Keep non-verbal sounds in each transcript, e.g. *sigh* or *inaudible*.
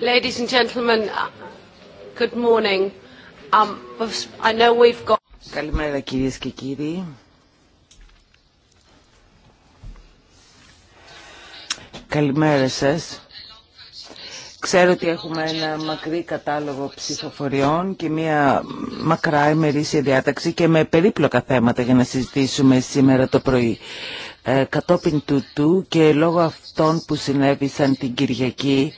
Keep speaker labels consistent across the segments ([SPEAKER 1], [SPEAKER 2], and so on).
[SPEAKER 1] Ladies and gentlemen, good morning. Um, I know we've got... Καλημέρα κυρίες και κύριοι. Καλημέρα σας. Ξέρω ότι έχουμε ένα μακρύ κατάλογο ψηφοφοριών και μια μακρά ημερήσια διάταξη και με περίπλοκα θέματα για να συζητήσουμε σήμερα το πρωί. Ε, κατόπιν τούτου και λόγω αυτών που συνέβησαν την Κυριακή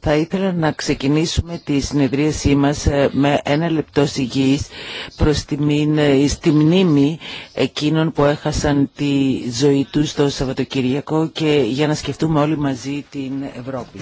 [SPEAKER 1] θα ήθελα να ξεκινήσουμε τη συνεδρίασή μας ε, με ένα λεπτό συγγύης προς ε, τη, μνήμη εκείνων που έχασαν τη ζωή τους το Σαββατοκυριακό και για να σκεφτούμε όλοι μαζί την Ευρώπη.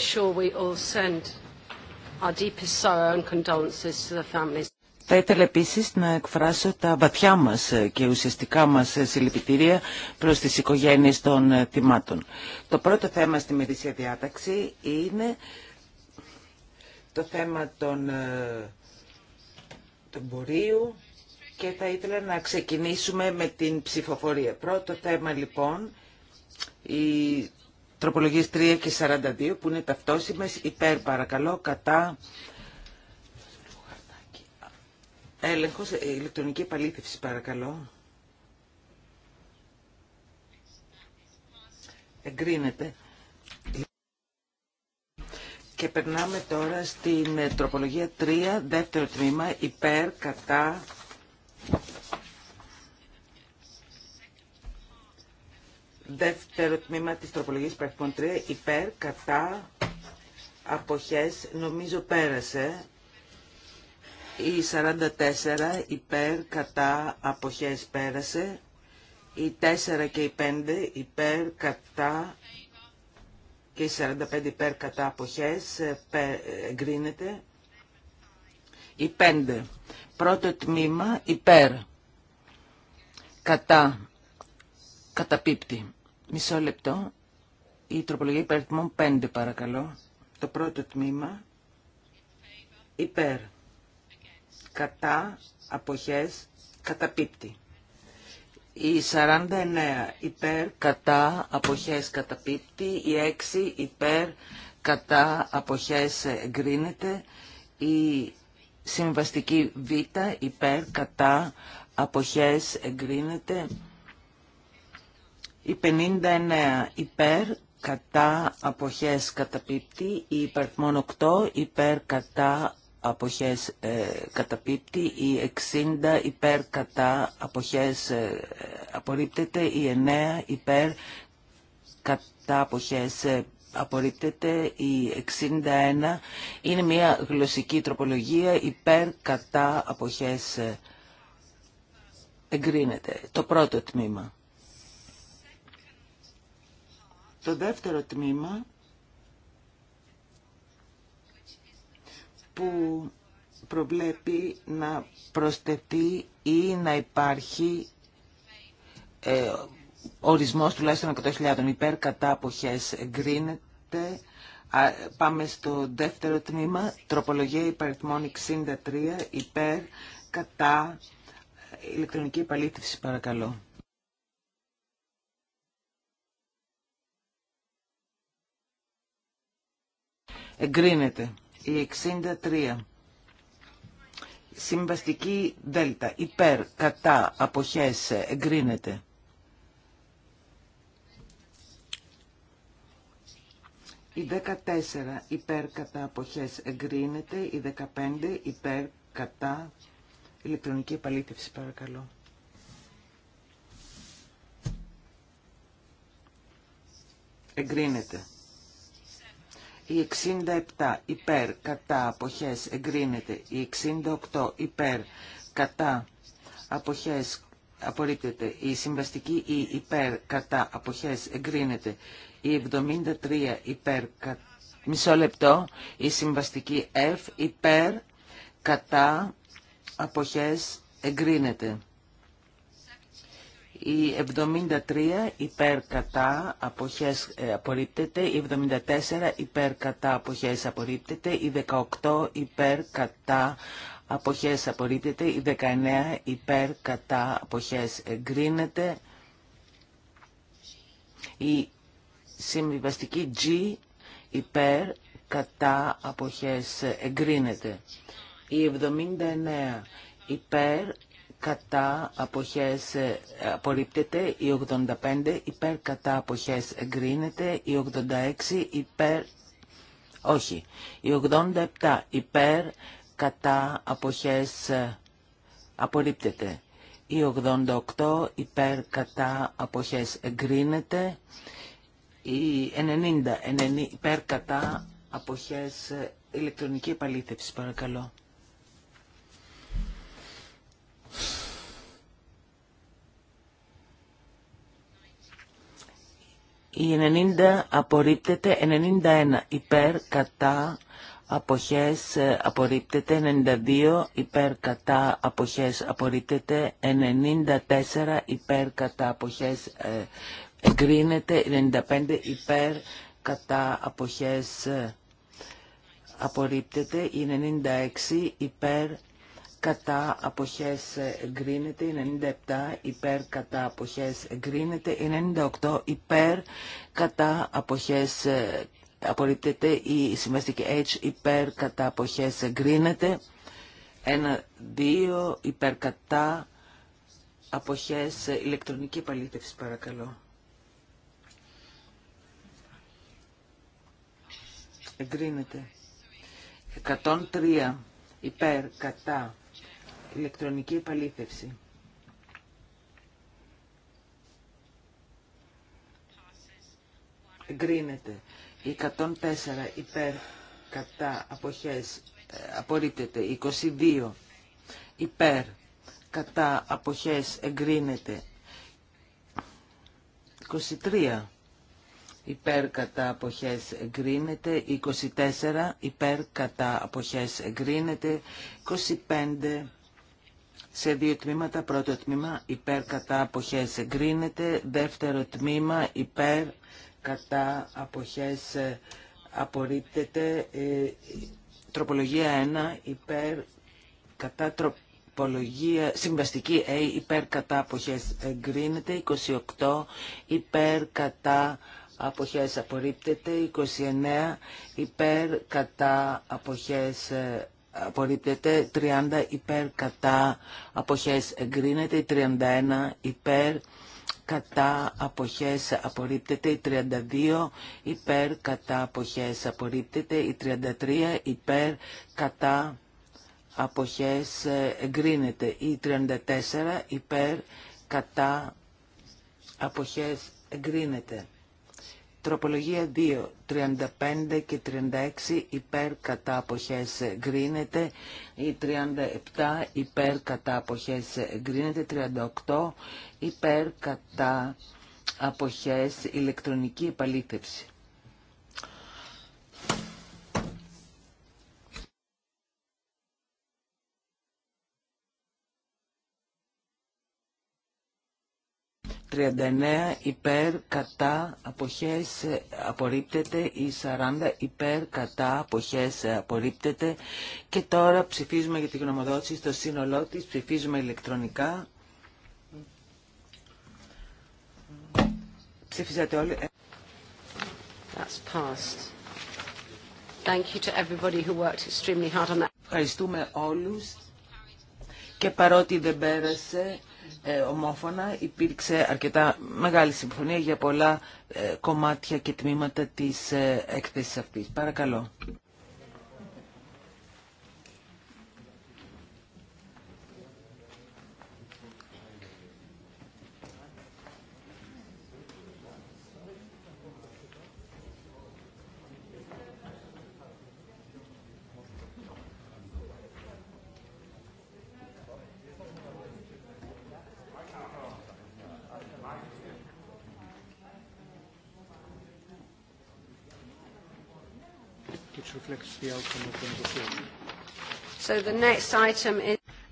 [SPEAKER 2] sure we all
[SPEAKER 1] Θα ήθελα επίσης να εκφράσω τα βαθιά μας ε, και ουσιαστικά μας ε, συλληπιτήρια προς τις οικογένειες των ε, θυμάτων. Το πρώτο θέμα στη μερίσια διάταξη είναι το θέμα των, των μπορείου και θα ήθελα να ξεκινήσουμε με την ψηφοφορία. Πρώτο θέμα λοιπόν η τροπολογίες 3 και 42 που είναι ταυτόσιμες υπέρ παρακαλώ κατά έλεγχος ηλεκτρονική επαλήθευση παρακαλώ εγκρίνεται και περνάμε τώρα στην τροπολογία 3 δεύτερο τμήμα υπέρ κατά Δεύτερο τμήμα της τροπολογίας υπαρχών 3, υπέρ, κατά, αποχές, νομίζω πέρασε. Η 44 υπέρ, κατά, αποχές πέρασε. Η 4 και η 5 υπέρ, κατά, και η 45 υπέρ, κατά, αποχές εγκρίνεται. Η 5. Πρώτο τμήμα υπέρ, κατά, καταπίπτει. Μισό λεπτό. Η τροπολογία υπαριθμών 5 παρακαλώ. Το πρώτο τμήμα. Υπέρ. Κατά. Αποχές. καταπίπτη. Η 49 υπέρ κατά αποχές καταπίπτει, η 6 υπέρ κατά αποχές εγκρίνεται, η συμβαστική β υπέρ κατά αποχές εγκρίνεται, η 59 υπέρ, κατά αποχές καταπίπτει, η υπερθμόν 8 υπέρ κατά αποχές ε, καταπίπτει, η 60 υπέρ κατά αποχές ε, απορρίπτεται, η 9 υπέρ κατά αποχές ε, απορρίπτεται, η 61 είναι μια γλωσσική τροπολογία υπέρ κατά αποχές ε, εγκρίνεται. Το πρώτο τμήμα. Το δεύτερο τμήμα που προβλέπει να προσθεθεί ή να υπάρχει ε, ορισμός τουλάχιστον 100.000 υπέρ κατά αποχές εγκρίνεται. Πάμε στο δεύτερο τμήμα, τροπολογία υπαριθμών 63 υπέρ κατά ε, ηλεκτρονική επαλήθευση παρακαλώ. Εγκρίνεται. Η 63. Συμβαστική δέλτα. Υπέρ, κατά, αποχές. Εγκρίνεται. Η 14 υπέρ κατά αποχές εγκρίνεται, η 15 υπέρ κατά ηλεκτρονική επαλήθευση παρακαλώ. Εγκρίνεται. Η 67 υπέρ κατά αποχές εγκρίνεται. Η 68 υπέρ κατά αποχές απορρίπτεται. Η συμβαστική ή e υπέρ κατά αποχές εγκρίνεται. Η 73 υπέρ κατά Μισό η συμβαστική F υπέρ κατά αποχές εγκρίνεται. Η 73 ε, υπέρ κατά αποχές απορρίπτεται, η 74 υπέρ κατά αποχές απορρίπτεται, η 18 υπέρ κατά αποχές απορρίπτεται, η 19 υπέρ κατά αποχές εγκρίνεται, η συμβιβαστική G υπέρ κατά αποχές εγκρίνεται, η 79 υπέρ κατά αποχές ε, απορρίπτεται, η 85 υπέρ κατά αποχές εγκρίνεται, η 86 υπέρ, όχι, η 87 υπέρ κατά αποχές ε, απορρίπτεται, η 88 υπέρ κατά αποχές εγκρίνεται, η 90 υπέρ κατά αποχές ε, ηλεκτρονική επαλήθευση παρακαλώ. Η 90 απορρίπτεται, 91 ε, υπέρ, κατά, αποχές απορρίπτεται, 92 υπέρ, κατά, αποχές απορρίπτεται, ε, 94 υπέρ, κατά, αποχές εγκρίνεται, 95 υπέρ, κατά, αποχές απορρίπτεται, 96 υπέρ, κατά αποχές εγκρίνεται, 97 υπέρ κατά αποχές εγκρίνεται, 98 υπέρ κατά αποχές ε, απορρίπτεται, η συμβαστική H υπέρ κατά αποχές εγκρίνεται, 1-2 υπέρ κατά αποχές ηλεκτρονική επαλήθευση παρακαλώ. Εγκρίνεται. 103 υπέρ κατά ηλεκτρονική επαλήθευση. Εγκρίνεται. Η 104 υπέρ κατά αποχές ε, απορρίπτεται. 22 υπέρ κατά αποχές εγκρίνεται. 23 υπέρ κατά αποχές εγκρίνεται, 24 υπέρ κατά αποχές εγκρίνεται, 25 σε δύο τμήματα. Πρώτο τμήμα υπέρ κατά αποχές εγκρίνεται. Δεύτερο τμήμα υπέρ κατά αποχές ε, απορρίπτεται. Ε, τροπολογία 1 υπέρ κατά τροπολογία συμβαστική A υπέρ κατά αποχές εγκρίνεται. 28 υπέρ κατά αποχές απορρίπτεται. 29 υπέρ κατά αποχές ε, απορρίπτεται, 30 υπέρ κατά αποχές εγκρίνεται, 31 υπέρ κατά αποχές απορρίπτεται, 32 υπέρ κατά αποχές απορρίπτεται, 33 υπέρ κατά αποχές εγκρίνεται, η 34 υπέρ κατά αποχές εγκρίνεται. Τροπολογία 2, 35 και 36 υπέρ κατά αποχές γκρίνεται η 37 υπέρ κατά αποχές γκρίνεται, 38 υπέρ κατά αποχές ηλεκτρονική επαλήθευση. 39 υπέρ κατά αποχές ε, απορρίπτεται ή 40 υπέρ κατά αποχές ε, απορρίπτεται και τώρα ψηφίζουμε για τη γνωμοδότηση στο σύνολό της, ψηφίζουμε ηλεκτρονικά. Ψηφίζατε όλοι. That's passed. Thank you to everybody who worked extremely hard on that. Ευχαριστούμε όλους και παρότι δεν πέρασε ε, ομόφωνα. Υπήρξε αρκετά μεγάλη συμφωνία για πολλά ε, κομμάτια και τμήματα της ε, έκθεσης αυτής. Παρακαλώ.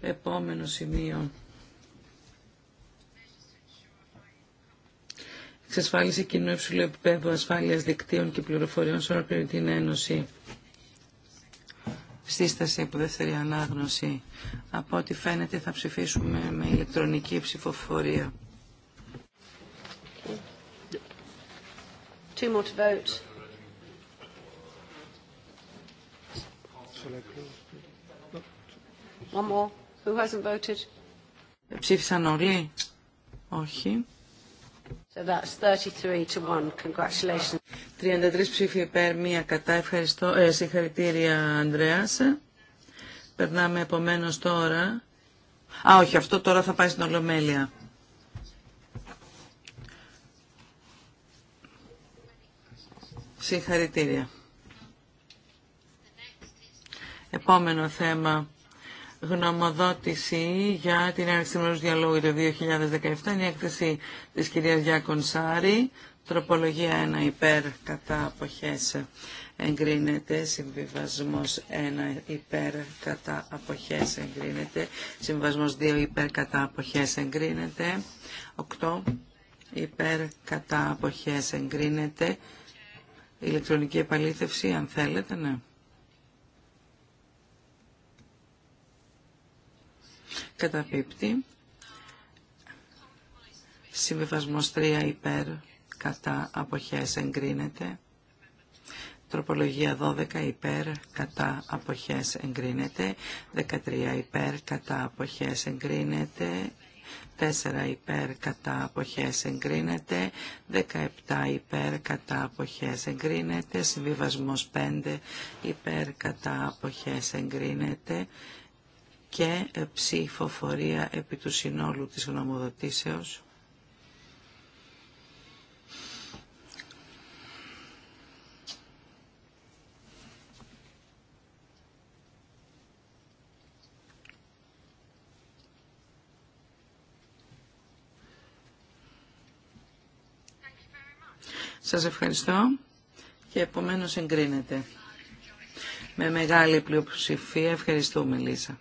[SPEAKER 2] Επόμενο σημείο. Εξασφάλιση κοινού υψηλού επίπεδου ασφάλειας δικτύων και πληροφοριών σε ολόκληρη την Ένωση. Σύσταση από δεύτερη ανάγνωση. Από ό,τι φαίνεται θα ψηφίσουμε με ηλεκτρονική ψηφοφορία.
[SPEAKER 3] Two more to vote.
[SPEAKER 2] Ψήφισαν όλοι. Όχι.
[SPEAKER 3] So that's 33 to
[SPEAKER 2] 1. Congratulations. 33 ψήφοι υπέρ, μία κατά. Ευχαριστώ. Ε, συγχαρητήρια, Ανδρέας. Περνάμε επομένως τώρα. Α, όχι, αυτό τώρα θα πάει στην Ολομέλεια. Συγχαρητήρια. Επόμενο θέμα γνωμοδότηση για την έναρξη μέρους διαλόγου το 2017 είναι η έκθεση της κυρίας Γιάκων Σάρη τροπολογία 1 υπέρ κατά αποχές εγκρίνεται, συμβιβασμός 1 υπέρ κατά αποχές εγκρίνεται, συμβιβασμός 2 υπέρ κατά αποχές εγκρίνεται, 8 υπέρ κατά αποχές εγκρίνεται, ηλεκτρονική επαλήθευση αν θέλετε, ναι. Καταπίπτει. Συμβιβασμός 3 υπέρ κατά αποχές εγκρίνεται. Τροπολογία 12 υπέρ κατά αποχές εγκρίνεται. 13 υπέρ κατά αποχές εγκρίνεται. 4 υπέρ κατά αποχές εγκρίνεται, 17 υπέρ κατά αποχές εγκρίνεται, συμβιβασμός 5 υπέρ κατά αποχές εγκρίνεται, και ε, ψηφοφορία επί του συνόλου της γνωμοδοτήσεως. Σας ευχαριστώ και επομένως εγκρίνεται. Με μεγάλη πλειοψηφία ευχαριστούμε Λίσα.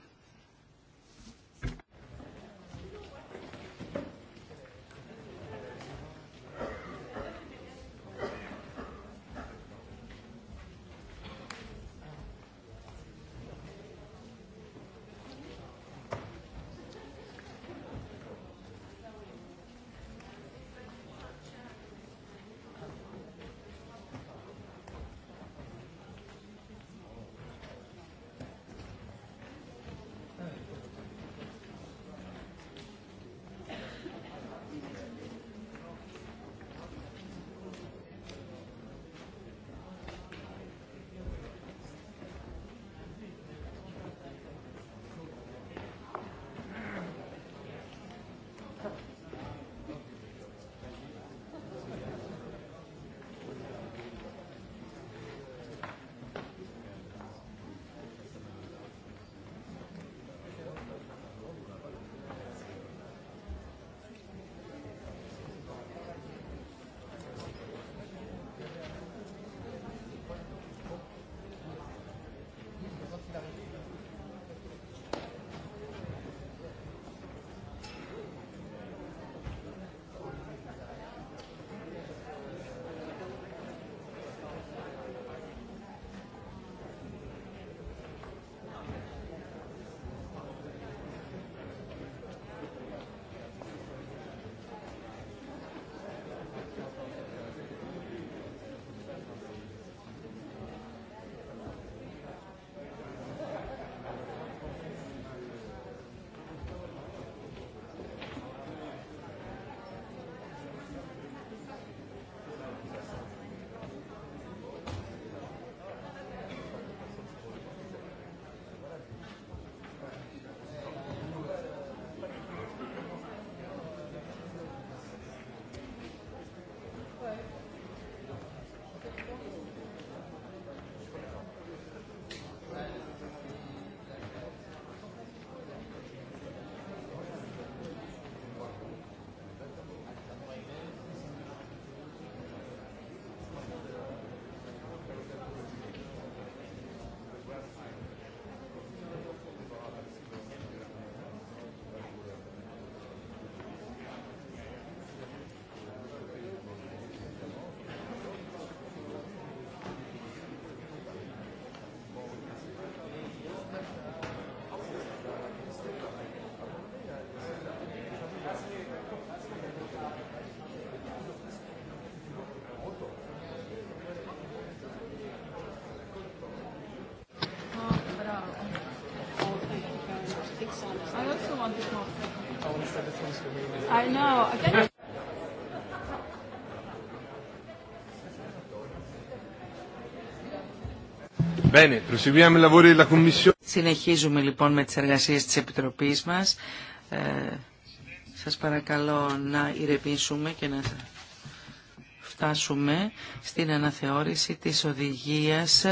[SPEAKER 2] Συνεχίζουμε λοιπόν με τις εργασίες της Επιτροπής μας. Ε, σας παρακαλώ να ηρεμήσουμε και να φτάσουμε στην αναθεώρηση της οδηγίας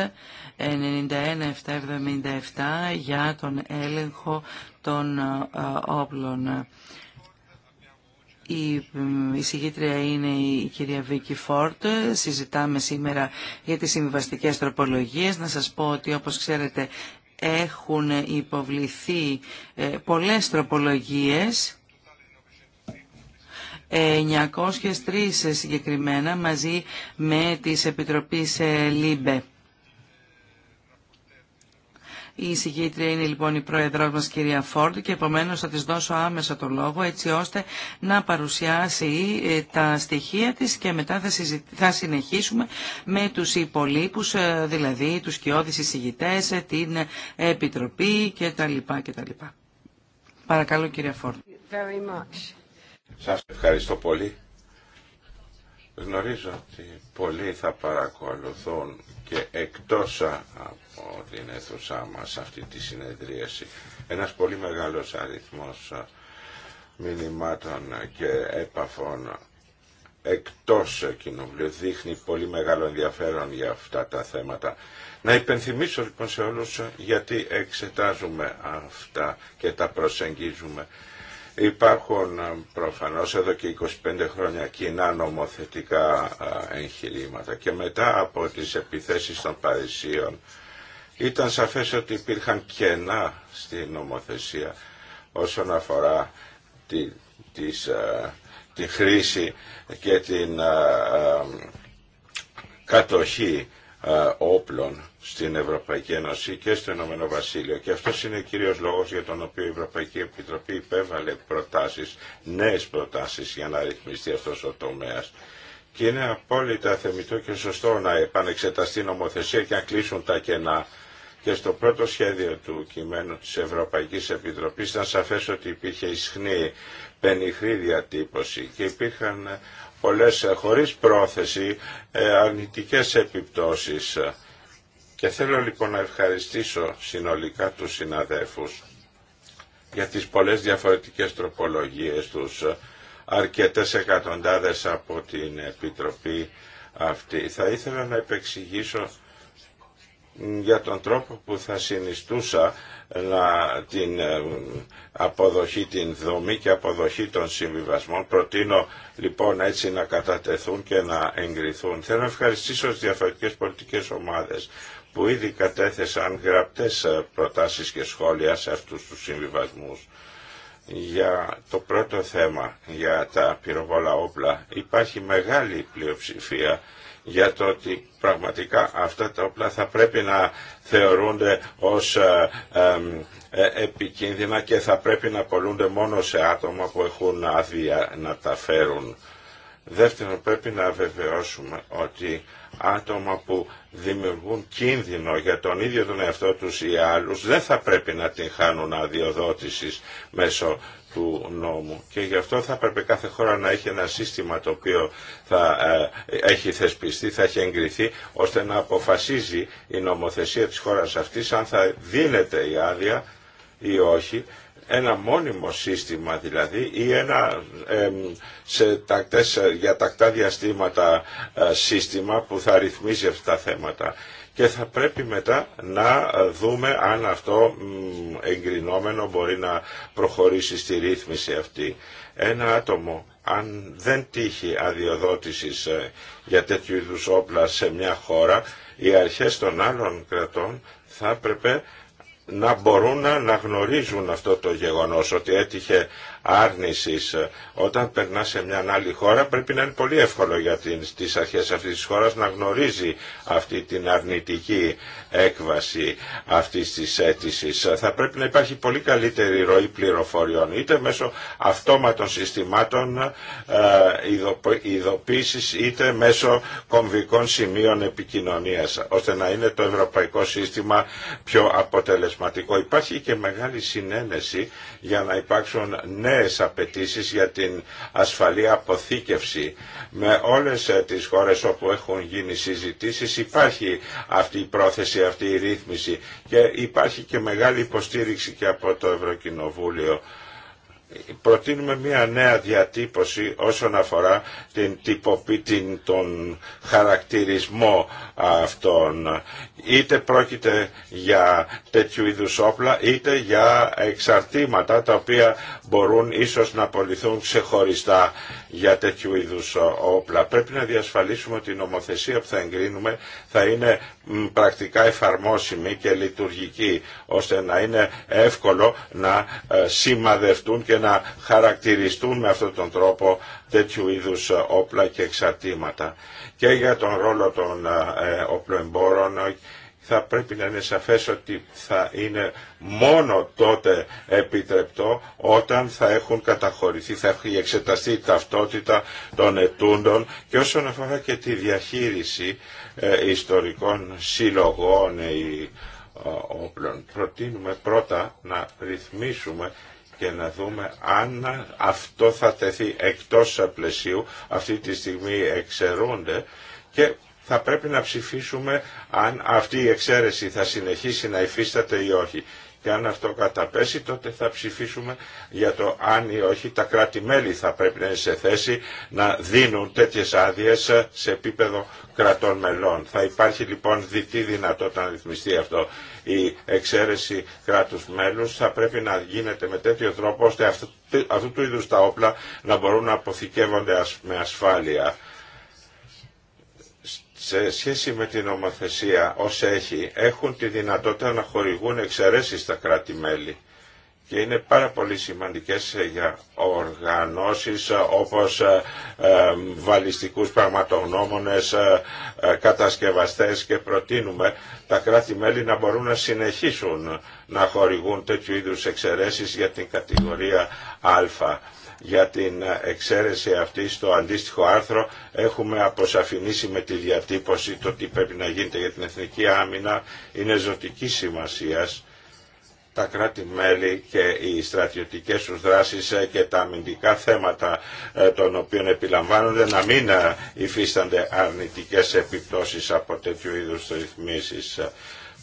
[SPEAKER 2] για τον έλεγχο των ε, όπλων. Η εισηγήτρια είναι η κυρία Βίκη Φόρτ. Συζητάμε σήμερα για τις συμβιβαστικές τροπολογίες. Να σας πω ότι όπως ξέρετε έχουν υποβληθεί ε, πολλές τροπολογίες. 903 συγκεκριμένα μαζί με τις επιτροπές ε, ΛΥΜΠΕ. Η συγγήτρια είναι λοιπόν η πρόεδρός μας κυρία Φόρντ και επομένως θα της δώσω άμεσα το λόγο έτσι ώστε να παρουσιάσει ε, τα στοιχεία της και μετά θα, συνεχίσουμε με τους υπολείπους, ε, δηλαδή τους κοιόδης εισηγητές, ε, την Επιτροπή τα λοιπά. Παρακαλώ κυρία Φόρντ.
[SPEAKER 3] Σας ευχαριστώ πολύ. Γνωρίζω ότι πολλοί θα παρακολουθούν και εκτός από την αίθουσά μας αυτή τη συνεδρίαση ένας πολύ μεγάλος αριθμός μηνυμάτων και έπαφων εκτός κοινοβουλίου δείχνει πολύ μεγάλο ενδιαφέρον για αυτά τα θέματα. Να υπενθυμίσω λοιπόν σε όλους γιατί εξετάζουμε αυτά και τα προσεγγίζουμε Υπάρχουν ε, προφανώς εδώ και 25 χρόνια κοινά νομοθετικά ε, εγχειρήματα και μετά από τις επιθέσεις των Παρισίων ήταν σαφές ότι υπήρχαν κενά στη νομοθεσία όσον αφορά τη, της, ε, τη χρήση και την κατοχή ε, όπλων στην Ευρωπαϊκή Ένωση και στο Ηνωμένο Βασίλειο. Και αυτό είναι ο κύριος λόγος για τον οποίο η Ευρωπαϊκή Επιτροπή υπέβαλε προτάσεις, νέες προτάσεις για να ρυθμιστεί αυτό ο τομέα Και είναι απόλυτα θεμητό και σωστό να επανεξεταστεί νομοθεσία και να κλείσουν τα κενά. Και στο πρώτο σχέδιο του κειμένου της Ευρωπαϊκής Επιτροπής ήταν σαφές ότι υπήρχε ισχνή πενιχρή διατύπωση και υπήρχαν πολλές ε, χωρίς πρόθεση ε, αρνητικές επιπτώσεις. Και θέλω λοιπόν να ευχαριστήσω συνολικά τους συναδέφους για τις πολλές διαφορετικές τροπολογίες τους, αρκετές εκατοντάδες από την Επιτροπή αυτή. Θα ήθελα να επεξηγήσω για τον τρόπο που θα συνιστούσα να την ε, αποδοχή, την δομή και αποδοχή των συμβιβασμών. Προτείνω λοιπόν έτσι να κατατεθούν και να εγκριθούν. Θέλω να ευχαριστήσω τις διαφορετικές πολιτικές ομάδες που ήδη κατέθεσαν γραπτές ε, προτάσεις και σχόλια σε αυτούς τους συμβιβασμούς. Για το πρώτο θέμα, για τα πυροβόλα όπλα, υπάρχει μεγάλη πλειοψηφία για το ότι πραγματικά αυτά τα όπλα θα πρέπει να θεωρούνται ως ε, ε, επικίνδυνα και θα πρέπει να πολλούνται μόνο σε άτομα που έχουν άδεια να τα φέρουν. Δεύτερον, πρέπει να βεβαιώσουμε ότι άτομα που δημιουργούν κίνδυνο για τον ίδιο τον εαυτό τους ή άλλους δεν θα πρέπει να την χάνουν αδειοδότησης μέσω του νόμου και γι' αυτό θα έπρεπε κάθε χώρα να έχει ένα σύστημα το οποίο θα ε, έχει θεσπιστεί, θα έχει εγκριθεί ώστε να αποφασίζει η νομοθεσία της χώρας αυτής αν θα δίνεται η άδεια ή όχι ένα μόνιμο σύστημα δηλαδή ή ένα σε τακτές, ε, για τακτά διαστήματα ε, σύστημα που θα ρυθμίζει αυτά τα θέματα και θα πρέπει μετά να δούμε αν αυτό εγκρινόμενο μπορεί να προχωρήσει στη ρύθμιση αυτή. Ένα άτομο αν δεν τύχει αδειοδότησης ε, για τέτοιου είδου όπλα σε μια χώρα, οι αρχές των άλλων κρατών θα έπρεπε να μπορούν να γνωρίζουν αυτό το γεγονός ότι έτυχε άρνησης ε, όταν περνά σε μια άλλη χώρα πρέπει να είναι πολύ εύκολο για τις αρχές αυτής της χώρας να γνωρίζει αυτή την αρνητική έκβαση αυτής της αίτηση. Θα πρέπει να υπάρχει πολύ καλύτερη ροή πληροφοριών είτε μέσω αυτόματων συστημάτων ε, ειδοποίησης είτε μέσω κομβικών σημείων επικοινωνίας ώστε να είναι το ευρωπαϊκό σύστημα πιο αποτελεσματικό. Υπάρχει και μεγάλη συνένεση για να υπάρξουν νέες απαιτήσεις για την ασφαλή αποθήκευση. Με όλες ε, τις χώρες όπου έχουν γίνει συζητήσεις υπάρχει αυτή η πρόθεση, αυτή η ρύθμιση και υπάρχει και μεγάλη υποστήριξη και από το Ευρωκοινοβούλιο προτείνουμε μια νέα διατύπωση όσον αφορά την τυποποίηση, τον χαρακτηρισμό αυτών είτε πρόκειται για τέτοιου είδους όπλα είτε για εξαρτήματα τα οποία μπορούν ίσως να απολυθούν ξεχωριστά για τέτοιου είδους όπλα. Πρέπει να διασφαλίσουμε ότι η νομοθεσία που θα εγκρίνουμε θα είναι πρακτικά εφαρμόσιμη και λειτουργική ώστε να είναι εύκολο να ε, σημαδευτούν και να χαρακτηριστούν με αυτόν τον τρόπο τέτοιου είδους όπλα και εξαρτήματα και για τον ρόλο των οπλοεμπόρων ε, ε, θα πρέπει να είναι σαφές ότι θα είναι μόνο τότε επιτρεπτό όταν θα έχουν καταχωρηθεί, θα έχει εξεταστεί η ταυτότητα των ετούντων και όσον αφορά και τη διαχείριση ε, ιστορικών συλλογών ή όπλων. Προτείνουμε πρώτα να ρυθμίσουμε και να δούμε αν αυτό θα τεθεί εκτός πλαισίου, αυτή τη στιγμή εξαιρούνται και θα πρέπει να ψηφίσουμε αν αυτή η εξαίρεση θα συνεχίσει να υφίσταται ή όχι. Και αν αυτό καταπέσει τότε θα ψηφίσουμε για το αν ή όχι τα κράτη-μέλη θα πρέπει να είναι σε θέση να δίνουν τέτοιες άδειες σε επίπεδο κρατών μελών. Θα υπάρχει λοιπόν διτή δυνατότητα να ρυθμιστεί αυτό. Η εξαίρεση κράτους μέλους θα πρέπει να γίνεται με τέτοιο τρόπο ώστε αυτού του είδους τα όπλα να μπορούν να αποθηκεύονται με ασφάλεια σε σχέση με την νομοθεσία ως έχει, έχουν τη δυνατότητα να χορηγούν εξαιρέσεις στα κράτη-μέλη και είναι πάρα πολύ σημαντικές για οργανώσεις όπως ε, ε, βαλιστικούς πραγματογνώμονες, ε, κατασκευαστές και προτείνουμε τα κράτη-μέλη να μπορούν να συνεχίσουν να χορηγούν τέτοιου είδους εξαιρέσεις για την κατηγορία Α για την εξαίρεση αυτή στο αντίστοιχο άρθρο έχουμε αποσαφηνίσει με τη διατύπωση το τι πρέπει να γίνεται για την εθνική άμυνα είναι ζωτική σημασίας τα κράτη-μέλη και οι στρατιωτικές τους δράσεις και τα αμυντικά θέματα ε, των οποίων επιλαμβάνονται να μην ε, υφίστανται αρνητικές επιπτώσεις από τέτοιου είδους ρυθμίσεις.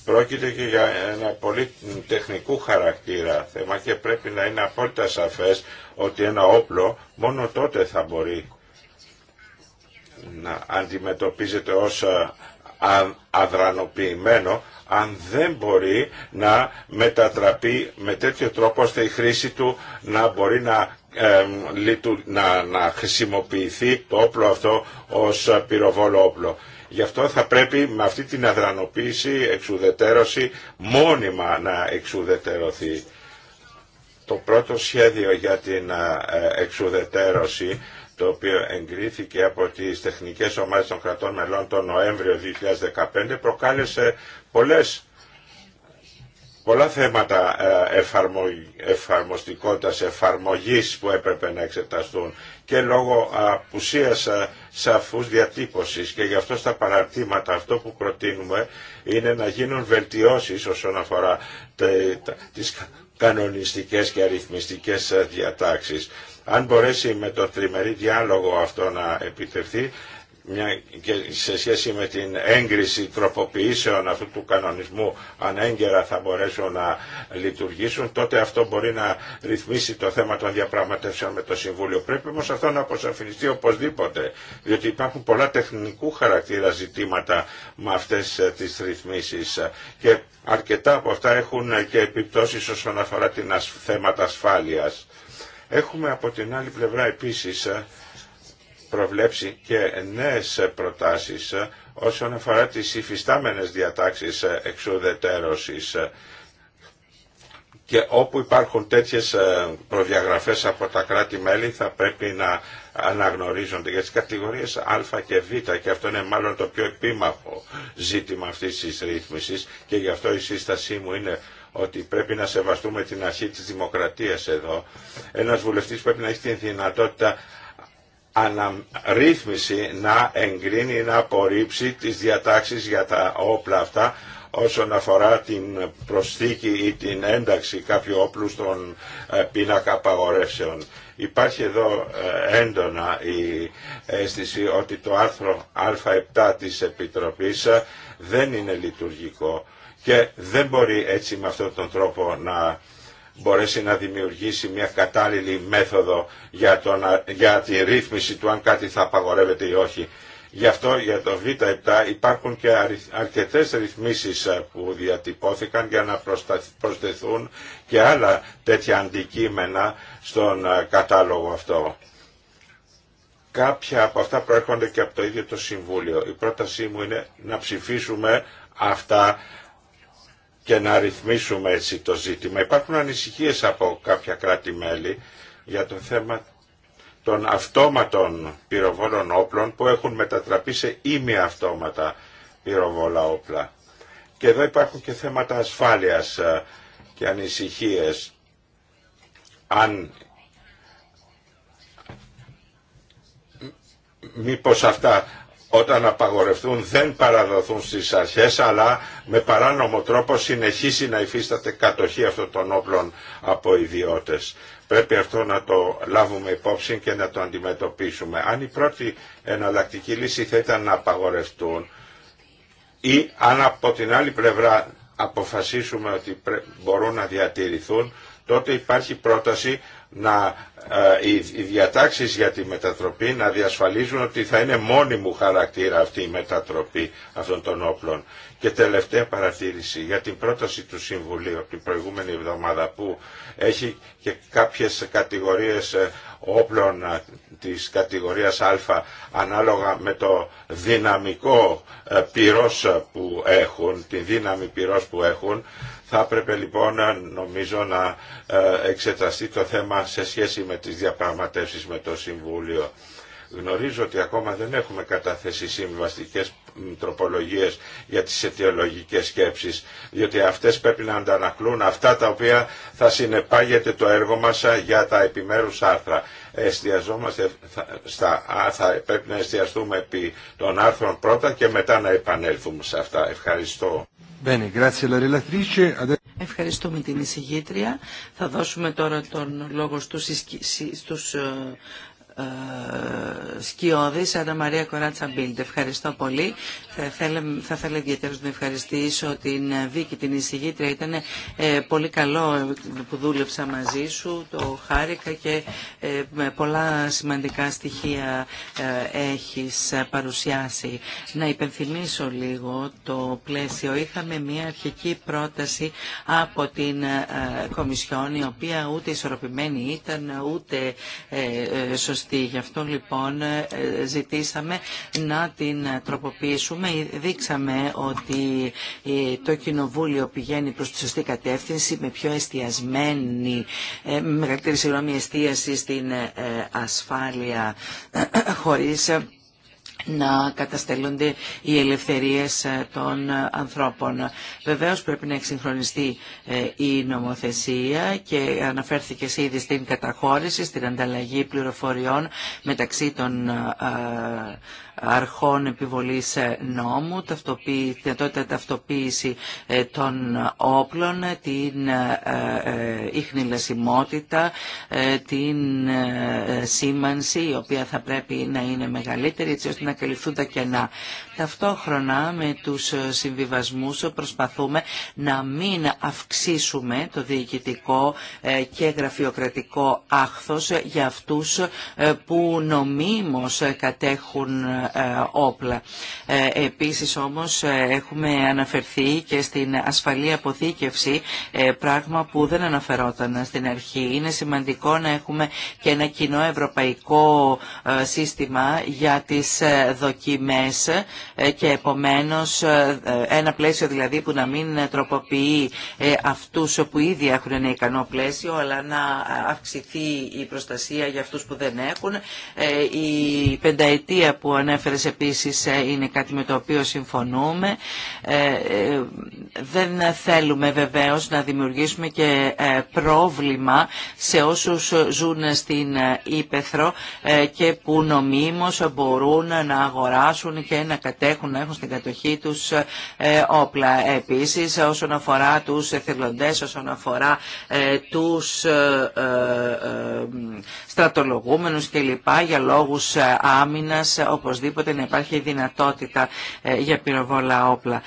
[SPEAKER 3] Πρόκειται και για ένα πολύ τεχνικού χαρακτήρα θέμα και πρέπει να είναι απόλυτα σαφές ότι ένα όπλο μόνο τότε θα μπορεί να αντιμετωπίζεται ως ε, αδρανοποιημένο αν δεν μπορεί να μετατραπεί με τέτοιο τρόπο ώστε η χρήση του να μπορεί να, να, να χρησιμοποιηθεί το όπλο αυτό ως ε, πυροβόλο όπλο. Γι' αυτό θα πρέπει με αυτή την αδρανοποίηση, εξουδετερώση, μόνιμα να εξουδετερωθεί. Το πρώτο σχέδιο για την ε, εξουδετερώση το οποίο εγκρίθηκε από τις τεχνικές ομάδες των κρατών μελών τον Νοέμβριο 2015 προκάλεσε πολλές πολλά θέματα ε, εφαρμοστικότητας, εφαρμογής που έπρεπε να εξεταστούν και λόγω απουσίας ε, σαφούς διατύπωσης και γι' αυτό στα παραρτήματα αυτό που προτείνουμε είναι να γίνουν βελτιώσεις όσον αφορά τις κανονιστικές και αριθμιστικές ε, διατάξεις. Αν μπορέσει με το τριμερή διάλογο αυτό να επιτευχθεί, σε σχέση με την έγκριση τροποποιήσεων αυτού του κανονισμού αν έγκαιρα θα μπορέσουν να λειτουργήσουν τότε αυτό μπορεί να ρυθμίσει το θέμα των διαπραγματεύσεων με το Συμβούλιο. Πρέπει όμως αυτό να αποσαφινιστεί οπωσδήποτε διότι υπάρχουν πολλά τεχνικού χαρακτήρα ζητήματα με αυτές ε, τις ρυθμίσεις και αρκετά από αυτά έχουν ε, και επιπτώσεις όσον αφορά την θέματα ασφάλειας. Έχουμε από την άλλη πλευρά επίσης ε, προβλέψει και νέες προτάσεις όσον αφορά τις υφιστάμενες διατάξεις εξουδετέρωσης και όπου υπάρχουν τέτοιες ε, προδιαγραφές από τα κράτη-μέλη θα πρέπει να αναγνωρίζονται για τις κατηγορίες Α και Β και αυτό είναι μάλλον το πιο επίμαχο ζήτημα αυτής της ρύθμισης και γι' αυτό η σύστασή μου είναι ότι πρέπει να σεβαστούμε την αρχή της δημοκρατίας εδώ. Ένας βουλευτής πρέπει να έχει την δυνατότητα αναρρύθμιση να εγκρίνει, να απορρίψει τις διατάξεις για τα όπλα αυτά όσον αφορά την προσθήκη ή την ένταξη κάποιου όπλου στον ε, πίνακα απαγορεύσεων. Υπάρχει εδώ ε, έντονα η αίσθηση ότι το άρθρο Α7 της Επιτροπής ε, δεν είναι λειτουργικό και δεν μπορεί έτσι με αυτόν τον τρόπο να μπορέσει να δημιουργήσει μια κατάλληλη μέθοδο για, τον, για τη ρύθμιση του αν κάτι θα απαγορεύεται ή όχι. Γι' αυτό για το Β7 υπάρχουν και αρκετές ρυθμίσεις ε, που διατυπώθηκαν για να προσθεθούν και άλλα τέτοια αντικείμενα στον ε, κατάλογο αυτό. Κάποια από αυτά προέρχονται και από το ίδιο το Συμβούλιο. Η πρότασή μου είναι να ψηφίσουμε αυτά και να ρυθμίσουμε έτσι το ζήτημα. Υπάρχουν ανησυχίες από κάποια κράτη-μέλη για το θέμα των αυτόματων πυροβόλων όπλων που έχουν μετατραπεί σε ήμια αυτόματα πυροβόλα όπλα. Και εδώ υπάρχουν και θέματα ασφάλειας ε, και ανησυχίες. Αν μήπως αυτά όταν απαγορευτούν δεν παραδοθούν στις αρχές αλλά με παράνομο τρόπο συνεχίσει να υφίσταται κατοχή αυτών των όπλων από ιδιώτες. Πρέπει αυτό να το λάβουμε υπόψη και να το αντιμετωπίσουμε. Αν η πρώτη εναλλακτική λύση θα ήταν να απαγορευτούν ή αν από την άλλη πλευρά αποφασίσουμε ότι μπορούν να διατηρηθούν τότε υπάρχει πρόταση να ε, οι, διατάξεις για τη μετατροπή να διασφαλίζουν ότι θα είναι μόνιμου χαρακτήρα αυτή η μετατροπή αυτών των όπλων. Και τελευταία παρατήρηση για την πρόταση του Συμβουλίου από την προηγούμενη εβδομάδα που έχει και κάποιες κατηγορίες ε, όπλων ε, της κατηγορίας Α ανάλογα με το δυναμικό πυρός που έχουν, τη δύναμη πυρός που έχουν θα έπρεπε λοιπόν νομίζω να ε, εξεταστεί το θέμα σε σχέση με τις διαπραγματεύσεις με το Συμβούλιο. Γνωρίζω ότι ακόμα δεν έχουμε καταθέσει συμβαστικές τροπολογίες για τις αιτιολογικές σκέψεις, διότι αυτές πρέπει να αντανακλούν αυτά τα οποία θα συνεπάγεται το έργο μας ε, για τα επιμέρους άρθρα. Εστιαζόμαστε στα άρθρα, πρέπει να εστιαστούμε επί των άρθρων πρώτα και μετά να επανέλθουμε σε αυτά. Ευχαριστώ.
[SPEAKER 2] Ευχαριστούμε την εισηγήτρια. Θα δώσουμε τώρα τον λόγο στους, στους ε, ε, σκιώδη, Αντα Μαρία Κοράτσα Μπίλντ. Ευχαριστώ πολύ. Θα ήθελα, ιδιαίτερα να ευχαριστήσω την Βίκη, την εισηγήτρια. Ήταν ε, πολύ καλό που δούλεψα μαζί σου, το χάρηκα και ε, με πολλά σημαντικά στοιχεία έχεις παρουσιάσει. Να υπενθυμίσω λίγο το πλαίσιο. Είχαμε μια αρχική πρόταση από την Κομισιόν, η οποία ούτε ισορροπημένη ήταν, ούτε σωστή σωστή. Γι' αυτό λοιπόν ε, ζητήσαμε να την τροποποιήσουμε. Δείξαμε ότι ε, το Κοινοβούλιο πηγαίνει προς τη σωστή κατεύθυνση με πιο εστιασμένη, ε, με μεγαλύτερη συγγνώμη εστίαση στην ασφάλεια χωρίς να καταστέλλονται οι ελευθερίες ε, των ε, ανθρώπων. Βεβαίως πρέπει να εξυγχρονιστεί ε, η νομοθεσία και αναφέρθηκε ήδη στην καταχώρηση, στην ανταλλαγή πληροφοριών μεταξύ των αρχών επιβολής ε, νόμου, ταυτοποίηση, δυνατότητα ταυτοποίηση ε, των όπλων, ε, την ίχνηλασιμότητα, την σήμανση η οποία θα πρέπει να είναι μεγαλύτερη έτσι ώστε να καλυφθούν τα κενά. Ταυτόχρονα με τους συμβιβασμούς προσπαθούμε να μην αυξήσουμε το διοικητικό ε, και γραφειοκρατικό άχθος για αυτούς ε, που νομίμως κατέχουν ε, όπλα. Επίσης όμως έχουμε αναφερθεί και στην ασφαλή αποθήκευση, πράγμα που δεν αναφερόταν στην αρχή. Είναι σημαντικό να έχουμε και ένα κοινό ευρωπαϊκό σύστημα για τις δοκιμές ε, και επομένως ε, ε, ένα πλαίσιο δηλαδή που να μην τροποποιεί αυτούς που ήδη έχουν ένα ικανό πλαίσιο αλλά να αυξηθεί η προστασία για αυτούς που δεν έχουν. Η πενταετία που ανέφερες επίσης είναι κάτι με το οποίο συμφωνούμε. Δεν θέλουμε βεβαίως να δημιουργήσουμε και πρόβλημα σε όσους ζουν στην Ήπεθρο και που νομίμως μπορούν να αγοράσουν και να συμμετέχουν να έχουν στην κατοχή τους ε, όπλα. Επίσης όσον αφορά τους εθελοντές, όσον αφορά ε, τους ε, στρατολογούμενους κλπ. για λόγους άμυνας οπωσδήποτε να υπάρχει δυνατότητα για πυροβόλα όπλα.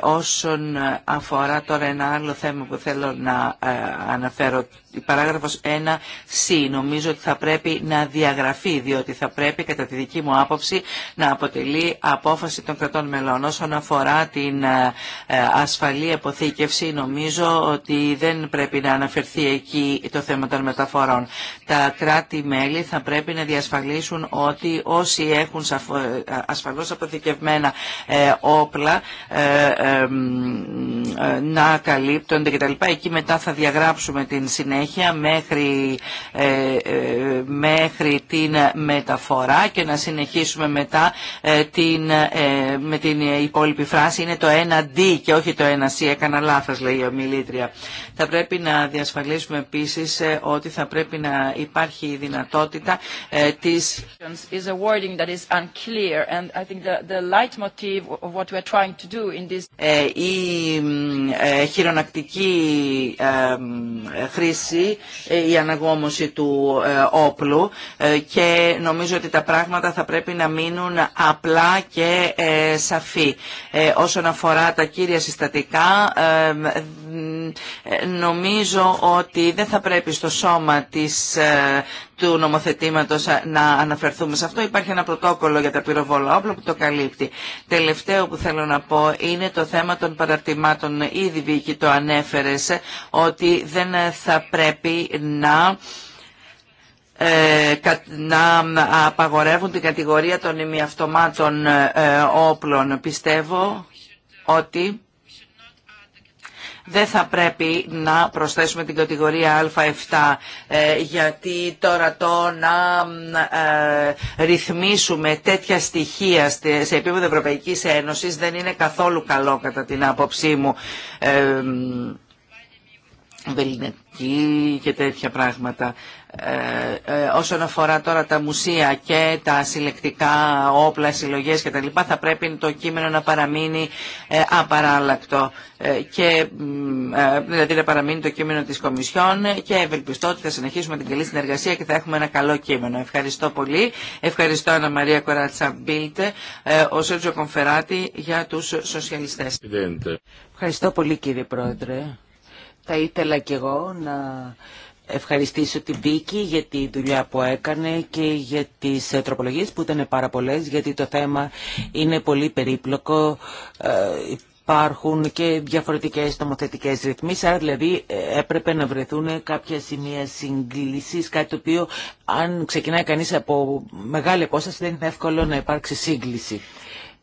[SPEAKER 2] Όσον αφορά τώρα ένα άλλο θέμα που θέλω να αναφέρω η παράγραφος 1C νομίζω ότι θα πρέπει να διαγραφεί διότι θα πρέπει κατά τη δική μου άποψη να αποτελεί απόφαση απόφαση των κρατών μελών. Όσον αφορά την ε, ε, ασφαλή αποθήκευση, νομίζω ότι δεν πρέπει να αναφερθεί εκεί το θέμα των μεταφορών. Τα κράτη-μέλη θα πρέπει να διασφαλίσουν ότι όσοι έχουν ε, ασφαλώς αποθηκευμένα όπλα να καλύπτονται κτλ. Εκεί μετά θα διαγράψουμε την συνέχεια μέχρι, μέχρι την μεταφορά και να συνεχίσουμε μετά την ε, με την υπόλοιπη φράση είναι το ένα d και όχι το ένα c Έκανα λάθος λέει η ομιλήτρια. Θα πρέπει να διασφαλίσουμε επίσης ε, ότι θα πρέπει να υπάρχει η δυνατότητα της... η χειρονακτική χρήση, η αναγόμωση του ε, όπλου και νομίζω ότι τα πράγματα θα πρέπει να μείνουν απλά και ε, σαφή. Ε, όσον αφορά τα κύρια συστατικά, ε, νομίζω ότι δεν θα πρέπει στο σώμα της ε, του νομοθετήματος να αναφερθούμε σε αυτό. Υπάρχει ένα πρωτόκολλο για τα πυροβόλα όπλα που το καλύπτει. Τελευταίο που θέλω να πω είναι το θέμα των παραρτημάτων. Ήδη Βίκη το ανέφερες ότι δεν θα πρέπει να ε, να απαγορεύουν την κατηγορία των ημιαυτομάτων ε, όπλων. Πιστεύω ότι δεν θα πρέπει να προσθέσουμε την κατηγορία Α7 ε, γιατί τώρα το να ρυθμίσουμε τέτοια στοιχεία σε επίπεδο Ευρωπαϊκής Ένωσης δεν είναι καθόλου καλό κατά την άποψή μου. Βελινετική και τέτοια πράγματα. Ε, ε, όσον αφορά τώρα τα μουσεία και τα συλλεκτικά όπλα, συλλογέ κτλ. θα πρέπει το κείμενο να παραμείνει ε, απαράλλακτο και δηλαδή να παραμείνει το κείμενο τη Κομισιόν και ευελπιστώ ότι θα συνεχίσουμε την καλή συνεργασία και θα έχουμε ένα καλό κείμενο. Ευχαριστώ πολύ. Ευχαριστώ Ανα Μαρία Κοράτσα Μπίλτε, ο Σέρτζο Κομφεράτη για του Σοσιαλιστέ. Ευχαριστώ πολύ κύριε Πρόεδρε.
[SPEAKER 1] Θα ήθελα κι εγώ να ευχαριστήσω την Βίκη για τη δουλειά που έκανε και για τις ε, τροπολογίες που ήταν πάρα πολλές γιατί το θέμα είναι πολύ περίπλοκο ε, υπάρχουν και διαφορετικές νομοθετικές ρυθμίσεις, άρα δηλαδή ε, έπρεπε να βρεθούν κάποια σημεία συγκλήσης, κάτι το οποίο αν ξεκινάει κανείς από μεγάλη απόσταση δεν είναι εύκολο να υπάρξει σύγκληση.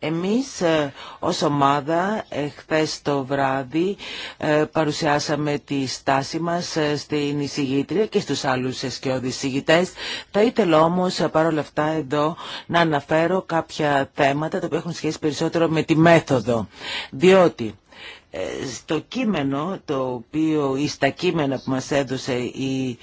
[SPEAKER 1] Εμείς ε, ως ομάδα ε, χθες το βράδυ ε, παρουσιάσαμε τη στάση μας στην εισηγήτρια και στους άλλους και εισηγητές. Θα ήθελα όμως παρόλα αυτά εδώ να αναφέρω κάποια θέματα τα οποία έχουν σχέση περισσότερο με τη μέθοδο. Διότι στο κείμενο το οποίο ή στα κείμενα που μας έδωσε η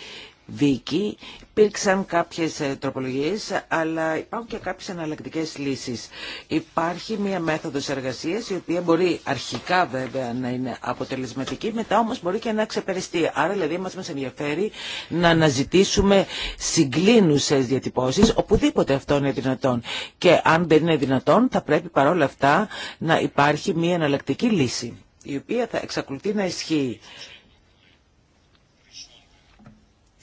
[SPEAKER 1] δίκη. Υπήρξαν κάποιες ε, τροπολογίες, αλλά υπάρχουν και κάποιες εναλλακτικέ λύσεις. Υπάρχει μία μέθοδος εργασίας, η οποία μπορεί αρχικά βέβαια να είναι αποτελεσματική, μετά όμως μπορεί και να ξεπεριστεί. Άρα δηλαδή μας, μας ενδιαφέρει να αναζητήσουμε συγκλίνουσες διατυπώσεις, οπουδήποτε αυτό είναι δυνατόν. Και αν δεν είναι δυνατόν, θα πρέπει παρόλα αυτά να υπάρχει μία αναλλακτική λύση η οποία θα εξακολουθεί να ισχύει.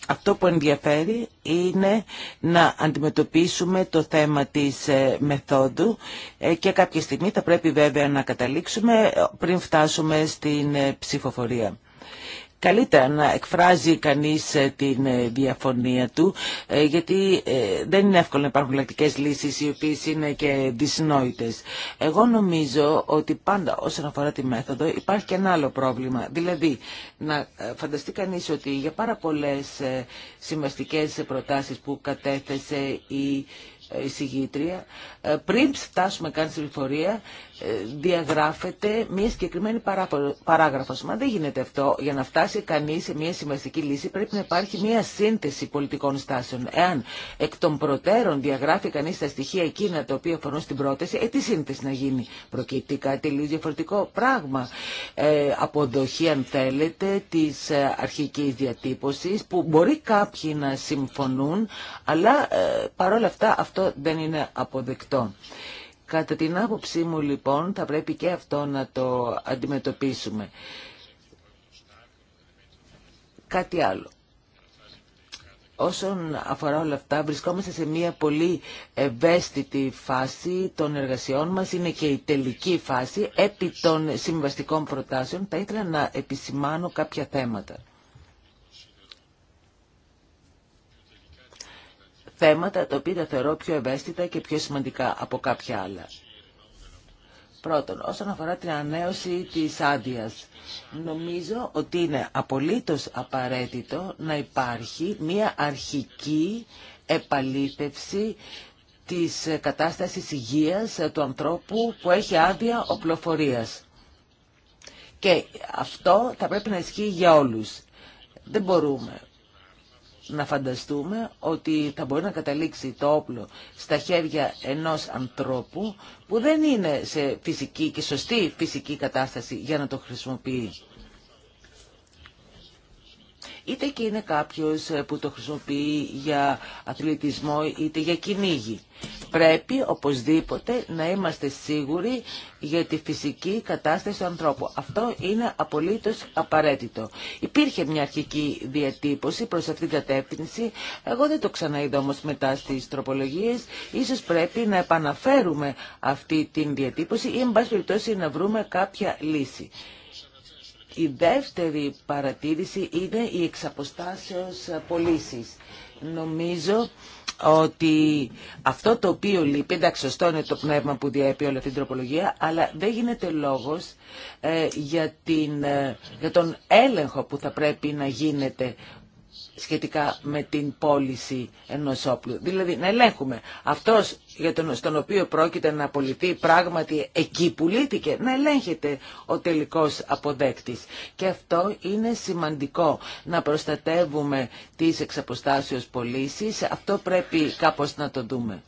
[SPEAKER 1] Αυτό που ενδιαφέρει είναι να αντιμετωπίσουμε το θέμα της ε, μεθόδου ε, και κάποια στιγμή θα πρέπει βέβαια να καταλήξουμε ε, πριν φτάσουμε στην ψηφοφορία. Καλύτερα να εκφράζει κανείς ε, την ε, διαφωνία του, ε, γιατί δεν είναι εύκολο να υπάρχουν λακτικές λύσεις οι οποίες είναι και δυσνόητες. Εγώ νομίζω ότι πάντα όσον αφορά τη μέθοδο υπάρχει και ένα άλλο πρόβλημα. Δηλαδή, να φανταστεί κανείς ότι για πάρα πολλές σημαστικές προτάσεις που κατέθεσε η συγγήτρια, πριν φτάσουμε καν στην πληροφορία, ε, διαγράφεται μια συγκεκριμένη παράγραφο Μα δεν γίνεται αυτό. Για να φτάσει κανεί σε μια σημαντική λύση πρέπει να υπάρχει μια σύνθεση πολιτικών στάσεων. Εάν εκ των προτέρων διαγράφει κανεί τα στοιχεία εκείνα τα οποία αφορούν στην πρόταση, ε, τι σύνθεση να γίνει. Προκύπτει κάτι λίγο διαφορετικό πράγμα. Ε, αποδοχή, αν θέλετε, τη ε, αρχική διατύπωση που μπορεί κάποιοι να συμφωνούν, αλλά ε, παρόλα αυτά αυτό δεν είναι αποδεκτό. Κατά την άποψή μου λοιπόν θα πρέπει και αυτό να το αντιμετωπίσουμε. Κάτι άλλο. Όσον αφορά όλα αυτά, βρισκόμαστε σε μια πολύ ευαίσθητη φάση των εργασιών μας. Είναι και η τελική φάση. Επί των συμβαστικών προτάσεων θα ήθελα να επισημάνω κάποια θέματα. θέματα τα οποία τα θεωρώ πιο ευαίσθητα και πιο σημαντικά από κάποια άλλα. Πρώτον, όσον αφορά την ανέωση της άδεια, νομίζω ότι είναι απολύτως απαραίτητο να υπάρχει μια αρχική επαλήθευση της κατάστασης υγείας του ανθρώπου που έχει άδεια οπλοφορίας. Και αυτό θα πρέπει να ισχύει για όλους. Δεν μπορούμε να φανταστούμε ότι θα μπορεί να καταλήξει το όπλο στα χέρια ενός ανθρώπου που δεν είναι σε φυσική και σωστή φυσική κατάσταση για να το χρησιμοποιεί είτε και είναι κάποιος ε, που το χρησιμοποιεί για αθλητισμό είτε για κυνήγι. Πρέπει οπωσδήποτε να είμαστε σίγουροι για τη φυσική κατάσταση του ανθρώπου. Αυτό είναι απολύτως απαραίτητο. Υπήρχε μια αρχική διατύπωση προς αυτήν την κατεύθυνση. Εγώ δεν το ξαναείδα όμως μετά στις τροπολογίες. Ίσως πρέπει να επαναφέρουμε αυτή την διατύπωση ή εν πάση περιπτώσει να βρούμε κάποια λύση. Η δεύτερη παρατήρηση είναι η εξαποστάσεως πωλήσει. Νομίζω ότι αυτό το οποίο λείπει, εντάξει σωστό είναι το πνεύμα που διέπει όλη την τροπολογία, αλλά δεν γίνεται λόγος ε, για, την, ε, για τον έλεγχο που θα πρέπει να γίνεται σχετικά με την πώληση ενός όπλου. Δηλαδή να ελέγχουμε αυτός για τον, στον οποίο πρόκειται να απολυθεί πράγματι εκεί που λύθηκε, να ελέγχεται ο τελικός αποδέκτης. Και αυτό είναι σημαντικό, να προστατεύουμε τις εξαποστάσεως πωλήσει. Αυτό πρέπει κάπως να το δούμε.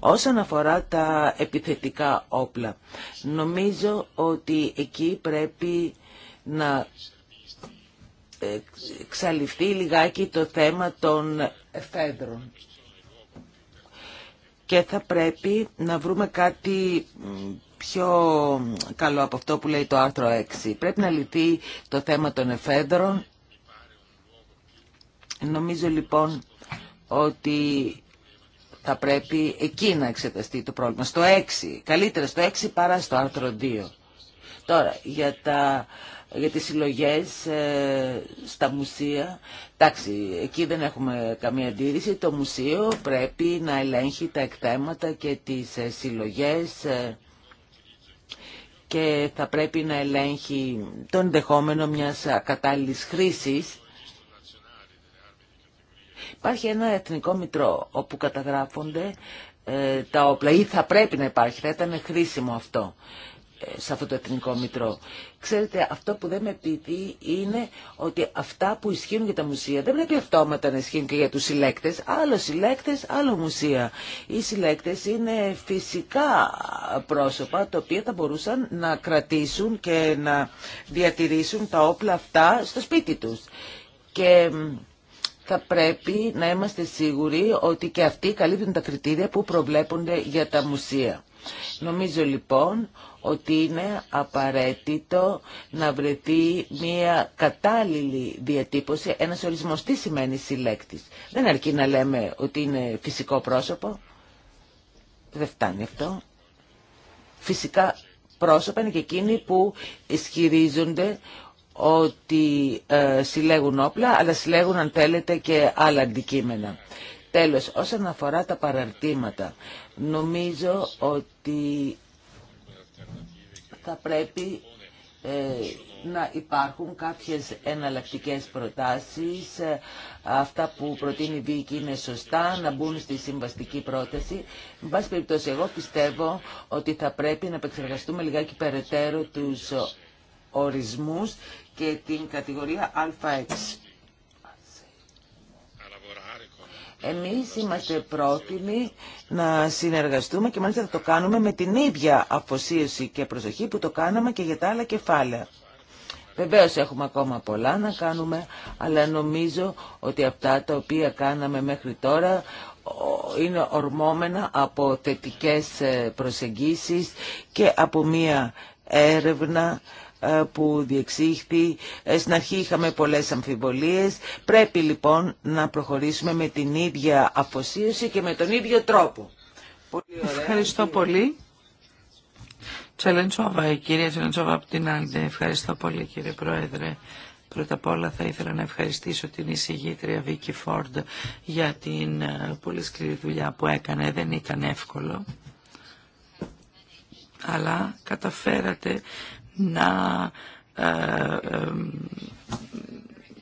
[SPEAKER 1] Όσον αφορά τα επιθετικά όπλα, νομίζω ότι εκεί πρέπει να εξαλειφθεί λιγάκι το θέμα των εφέδρων. Και θα πρέπει να βρούμε κάτι πιο καλό από αυτό που λέει το άρθρο 6. Πρέπει να λυθεί το θέμα των εφέδρων. Νομίζω λοιπόν ότι θα πρέπει εκεί να εξεταστεί το πρόβλημα. Στο 6. Καλύτερα στο 6 παρά στο άρθρο 2. Τώρα, για τα για τις συλλογές ε, στα μουσεία. Εντάξει, εκεί δεν έχουμε καμία αντίρρηση. Το μουσείο πρέπει να ελέγχει τα εκτέματα και τις ε, συλλογές ε, και θα πρέπει να ελέγχει τον ενδεχόμενο μιας κατάλληλης χρήσης. Υπάρχει ένα εθνικό μητρό όπου καταγράφονται ε, τα όπλα ή θα πρέπει να υπάρχει, θα ήταν χρήσιμο αυτό σε αυτό το Εθνικό Μητρό. Ξέρετε, αυτό που δεν με πείθει είναι ότι αυτά που ισχύουν για τα μουσεία δεν πρέπει αυτόματα να ισχύουν και για τους συλλέκτες. Άλλο συλλέκτες, άλλο μουσεία. Οι συλλέκτες είναι φυσικά πρόσωπα τα οποία θα μπορούσαν να κρατήσουν και να διατηρήσουν τα όπλα αυτά στο σπίτι τους. Και θα πρέπει να είμαστε σίγουροι ότι και αυτοί καλύπτουν τα κριτήρια που προβλέπονται για τα μουσεία. Νομίζω λοιπόν ότι είναι απαραίτητο να βρεθεί μια κατάλληλη διατύπωση, ένας ορισμός τι σημαίνει συλλέκτης. Δεν αρκεί να λέμε ότι είναι φυσικό πρόσωπο. Δεν φτάνει αυτό. Φυσικά πρόσωπα είναι και εκείνοι που ισχυρίζονται ότι ε, συλλέγουν όπλα, αλλά συλλέγουν αν θέλετε και άλλα αντικείμενα. Τέλος, όσον αφορά τα παραρτήματα, νομίζω ότι θα πρέπει ε, να υπάρχουν κάποιες εναλλακτικές προτάσεις. Ε, αυτά που προτείνει η Βίκη είναι σωστά, να μπουν στη συμβαστική πρόταση. Με περιπτώσει, εγώ πιστεύω ότι θα πρέπει να επεξεργαστούμε λιγάκι περαιτέρω τους ορισμούς και την κατηγορία Α6. Εμείς είμαστε πρόθυμοι να συνεργαστούμε και μάλιστα θα το κάνουμε με την ίδια αφοσίωση και προσοχή που το κάναμε και για τα άλλα κεφάλαια. Βεβαίως έχουμε ακόμα πολλά να κάνουμε, αλλά νομίζω ότι αυτά τα οποία κάναμε μέχρι τώρα είναι ορμόμενα από θετικές ε, προσεγγίσεις και από μία έρευνα ε, που διεξήχθη. Ε, στην αρχή είχαμε πολλές αμφιβολίες. Πρέπει λοιπόν να
[SPEAKER 2] προχωρήσουμε
[SPEAKER 1] με την ίδια αφοσίωση και με τον ίδιο τρόπο. Ευχαριστώ
[SPEAKER 2] πολύ. Τσελεντσόβα, η κυρία Τσελεντσόβα από την Άντε Ευχαριστώ πολύ κύριε Πρόεδρε. Πρώτα απ' όλα θα ήθελα να ευχαριστήσω την εισηγήτρια Βίκη Φόρντ για την ε, πολύ σκληρή δουλειά που έκανε. Δεν ήταν εύκολο αλλά καταφέρατε να ε, ε,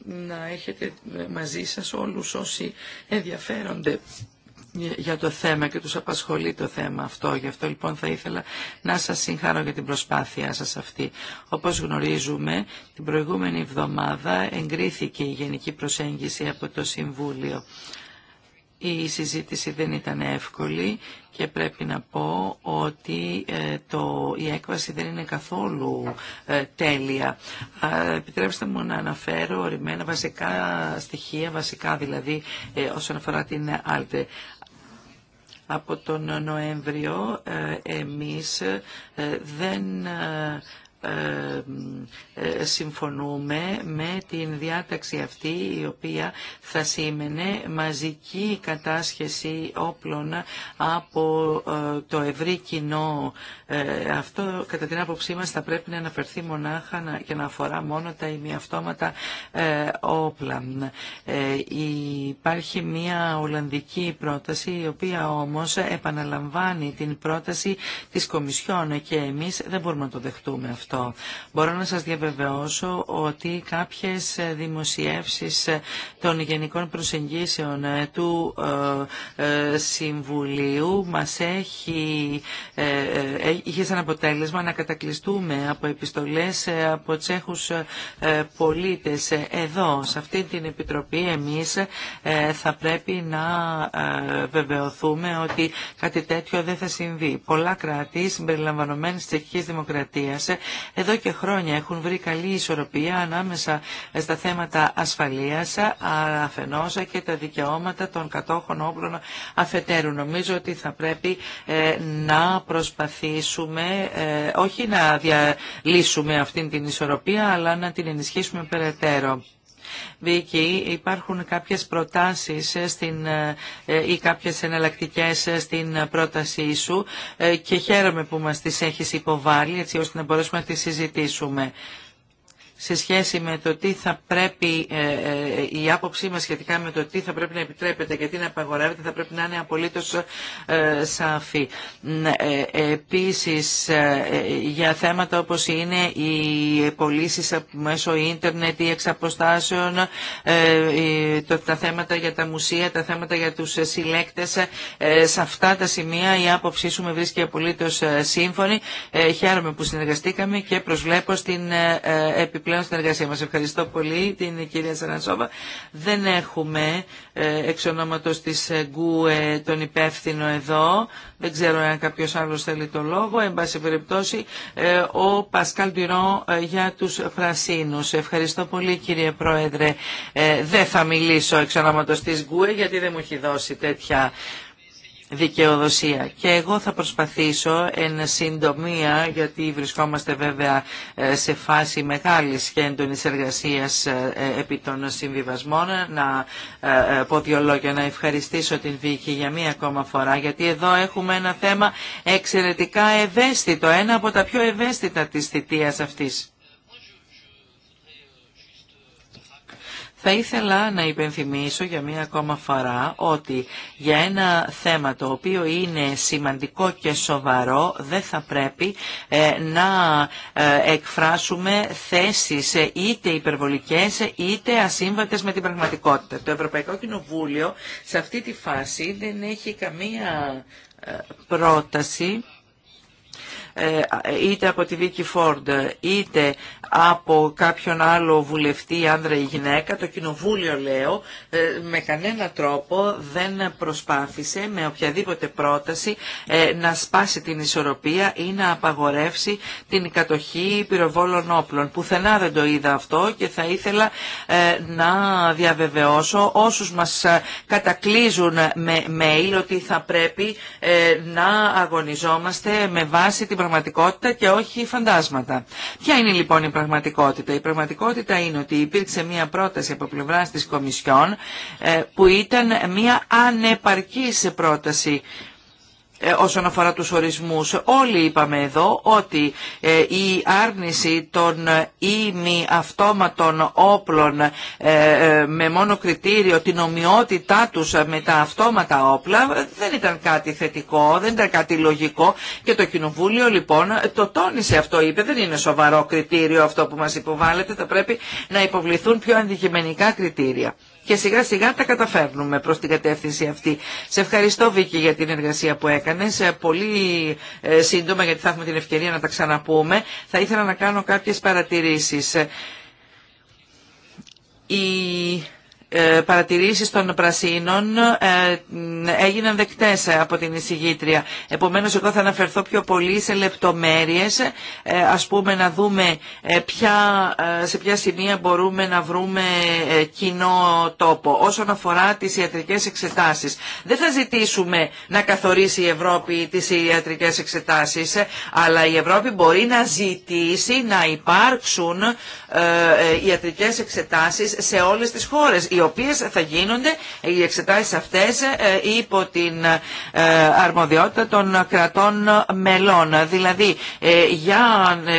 [SPEAKER 2] να έχετε μαζί σας όλους όσοι ενδιαφέρονται για το θέμα και τους απασχολεί το θέμα αυτό. Γι' αυτό λοιπόν θα ήθελα να σας συγχαρώ για την προσπάθειά σας αυτή. Όπως γνωρίζουμε, την προηγούμενη εβδομάδα εγκρίθηκε η Γενική Προσέγγιση από το Συμβούλιο. Η συζήτηση δεν ήταν εύκολη και πρέπει να πω ότι ε, το, η έκβαση δεν είναι καθόλου ε, τέλεια. Επιτρέψτε μου να αναφέρω ορισμένα βασικά στοιχεία, βασικά δηλαδή ε, όσον αφορά την ΑΛΤΕ. Από τον Νοέμβριο εμείς δεν ε, ε, συμφωνούμε με την διάταξη αυτή η οποία θα σήμαινε μαζική κατάσχεση όπλων από ε, το ευρύ κοινό. Αυτό κατά την άποψή μας θα πρέπει να αναφερθεί μονάχα και να αφορά μόνο τα ημιαυτόματα όπλα. Υπάρχει μια Ολλανδική πρόταση η οποία όμως επαναλαμβάνει την πρόταση της Κομισιόν και εμείς δεν μπορούμε να το δεχτούμε αυτό. Μπορώ να σας διαβεβαιώσω ότι κάποιες δημοσιεύσεις των γενικών προσεγγίσεων ε, του ε, ε, Συμβουλίου μας έχει, είχε σαν αποτέλεσμα να κατακλειστούμε από επιστολές από τσέχους πολίτες εδώ, σε αυτή την Επιτροπή εμείς θα πρέπει να βεβαιωθούμε ότι κάτι τέτοιο δεν θα συμβεί. Πολλά κράτη συμπεριλαμβανομένης της Τσεχικής Δημοκρατίας εδώ και χρόνια έχουν βρει καλή ισορροπία ανάμεσα στα θέματα ασφαλείας αφενός και τα δικαιώματα των κατόχων όπλων αφετέρου. Νομίζω ότι θα πρέπει ε, να προσπαθήσουμε ε, όχι να διαλύσουμε αυτήν την ισορροπία αλλά να την ενισχύσουμε περαιτέρω. Βίκη, υπάρχουν κάποιες προτάσεις στην, ε, ε, ή κάποιες εναλλακτικές στην πρότασή σου ε, και χαίρομαι που μας τις έχεις υποβάλει έτσι ώστε να μπορέσουμε να τις συζητήσουμε σε σχέση με το τι θα πρέπει, ε, ε, η άποψή μας σχετικά με το τι θα πρέπει να επιτρέπεται και τι να απαγορεύεται θα πρέπει να είναι απολύτως ε, σαφή. Επίσης, για θέματα όπως είναι οι πωλήσει μέσω ίντερνετ ή εξ τα θέματα για τα μουσεία, τα θέματα για τους συλλέκτες, σε αυτά τα σημεία η άποψή σου με βρίσκει απολύτως σύμφωνη. Χαίρομαι που συνεργαστήκαμε και προσβλέπω στην επιπλέον επιπλέον συνεργασία μας. Ευχαριστώ πολύ την κυρία Σαρανσόβα. Δεν έχουμε ε, εξ ονόματος της ε, Γκουε τον υπεύθυνο εδώ. Δεν ξέρω αν κάποιος άλλος θέλει το λόγο. Εν πάση περιπτώσει, ε, ο Πασκάλ Ντυρό για τους Φρασίνους. Ευχαριστώ πολύ κύριε Πρόεδρε. Δεν θα μιλήσω εξ ονόματος της Γκουε γιατί δεν μου έχει δώσει τέτοια δικαιοδοσία. Και εγώ θα προσπαθήσω εν συντομία, γιατί βρισκόμαστε βέβαια ε, σε φάση μεγάλης και έντονης εργασίας ε, επί των συμβιβασμών, να ε, πω δύο λόγια, να ευχαριστήσω την Βίκη για μία ακόμα φορά, γιατί εδώ έχουμε ένα θέμα εξαιρετικά ευαίσθητο, ένα από τα πιο ευαίσθητα της θητείας αυτής. Θα ήθελα να υπενθυμίσω για μία ακόμα φορά ότι για ένα θέμα το οποίο είναι σημαντικό και σοβαρό δεν θα πρέπει ε, να ε, εκφράσουμε θέσεις ε, είτε υπερβολικές είτε ασύμβατες με την πραγματικότητα. Το Ευρωπαϊκό Κοινοβούλιο σε αυτή τη φάση δεν έχει καμία πρόταση ε, είτε από τη Βίκη Φόρντ είτε από κάποιον άλλο βουλευτή άνδρα ή γυναίκα, το κοινοβούλιο λέω, ε, με κανένα τρόπο δεν προσπάθησε με οποιαδήποτε πρόταση ε, να σπάσει την ισορροπία ή να απαγορεύσει την κατοχή πυροβόλων όπλων. Πουθενά δεν το είδα αυτό και θα ήθελα να διαβεβαιώσω όσους μας κατακλίζουν με mail ότι θα πρέπει να αγωνιζόμαστε με βάση την πραγματικότητα και όχι φαντάσματα. Ποια είναι λοιπόν η πραγματικότητα. Η πραγματικότητα είναι ότι υπήρξε μια πρόταση από πλευρά της Κομισιόν ε, που ήταν μια ανεπαρκής πρόταση ε, όσον αφορά τους ορισμούς. Όλοι είπαμε εδώ ότι ε, η άρνηση των ε, ήμι αυτόματων όπλων με μόνο κριτήριο την ομοιότητά τους με τα αυτόματα όπλα δεν ήταν κάτι θετικό, δεν ήταν κάτι λογικό και το Κοινοβούλιο λοιπόν το τόνισε αυτό, είπε δεν είναι σοβαρό κριτήριο αυτό που μας υποβάλλεται, θα πρέπει να υποβληθούν πιο αντικειμενικά κριτήρια και σιγά σιγά τα καταφέρνουμε προς την κατεύθυνση αυτή. Σε ευχαριστώ Βίκη για την εργασία που έκανες. Ε, πολύ ε, σύντομα γιατί θα έχουμε την ευκαιρία να τα ξαναπούμε. Θα ήθελα να κάνω κάποιες παρατηρήσεις. Ε, ε, παρατηρήσεις των πρασίνων ε, έγιναν δεκτές από την εισηγήτρια. Επομένως εγώ θα αναφερθώ πιο πολύ σε λεπτομέρειες, ε, ας πούμε να δούμε ποια, σε ποια σημεία μπορούμε να βρούμε κοινό τόπο. Όσον αφορά τις ιατρικές εξετάσεις, δεν θα ζητήσουμε να καθορίσει η Ευρώπη τις ιατρικές εξετάσεις, αλλά η Ευρώπη μπορεί να ζητήσει να υπάρξουν ιατρικές εξετάσεις σε όλες τις χώρες οι οποίες θα γίνονται, οι εξετάσεις αυτές, ε, υπό την ε, αρμοδιότητα των κρατών μελών. Δηλαδή, ε, για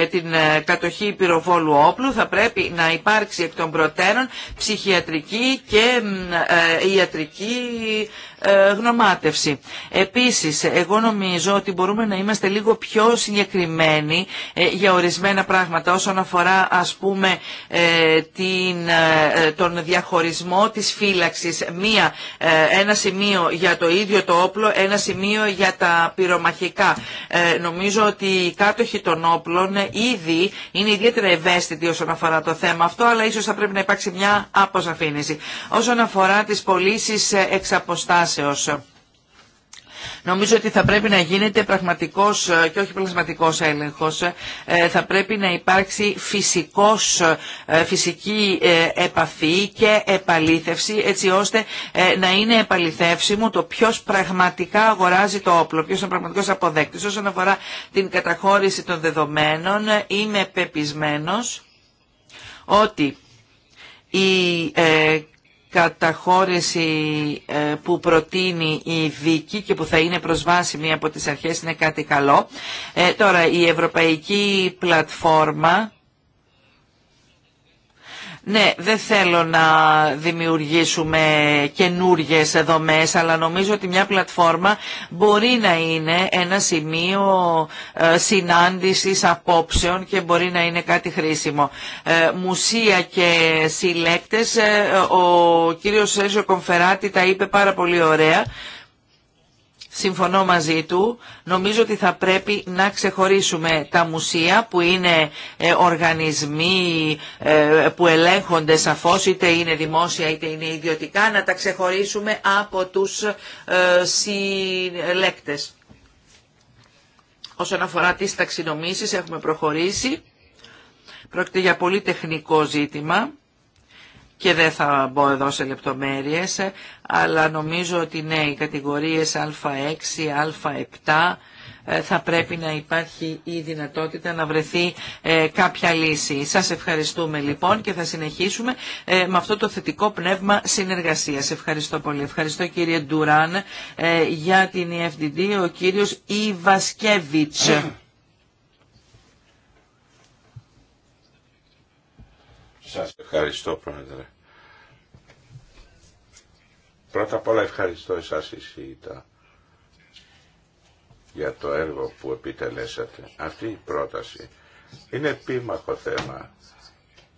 [SPEAKER 2] την κατοχή πυροβόλου όπλου θα πρέπει να υπάρξει εκ των προτέρων ψυχιατρική και ιατρική ε, γνωμάτευση. Επίσης, εγώ νομίζω ότι μπορούμε να είμαστε λίγο πιο συγκεκριμένοι ε, για ορισμένα πράγματα όσον αφορά ας πούμε ε, την, τον διαχωρισμό της φύλαξης. Μία, ένα σημείο για το ίδιο το όπλο, ένα σημείο για τα πυρομαχικά. Νομίζω ότι οι κάτοχοι των όπλων ήδη είναι ιδιαίτερα ευαίσθητοι όσον αφορά το θέμα αυτό, αλλά ίσως θα πρέπει να υπάρξει μια αποσαφήνιση. Όσον αφορά τις πωλήσει εξ Νομίζω ότι θα πρέπει να γίνεται πραγματικός ε, και όχι πλασματικός έλεγχος. Ε, θα πρέπει να υπάρξει φυσικός, ε, φυσική επαφή και επαλήθευση έτσι ώστε να είναι επαληθεύσιμο το ποιος πραγματικά αγοράζει το όπλο, ποιος είναι πραγματικός αποδέκτης. Όσον αφορά την καταχώρηση των δεδομένων είμαι πεπισμένος ότι η καταχώρηση ε, που προτείνει η δίκη και που θα είναι προσβάσιμη από τις αρχές είναι κάτι καλό. Ε, τώρα η Ευρωπαϊκή Πλατφόρμα ναι, δεν θέλω να δημιουργήσουμε καινούριε δομέ, αλλά νομίζω ότι μια πλατφόρμα μπορεί να είναι ένα σημείο ε, συνάντησης απόψεων και μπορεί να είναι κάτι χρήσιμο. Ε, μουσεία και συλλέκτες, ε, ο κύριος Σέζιο Κομφεράτη τα είπε πάρα πολύ ωραία συμφωνώ μαζί του. Νομίζω ότι θα πρέπει να ξεχωρίσουμε τα μουσεία που είναι ε, οργανισμοί ε, που ελέγχονται σαφώς, είτε είναι δημόσια είτε είναι ιδιωτικά, να τα ξεχωρίσουμε από τους ε, συλλέκτες. Όσον αφορά τις ταξινομήσεις έχουμε προχωρήσει. Πρόκειται για πολύ τεχνικό ζήτημα και δεν θα μπω εδώ σε λεπτομέρειες, αλλά νομίζω ότι ναι, οι κατηγορίες α6, α7 ε, θα πρέπει να υπάρχει η δυνατότητα να βρεθεί ε, κάποια λύση. Σας ευχαριστούμε λοιπόν και θα συνεχίσουμε ε, με αυτό το θετικό πνεύμα συνεργασίας. Ευχαριστώ πολύ. Ευχαριστώ κύριε Ντουράν για την EFDD, ο κύριος Ιβασκεβιτς.
[SPEAKER 3] Σας ευχαριστώ πρόεδρε. Πρώτα απ' όλα ευχαριστώ εσάς για το έργο που επιτελέσατε. Αυτή η πρόταση είναι επίμαχο θέμα.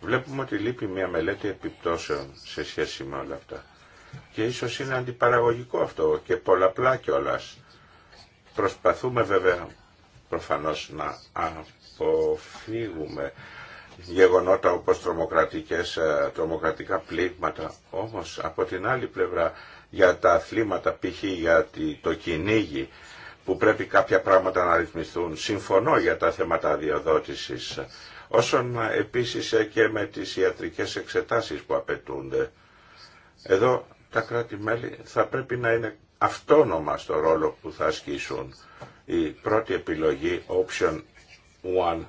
[SPEAKER 3] Βλέπουμε ότι λείπει μια μελέτη επιπτώσεων σε σχέση με όλα αυτά. Και ίσως είναι αντιπαραγωγικό αυτό και πολλαπλά κιόλα. Προσπαθούμε βέβαια προφανώς να αποφύγουμε γεγονότα όπως τρομοκρατικές, ε, τρομοκρατικά πλήγματα. Όμως από την άλλη πλευρά για τα αθλήματα π.χ. για το κυνήγι που πρέπει κάποια πράγματα να ρυθμιστούν. Συμφωνώ για τα θέματα διαδότησης Όσον ε, επίσης ε, και με τις ιατρικές εξετάσεις που απαιτούνται. Εδώ τα κράτη-μέλη θα πρέπει να είναι αυτόνομα στο ρόλο που θα ασκήσουν. Η πρώτη επιλογή, option one,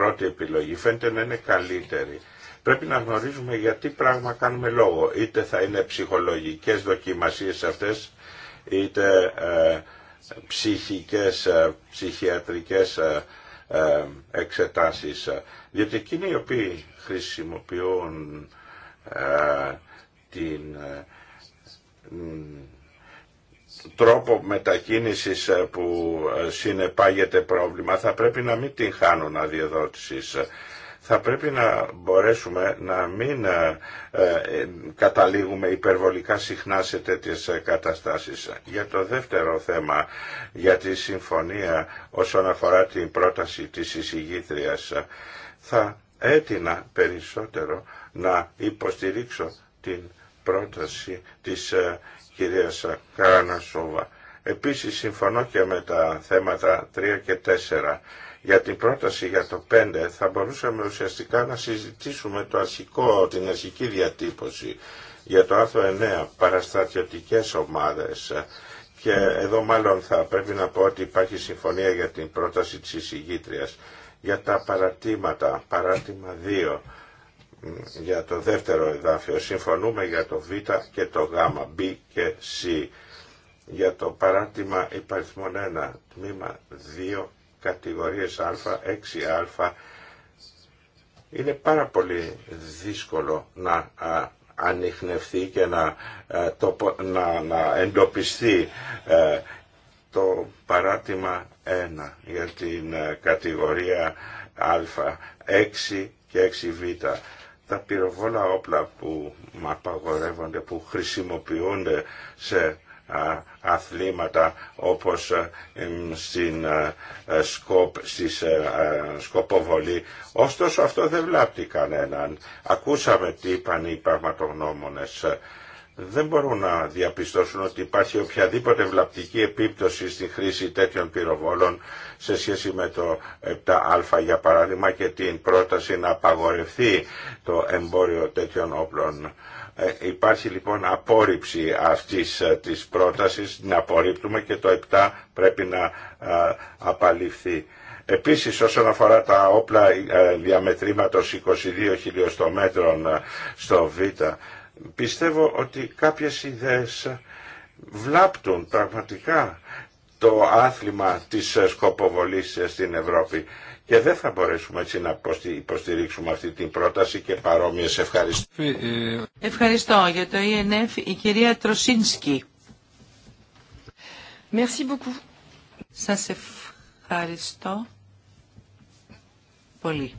[SPEAKER 3] πρώτη επιλογή φαίνεται να είναι καλύτερη. Πρέπει να γνωρίζουμε για τι πράγμα κάνουμε λόγο. Είτε θα είναι ψυχολογικές δοκιμασίες αυτές, είτε ε, ψυχικές, ε, ψυχιατρικές ε, ε, εξετάσεις. Διότι εκείνοι οι οποίοι χρησιμοποιούν την τρόπο μετακίνησης ε, που ε, συνεπάγεται πρόβλημα θα πρέπει να μην την χάνουν αδειοδότησης. Θα πρέπει να μπορέσουμε να μην ε, καταλήγουμε υπερβολικά συχνά σε τέτοιες καταστάσεις. Για το δεύτερο θέμα, για τη συμφωνία όσον αφορά την πρόταση της εισηγήτριας, θα έτεινα περισσότερο να υποστηρίξω την πρόταση της κυρίας Κάνασόβα. Επίσης συμφωνώ και με τα θέματα 3 και 4. Για την πρόταση για το 5 θα μπορούσαμε ουσιαστικά να συζητήσουμε το αρχικό, την αρχική διατύπωση για το άρθρο 9 παραστατιωτικές ομάδες και εδώ μάλλον θα πρέπει να πω ότι υπάρχει συμφωνία για την πρόταση της εισηγήτριας για τα παρατήματα, παράτημα 2 για το δεύτερο εδάφιο. Συμφωνούμε για το Β και το Γ, Β και Σ. Για το παράρτημα υπαριθμών 1, τμήμα 2, κατηγορίες Α, 6α. Είναι πάρα πολύ δύσκολο να ανοιχνευτεί και να, το, να, να εντοπιστεί ε, το παράτημα 1 για την ε, κατηγορία α, 6 και 6β τα πυροβόλα όπλα που απαγορεύονται, που χρησιμοποιούνται σε αθλήματα όπως ε, στην ε, ε, σκοπ, σκοποβολή. Ωστόσο αυτό δεν βλάπτει κανέναν. Ακούσαμε τι είπαν οι πραγματογνώμονες δεν μπορούν να διαπιστώσουν ότι υπάρχει οποιαδήποτε βλαπτική επίπτωση στη χρήση τέτοιων πυροβόλων σε σχέση με το 7α για παράδειγμα και την πρόταση να απαγορευτεί το εμπόριο τέτοιων όπλων. Ε, υπάρχει λοιπόν απόρριψη αυτής ε, της πρότασης, την απορρίπτουμε και το 7 πρέπει να ε, απαλληφθεί. Επίσης όσον αφορά τα όπλα διαμετρήματος 22 χιλιοστομέτρων στο Β, Πιστεύω ότι κάποιες ιδέες βλάπτουν πραγματικά το άθλημα της σκοποβολής στην Ευρώπη και δεν θα μπορέσουμε έτσι να υποστηρίξουμε αυτή την πρόταση και παρόμοιες ευχαριστώ.
[SPEAKER 2] Ευχαριστώ για το ΕΝΕΦ e η κυρία Τροσίνσκι. Merci Σας ευχαριστώ πολύ.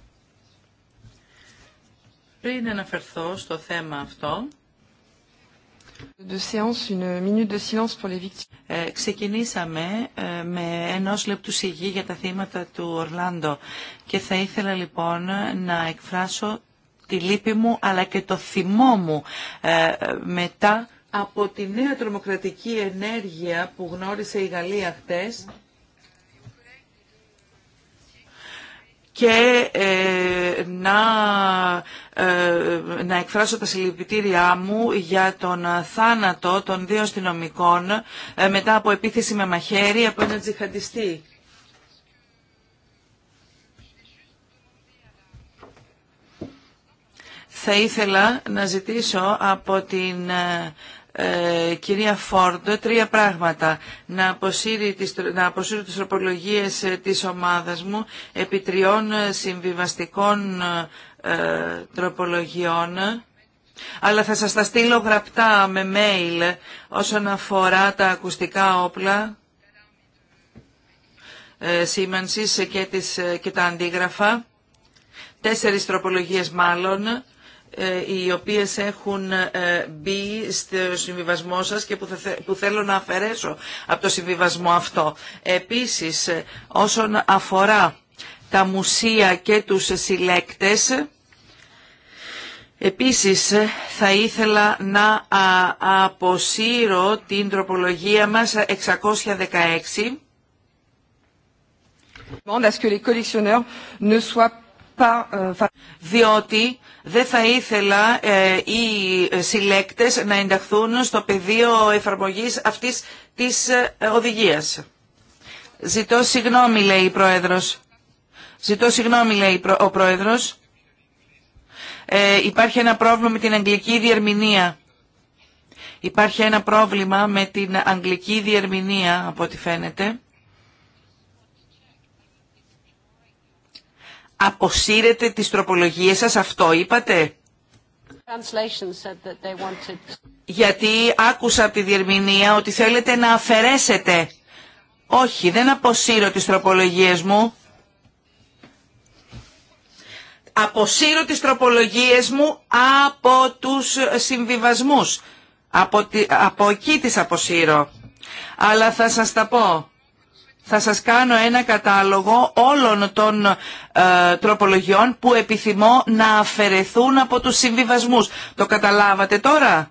[SPEAKER 2] Πριν αναφερθώ στο θέμα αυτό, ε, ξεκινήσαμε ε, με ενό λεπτού σιγή για τα θύματα του Ορλάντο και θα ήθελα λοιπόν να εκφράσω τη λύπη μου αλλά και το θυμό μου ε, μετά από τη νέα τρομοκρατική ενέργεια που γνώρισε η Γαλλία χτες και ε, να, ε, να εκφράσω τα συλληπιτήριά μου για τον θάνατο των δύο αστυνομικών ε, μετά από επίθεση με μαχαίρι από έναν τζιχαντιστή. Θα ήθελα να ζητήσω από την ε, κυρία Φόρντ τρία πράγματα. Να, αποσύρει τις, να αποσύρω τις τροπολογίες ε, της ομάδας μου επί τριών ε, συμβιβαστικών ε, τροπολογιών. Αλλά θα σας τα στείλω γραπτά με mail όσον αφορά τα ακουστικά όπλα ε, σήμανσης και, τις, και τα αντίγραφα. Τέσσερις τροπολογίες μάλλον ε, οι οποίες έχουν ε, μπει στο συμβιβασμό σας και που θέλω να αφαιρέσω από το συμβιβασμό αυτό. Επίσης, ε, όσον αφορά τα μουσεία και τους συλλέκτες, Επίσης θα ήθελα να αποσύρω την τροπολογία μας 616. Euh, Διότι δεν θα ήθελα ε, οι συλλέκτες να ενταχθούν στο πεδίο εφαρμογής αυτής της ε, οδηγίας. Ζητώ συγγνώμη, λέει η Πρόεδρος. Ζητώ συγγνώμη, λέει ο Πρόεδρος. Ε, υπάρχει ένα πρόβλημα με την αγγλική διερμηνία. Υπάρχει ένα πρόβλημα με την αγγλική διερμηνία, από ό,τι φαίνεται. Αποσύρετε τις τροπολογίες σας, αυτό είπατε. Γιατί άκουσα από τη διερμηνία ότι θέλετε να αφαιρέσετε. Όχι, δεν αποσύρω τις τροπολογίες μου. Αποσύρω τις τροπολογίες μου από τους συμβιβασμούς. Από, από εκεί τις αποσύρω. Αλλά θα σας τα πω θα σας κάνω ένα κατάλογο όλων των ε, τροπολογιών που επιθυμώ να αφαιρεθούν από τους συμβιβασμούς. Το καταλάβατε τώρα?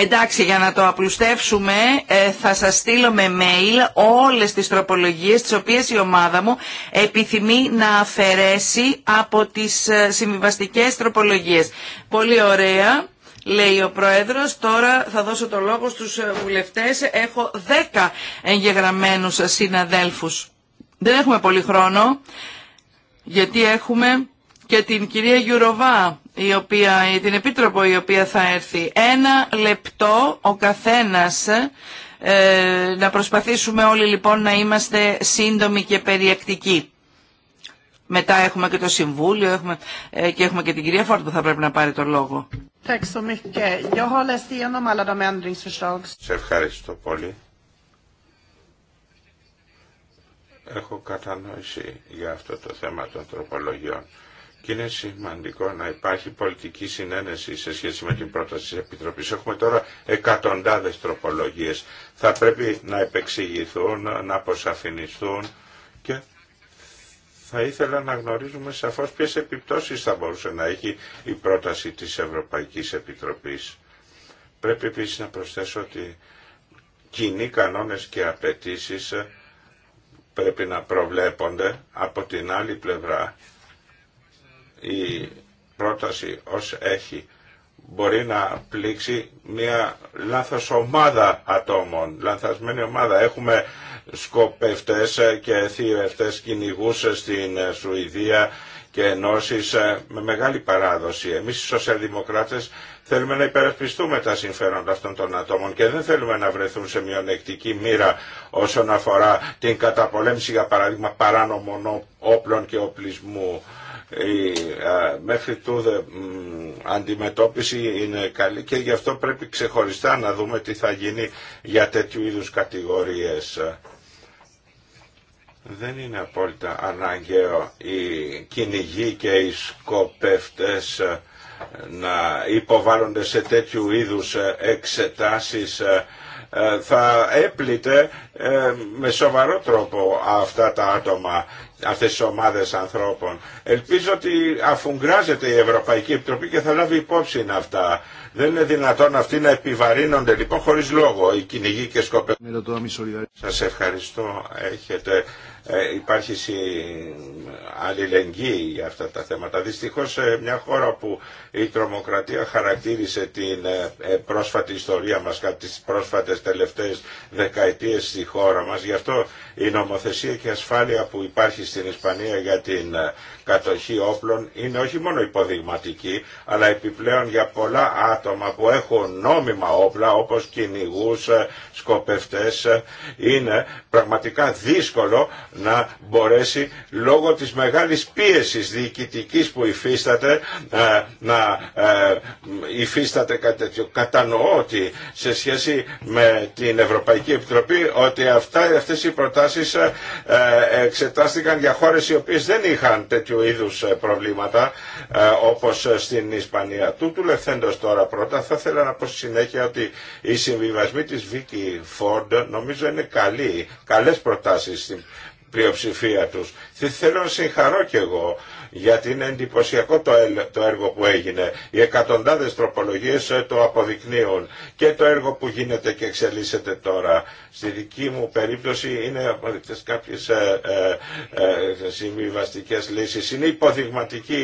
[SPEAKER 2] Εντάξει, για να το απλουστεύσουμε ε, θα σας στείλω με mail όλες τις τροπολογίες τις οποίες η ομάδα μου επιθυμεί να αφαιρέσει από τις ε, συμβιβαστικές τροπολογίες. Πολύ ωραία. Λέει ο Πρόεδρος, τώρα θα δώσω το λόγο στους ε, βουλευτές. Έχω 10 εγγεγραμμένους συναδέλφους. Δεν έχουμε πολύ χρόνο, γιατί έχουμε και την κυρία Γιουροβά η οποία, την Επίτροπο η οποία θα έρθει. Ένα λεπτό ο καθένας ε, να προσπαθήσουμε όλοι λοιπόν να είμαστε σύντομοι και περιεκτικοί. Μετά έχουμε και το Συμβούλιο έχουμε, ε, και έχουμε και την κυρία Φόρτ που θα πρέπει να πάρει το λόγο.
[SPEAKER 3] Σε ευχαριστώ πολύ. Έχω κατανόηση για αυτό το θέμα των τροπολογιών και είναι σημαντικό να υπάρχει πολιτική συνένεση σε σχέση με την πρόταση της Επιτροπής. Έχουμε τώρα εκατοντάδες τροπολογίες. Θα πρέπει να επεξηγηθούν, να αποσαφινιστούν και θα ήθελα να γνωρίζουμε σαφώς ποιες επιπτώσεις θα μπορούσε να έχει η πρόταση της Ευρωπαϊκής Επιτροπής. Πρέπει επίσης να προσθέσω ότι κοινοί κανόνες και απαιτήσει πρέπει να προβλέπονται από την άλλη πλευρά η πρόταση ως έχει μπορεί να πλήξει μια λάθος ομάδα ατόμων, λανθασμένη ομάδα. Έχουμε σκοπευτές και θύρευτες κυνηγούς στην Σουηδία και ενώσεις με μεγάλη παράδοση. Εμείς οι σοσιαλδημοκράτες θέλουμε να υπερασπιστούμε τα συμφέροντα αυτών των ατόμων και δεν θέλουμε να βρεθούν σε μειονεκτική μοίρα όσον αφορά την καταπολέμηση για παράδειγμα παράνομων όπλων και οπλισμού η μέχρι τούδε αντιμετώπιση είναι καλή και γι' αυτό πρέπει ξεχωριστά να δούμε τι θα γίνει για τέτοιου είδους κατηγορίες. Δεν είναι απόλυτα αναγκαίο οι κυνηγοί και οι σκοπευτές ε, να υποβάλλονται σε τέτοιου είδους ε, εξετάσεις ε, θα έπλητε με σοβαρό τρόπο αυτά τα άτομα αυτές τις ομάδες ανθρώπων. Ελπίζω ότι αφουγκράζεται η Ευρωπαϊκή Επιτροπή και θα λάβει υπόψη αυτά. Δεν είναι δυνατόν αυτοί να επιβαρύνονται λοιπόν χωρίς λόγο οι κυνηγοί και σκοπεύουν. Σας ευχαριστώ. Έχετε, ε, υπάρχει αλληλεγγύη για αυτά τα θέματα. Δυστυχώς σε μια χώρα που η τρομοκρατία χαρακτήρισε την ε, ε, πρόσφατη ιστορία μας κατά τις πρόσφατες τελευταίες δεκαετίες στη χώρα μας. Γι' αυτό η νομοθεσία και ασφάλεια που υπάρχει στην Ισπανία για την ε, κατοχή όπλων είναι όχι μόνο υποδειγματική, αλλά επιπλέον για πολλά άτομα που έχουν νόμιμα όπλα, όπως κυνηγού, ε, σκοπευτές, ε, είναι πραγματικά δύσκολο να μπορέσει λόγω της μεγάλης πίεσης διοικητικής που υφίσταται να υφίσταται κάτι τέτοιο. σε σχέση με την Ευρωπαϊκή Επιτροπή ότι αυτά, αυτές οι προτάσεις εξετάσει ε, ε, εξετάστηκαν για χώρε οι οποίε δεν είχαν τέτοιου είδου ε, προβλήματα όπως στην Ισπανία. Τούτου λεχθέντος τώρα πρώτα θα ήθελα να πω στη συνέχεια ότι οι συμβιβασμοί της Βίκη Φόρντ νομίζω είναι καλοί, καλές προτάσεις στην πλειοψηφία τους. Θέλω να συγχαρώ κι εγώ γιατί είναι εντυπωσιακό το έργο που έγινε. Οι εκατοντάδες τροπολογίες ε, το αποδεικνύουν και το έργο που γίνεται και εξελίσσεται τώρα. Στη δική μου περίπτωση είναι αποδεικτές κάποιες ε, ε, ε, συμβιβαστικές λύσεις. Είναι υποδειγματική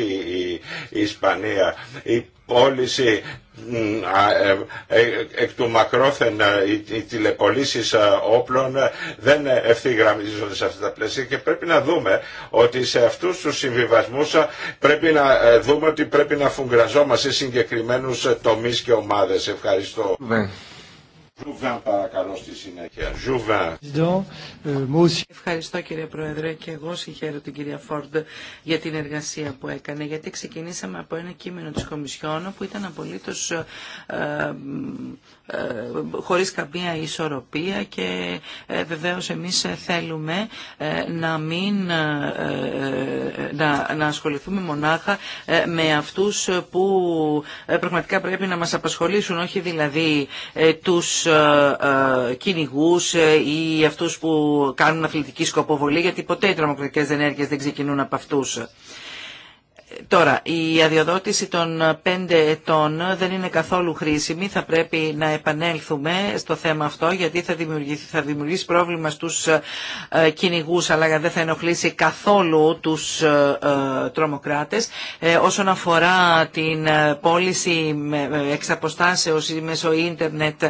[SPEAKER 3] η Ισπανία. Η πώληση ε, ε, εκ του μακρόθεν ε, οι τηλεπολίσεις όπλων δεν ευθυγραμμίζονται σε αυτά τα πλαίσια και πρέπει να δούμε ότι σε αυτούς τους συμβιβασμούς πρέπει να δούμε ότι πρέπει να φουγκραζόμαστε συγκεκριμένους τομείς και ομάδες. Ευχαριστώ. Ναι.
[SPEAKER 2] Ευχαριστώ κύριε Πρόεδρε και εγώ συγχαίρω την κυρία Φόρντ για την εργασία που έκανε γιατί ξεκινήσαμε από ένα κείμενο της Κομισιόν που ήταν απολύτως ε, ε, χωρίς καμία ισορροπία και ε, βεβαίως εμείς θέλουμε ε, να μην να, ασχοληθούμε μονάχα με αυτούς που πραγματικά πρέπει να μας απασχολήσουν όχι δηλαδή τους κυνηγού ή αυτούς που κάνουν αθλητική σκοποβολή γιατί ποτέ οι τρομοκρατικές ενέργειες δεν ξεκινούν από αυτούς. Τώρα, η αδειοδότηση των πέντε ετών δεν είναι καθόλου χρήσιμη. Θα πρέπει να επανέλθουμε στο θέμα αυτό γιατί θα, δημιουργήσει, θα δημιουργήσει πρόβλημα στους ε, κυνηγού, αλλά δεν θα ενοχλήσει καθόλου τους ε, ε, τρομοκράτες. Όσον αφορά την πώληση εξ αποστάσεως ή μέσω ίντερνετ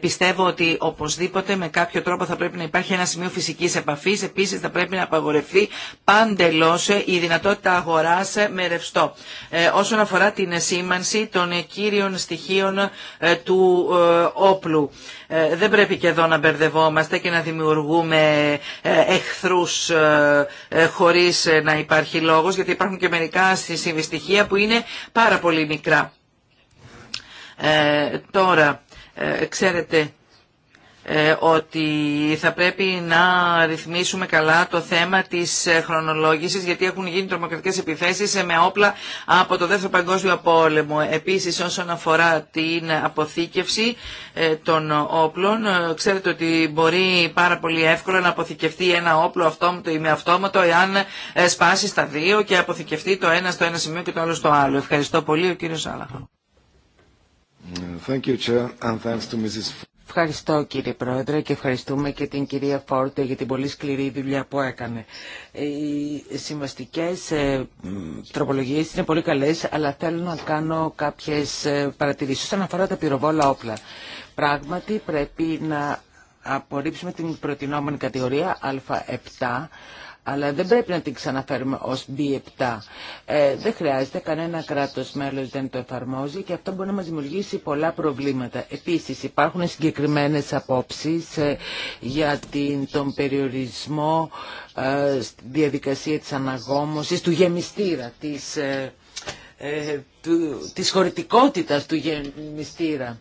[SPEAKER 2] πιστεύω ότι οπωσδήποτε με κάποιο τρόπο θα πρέπει να υπάρχει ένα σημείο φυσικής επαφής. Επίσης θα πρέπει να απαγορευτεί πάντελώς η δυνατότητα αγοράς με ε, Όσον αφορά την σήμανση των κύριων στοιχείων ε, του ε, όπλου. Δεν πρέπει και εδώ να μπερδευόμαστε και να δημιουργούμε εχθρούς χωρίς να υπάρχει λόγος, γιατί υπάρχουν και μερικά στοιχεία που είναι πάρα πολύ μικρά. Τώρα, ξέρετε... Ε, ότι θα πρέπει να ρυθμίσουμε καλά το θέμα της ε, χρονολόγησης γιατί έχουν γίνει τρομοκρατικές επιθέσεις ε, με όπλα από το Δεύτερο Παγκόσμιο Πόλεμο. Επίσης όσον αφορά την αποθήκευση των όπλων ξέρετε ότι μπορεί πάρα πολύ εύκολα να αποθηκευτεί ένα όπλο αυτόματο ή με αυτόματο εάν σπάσει στα δύο και αποθηκευτεί το ένα στο ένα σημείο και το άλλο στο άλλο. Ευχαριστώ πολύ ο κύριος Σάλαχο.
[SPEAKER 1] Thank you, Chair, and thanks to Mrs. Ευχαριστώ κύριε Πρόεδρε και ευχαριστούμε και την κυρία Φόρτε για την πολύ σκληρή δουλειά που έκανε. Ε, οι συμβαστικές ε, τροπολογίες είναι πολύ καλές, αλλά θέλω να κάνω κάποιες ε, παρατηρήσεις όσον αφορά τα πυροβόλα όπλα. Πράγματι πρέπει να απορρίψουμε την προτινόμενη κατηγορία Α7 αλλά δεν πρέπει να την ξαναφέρουμε ως B7. Ε, δεν χρειάζεται, κανένα κράτος μέλος δεν το εφαρμόζει και αυτό μπορεί να μας δημιουργήσει πολλά προβλήματα. Επίσης υπάρχουν συγκεκριμένες απόψεις ε, για την, τον περιορισμό ε, στη διαδικασία της αναγόμωσης, του γεμιστήρα, της, ε, ε, του, της χωρητικότητας του γεμιστήρα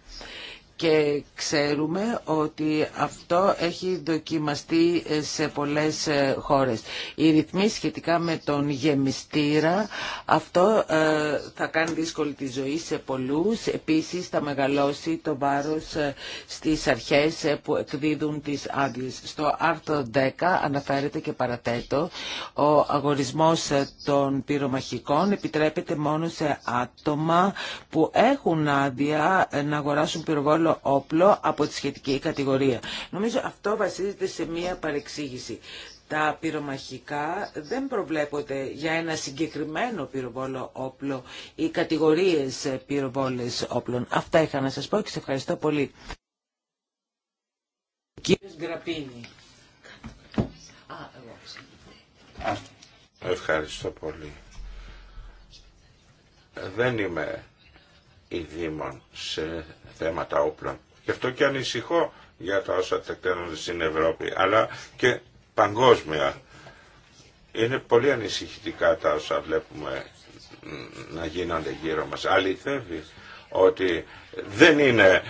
[SPEAKER 1] και ξέρουμε ότι αυτό έχει δοκιμαστεί ε, σε πολλές ε, χώρες. Η ρυθμοί σχετικά με τον γεμιστήρα, αυτό ε, θα κάνει δύσκολη τη ζωή σε πολλούς. Επίσης θα μεγαλώσει το βάρος στις αρχές που εκδίδουν τις άδειες. Στο άρθρο 10 αναφέρεται και παρατέτω, ο αγορισμός των πυρομαχικών επιτρέπεται μόνο σε άτομα που έχουν άδεια να αγοράσουν πυροβόλο όπλο από τη σχετική κατηγορία. Νομίζω αυτό βασίζεται σε μία παρεξήγηση. Τα πυρομαχικά δεν προβλέπονται για ένα συγκεκριμένο πυροβόλο όπλο ή κατηγορίες πυροβόλες όπλων. Αυτά είχα να σας πω και σε ευχαριστώ πολύ. Κύριος Γκραπίνη.
[SPEAKER 3] Ευχαριστώ πολύ. Δεν είμαι η δήμον σε θέματα όπλων. Γι' αυτό και ανησυχώ για τα όσα τεκταίνονται στην Ευρώπη, αλλά και παγκόσμια. Είναι πολύ ανησυχητικά τα όσα βλέπουμε να γίνονται γύρω μας. Αληθεύει ότι δεν είναι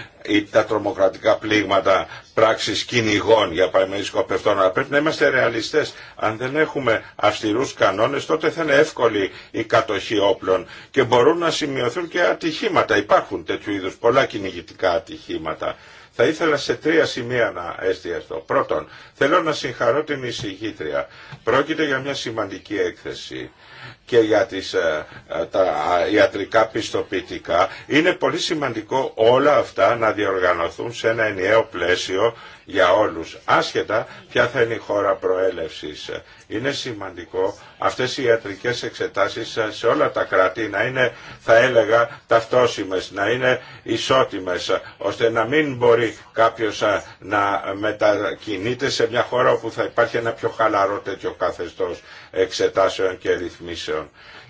[SPEAKER 3] τα τρομοκρατικά πλήγματα πράξεις κυνηγών για παρεμμένους σκοπευτών, αλλά πρέπει να είμαστε ρεαλιστές. Αν δεν έχουμε αυστηρούς κανόνες, τότε θα είναι εύκολη η κατοχή όπλων και μπορούν να σημειωθούν και ατυχήματα. Υπάρχουν τέτοιου είδους πολλά κυνηγητικά ατυχήματα. Θα ήθελα σε τρία σημεία να εστιαστώ. Πρώτον, θέλω να συγχαρώ την εισηγήτρια. Πρόκειται για μια σημαντική έκθεση και για τις, ε, ε, τα ιατρικά πιστοποιητικά. Είναι πολύ σημαντικό όλα αυτά να διοργανωθούν σε ένα ενιαίο πλαίσιο για όλους, άσχετα ποια θα είναι η χώρα προέλευσης. Είναι σημαντικό αυτές οι ιατρικές εξετάσεις σε όλα τα κράτη να είναι, θα έλεγα, ταυτόσιμες, να είναι ισότιμες, ώστε να μην μπορεί κάποιος να μετακινείται σε μια χώρα όπου θα υπάρχει ένα πιο χαλαρό τέτοιο καθεστώς εξετάσεων και ρυθμίσεων.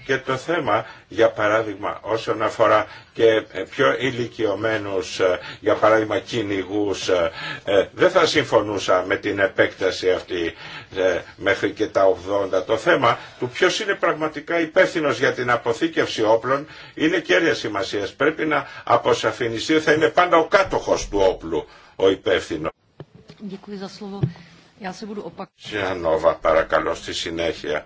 [SPEAKER 3] Και το θέμα, για παράδειγμα, όσον αφορά και ε, πιο ηλικιωμένους, ε, για παράδειγμα κυνηγού, ε, δεν θα συμφωνούσα με την επέκταση αυτή μέχρι και τα 80. Το θέμα του ποιος είναι πραγματικά υπεύθυνο για την αποθήκευση όπλων είναι κέρια σημασία. Πρέπει να αποσαφινιστεί ότι θα είναι πάντα ο κάτοχος του όπλου ο υπεύθυνο. παρακαλώ, στη συνέχεια.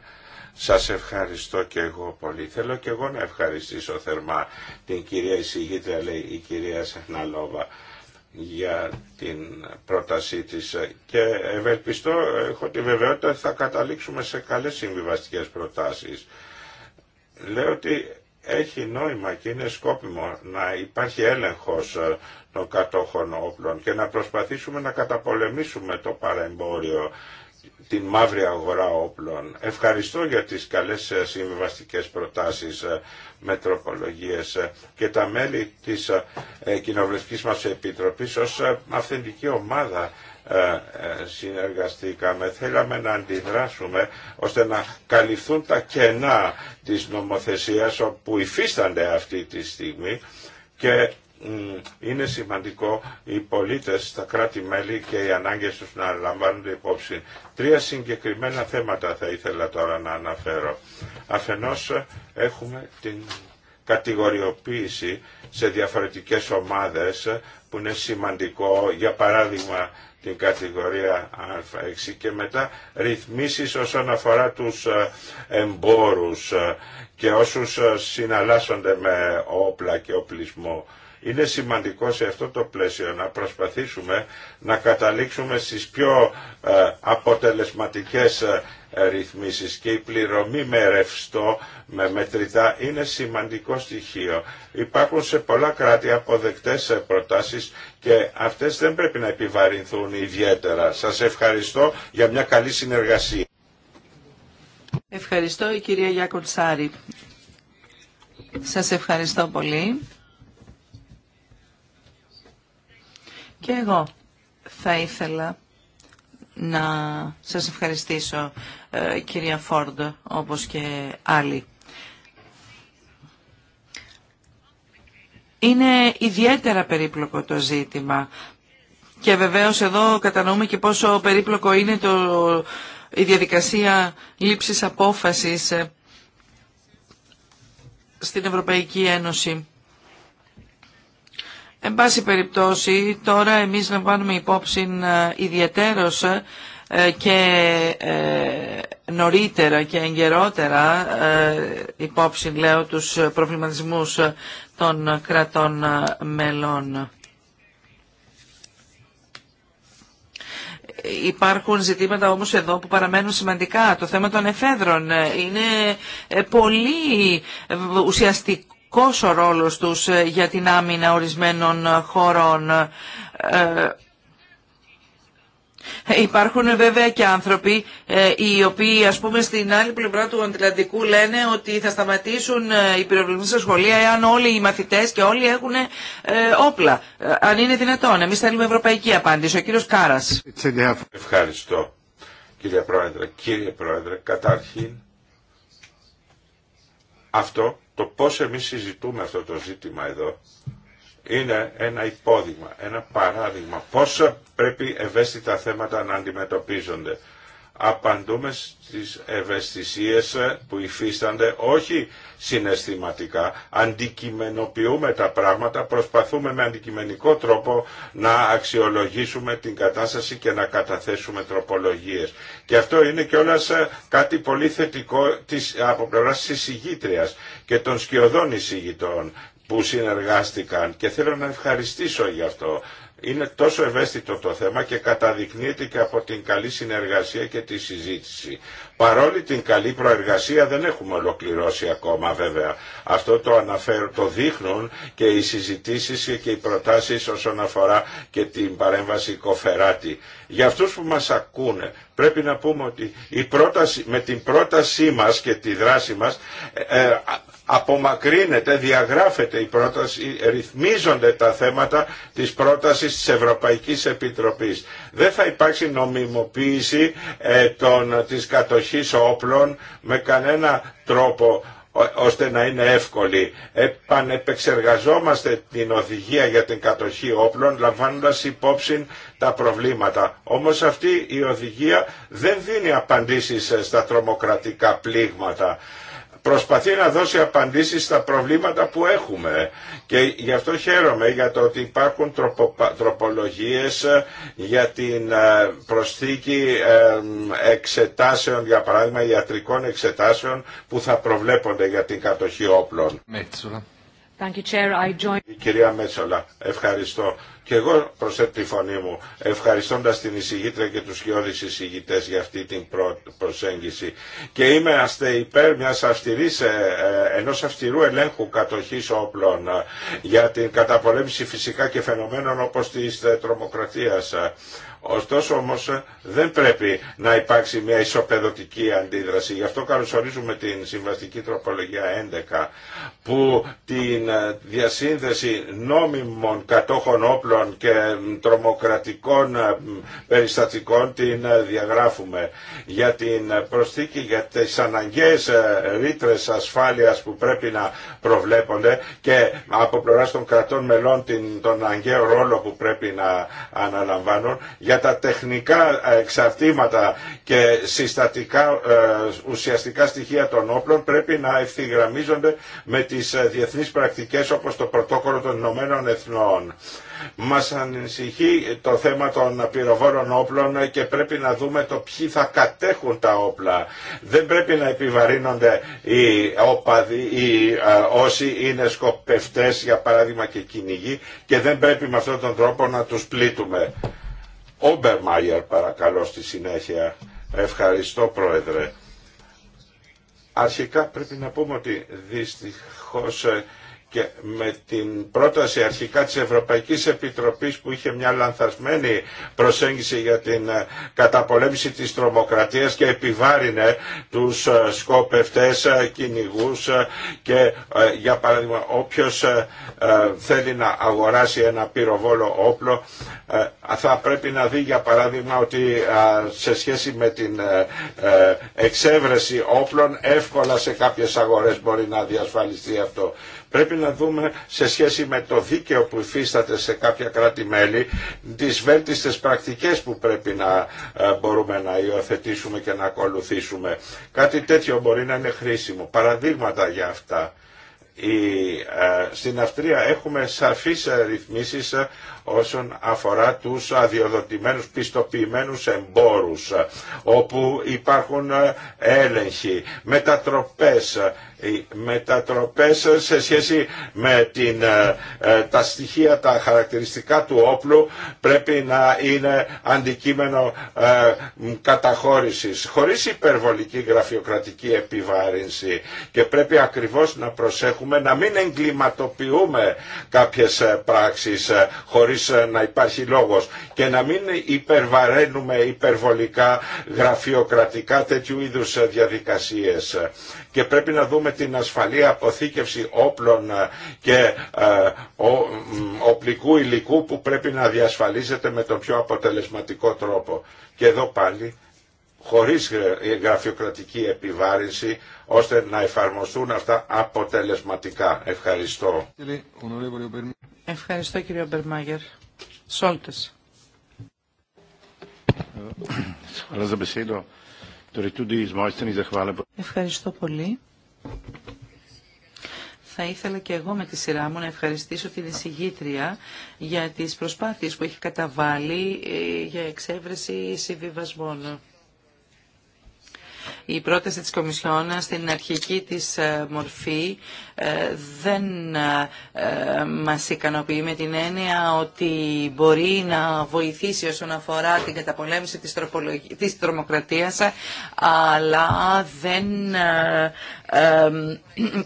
[SPEAKER 3] Σας ευχαριστώ και εγώ πολύ. Θέλω και εγώ να ευχαριστήσω θερμά την κυρία εισηγήτρια, λέει η κυρία Σαχναλόβα για την πρότασή της και ευελπιστώ, έχω τη βεβαιότητα θα καταλήξουμε σε καλές συμβιβαστικές προτάσεις. Λέω ότι έχει νόημα και είναι σκόπιμο να υπάρχει έλεγχος των κατόχων όπλων και να προσπαθήσουμε να καταπολεμήσουμε το παρεμπόριο την μαύρη αγορά όπλων. Ευχαριστώ για τις καλές ε, συμβιβαστικές προτάσεις ε, με ε, και τα μέλη της κοινοβουλευτικής μας επιτροπής ως αυθεντική ομάδα συνεργαστήκαμε. Θέλαμε να αντιδράσουμε ώστε να καλυφθούν τα κενά της νομοθεσίας όπου υφίστανται αυτή τη στιγμή και είναι σημαντικό οι πολίτες, τα κράτη-μέλη και οι ανάγκες τους να λαμβάνονται υπόψη. Τρία συγκεκριμένα θέματα θα ήθελα τώρα να αναφέρω. Αφενός έχουμε την κατηγοριοποίηση σε διαφορετικές ομάδες που είναι σημαντικό, για παράδειγμα την κατηγορία Α6 και μετά ρυθμίσεις όσον αφορά τους ε, εμπόρους ε, και όσους ε, συναλλάσσονται με όπλα και οπλισμό. Είναι σημαντικό σε αυτό το πλαίσιο να προσπαθήσουμε να καταλήξουμε στις πιο ε, αποτελεσματικές ε, ρυθμίσεις και η πληρωμή με ρευστό, με μετρητά είναι σημαντικό στοιχείο. Υπάρχουν σε πολλά κράτη αποδεκτές ε, προτάσεις και αυτές δεν πρέπει να επιβαρυνθούν ιδιαίτερα. Σας ευχαριστώ για μια καλή συνεργασία.
[SPEAKER 2] Ευχαριστώ η κυρία Τσάρη. Σας ευχαριστώ πολύ. Και εγώ θα ήθελα να σας ευχαριστήσω ε, κυρία Φόρντ όπως και άλλοι. Είναι ιδιαίτερα περίπλοκο το ζήτημα και βεβαίως εδώ κατανοούμε και πόσο περίπλοκο είναι το, η διαδικασία λήψης απόφασης ε, στην Ευρωπαϊκή Ένωση. Εν πάση περιπτώσει, τώρα εμείς λαμβάνουμε υπόψη ε, ιδιαίτερος ε, και ε, νωρίτερα και εγκαιρότερα υπόψη, λέω, τους προβληματισμούς των κρατών μελών. Υπάρχουν ζητήματα όμως εδώ που παραμένουν σημαντικά. Το θέμα των εφέδρων είναι πολύ ουσιαστικό σημαντικός ο ρόλος τους ε, για την άμυνα ορισμένων ε, χωρών. Ε, υπάρχουν βέβαια και άνθρωποι οι οποίοι ας πούμε στην άλλη πλευρά του Αντιλαντικού λένε ότι θα σταματήσουν οι πυροβολισμοί στα σχολεία εάν όλοι οι μαθητές και όλοι έχουν όπλα. αν είναι δυνατόν. Εμείς θέλουμε ευρωπαϊκή απάντηση. Ο κύριος Κάρας.
[SPEAKER 3] Ευχαριστώ κύριε Πρόεδρε. Κύριε Πρόεδρε, καταρχήν αυτό το πώς εμείς συζητούμε αυτό το ζήτημα εδώ είναι ένα υπόδειγμα, ένα παράδειγμα πώς πρέπει ευαίσθητα θέματα να αντιμετωπίζονται απαντούμε στις ευαισθησίες ε, που υφίστανται όχι συναισθηματικά. Αντικειμενοποιούμε τα πράγματα, προσπαθούμε με αντικειμενικό τρόπο να αξιολογήσουμε την κατάσταση και να καταθέσουμε τροπολογίες. Και αυτό είναι κιόλας ε, κάτι πολύ θετικό της, από πλευράς της εισηγήτριας και των σκιωδών εισηγητών που συνεργάστηκαν και θέλω να ευχαριστήσω γι' αυτό είναι τόσο ευαίσθητο το θέμα και καταδεικνύεται και από την καλή συνεργασία και τη συζήτηση. Παρόλη την καλή προεργασία δεν έχουμε ολοκληρώσει ακόμα βέβαια. Αυτό το αναφέρω, το δείχνουν και οι συζητήσεις και οι προτάσεις όσον αφορά και την παρέμβαση Κοφεράτη. Για αυτούς που μας ακούνε πρέπει να πούμε ότι η πρόταση, με την πρότασή μας και τη δράση μας ε, ε, απομακρύνεται, διαγράφεται η πρόταση, ρυθμίζονται τα θέματα της πρότασης της Ευρωπαϊκής Επιτροπής. Δεν θα υπάρξει νομιμοποίηση ε, των, της κατοχής όπλων με κανένα τρόπο ώστε να είναι εύκολη. Επανεπεξεργαζόμαστε την οδηγία για την κατοχή όπλων λαμβάνοντας υπόψη τα προβλήματα. Όμως αυτή η οδηγία δεν δίνει απαντήσεις στα τρομοκρατικά πλήγματα προσπαθεί να δώσει απαντήσεις στα προβλήματα που έχουμε. Και γι' αυτό χαίρομαι για το ότι υπάρχουν τροπολογίες ε, για την ε, προσθήκη ε, εξετάσεων, για παράδειγμα ιατρικών εξετάσεων που θα προβλέπονται για την κατοχή όπλων. Η κυρία Μέτσολα, ευχαριστώ. Και εγώ προσθέτω τη φωνή μου, ευχαριστώντας την εισηγήτρια και τους χειώδεις εισηγητές για αυτή την προσέγγιση. Και είμαστε υπέρ μιας αυστηρής, ε, ε, ενός αυστηρού ελέγχου κατοχής όπλων ε, για την καταπολέμηση φυσικά και φαινομένων όπως της τρομοκρατίας. Ωστόσο όμως ε, δεν πρέπει να υπάρξει μια ισοπεδωτική αντίδραση. Γι' αυτό καλωσορίζουμε την συμβαστική τροπολογία 11 που την ε, διασύνδεση νόμιμων κατόχων όπλων και ε, τρομοκρατικών περιστατικών την διαγράφουμε. Για την προσθήκη για τις αναγκαίες ρήτρε ασφάλειας που πρέπει να προβλέπονται και από πλευρά των κρατών μελών τον αναγκαίο ρόλο που πρέπει να αναλαμβάνουν για τα τεχνικά ε, εξαρτήματα και συστατικά ε, ουσιαστικά στοιχεία των όπλων πρέπει να ευθυγραμμίζονται με τις ε, διεθνείς πρακτικές όπως το πρωτόκολλο των Ηνωμένων Εθνών. Μας ανησυχεί το θέμα των πυροβόρων όπλων και πρέπει να δούμε το ποιοι θα κατέχουν τα όπλα. Δεν πρέπει να επιβαρύνονται οι όπαδοι, οι, όσοι είναι σκοπευτές για παράδειγμα και κυνηγοί και δεν πρέπει με αυτόν τον τρόπο να τους πλήττουμε. Όμπερμαϊερ παρακαλώ στη συνέχεια. Ευχαριστώ Πρόεδρε. Αρχικά πρέπει να πούμε ότι δυστυχώς ε, και με την πρόταση αρχικά της Ευρωπαϊκής Επιτροπής που είχε μια λανθασμένη προσέγγιση για την ε, καταπολέμηση της τρομοκρατίας και επιβάρυνε τους ε, σκοπευτές ε, κυνηγού και για παράδειγμα όποιος θέλει να αγοράσει ένα πυροβόλο όπλο θα πρέπει να δει για παράδειγμα ότι σε σχέση με την εξέβρεση όπλων εύκολα σε κάποιες αγορές μπορεί να διασφαλιστεί αυτό. Πρέπει να δούμε σε σχέση με το δίκαιο που υφίσταται σε κάποια κράτη-μέλη τις βέλτιστες πρακτικές που πρέπει να ε, μπορούμε να υιοθετήσουμε και να ακολουθήσουμε. Κάτι τέτοιο μπορεί να είναι χρήσιμο. Παραδείγματα για αυτά. Η, ε, στην Αυστρία έχουμε σαφείς ε, ρυθμίσεις όσον αφορά τους αδειοδοτημένους πιστοποιημένους εμπόρους όπου υπάρχουν ε, έλεγχοι, μετατροπές ε, μετατροπές σε σχέση με την, ε, τα στοιχεία, τα χαρακτηριστικά του όπλου πρέπει να είναι αντικείμενο καταχώρησης χωρίς υπερβολική γραφειοκρατική επιβάρυνση και πρέπει ακριβώς να προσέχουμε να μην εγκληματοποιούμε κάποιες πράξεις χωρίς ε, να υπάρχει λόγος και να μην υπερβαραίνουμε υπερβολικά γραφειοκρατικά τέτοιου είδους ε, διαδικασίες. Και πρέπει να δούμε την ασφαλή αποθήκευση όπλων ε, και οπλικού υλικού που πρέπει να διασφαλίζεται με τον πιο αποτελεσματικό τρόπο. Και εδώ πάλι χωρίς γραφειοκρατική επιβάρυνση ώστε να εφαρμοστούν αυτά αποτελεσματικά. Ευχαριστώ.
[SPEAKER 2] Ευχαριστώ κύριε Μπερμάγερ. Σόλτες. Ευχαριστώ πολύ. Θα ήθελα και εγώ με τη σειρά μου να ευχαριστήσω την εισηγήτρια για τις προσπάθειες που έχει καταβάλει ε, για εξέβρεση συμβιβασμών η πρόταση της Κομισιόν στην αρχική της ε, μορφή ε, δεν ε, μας ικανοποιεί με την έννοια ότι μπορεί να βοηθήσει όσον αφορά την καταπολέμηση της, τροπολογ... τρομοκρατίας αλλά δεν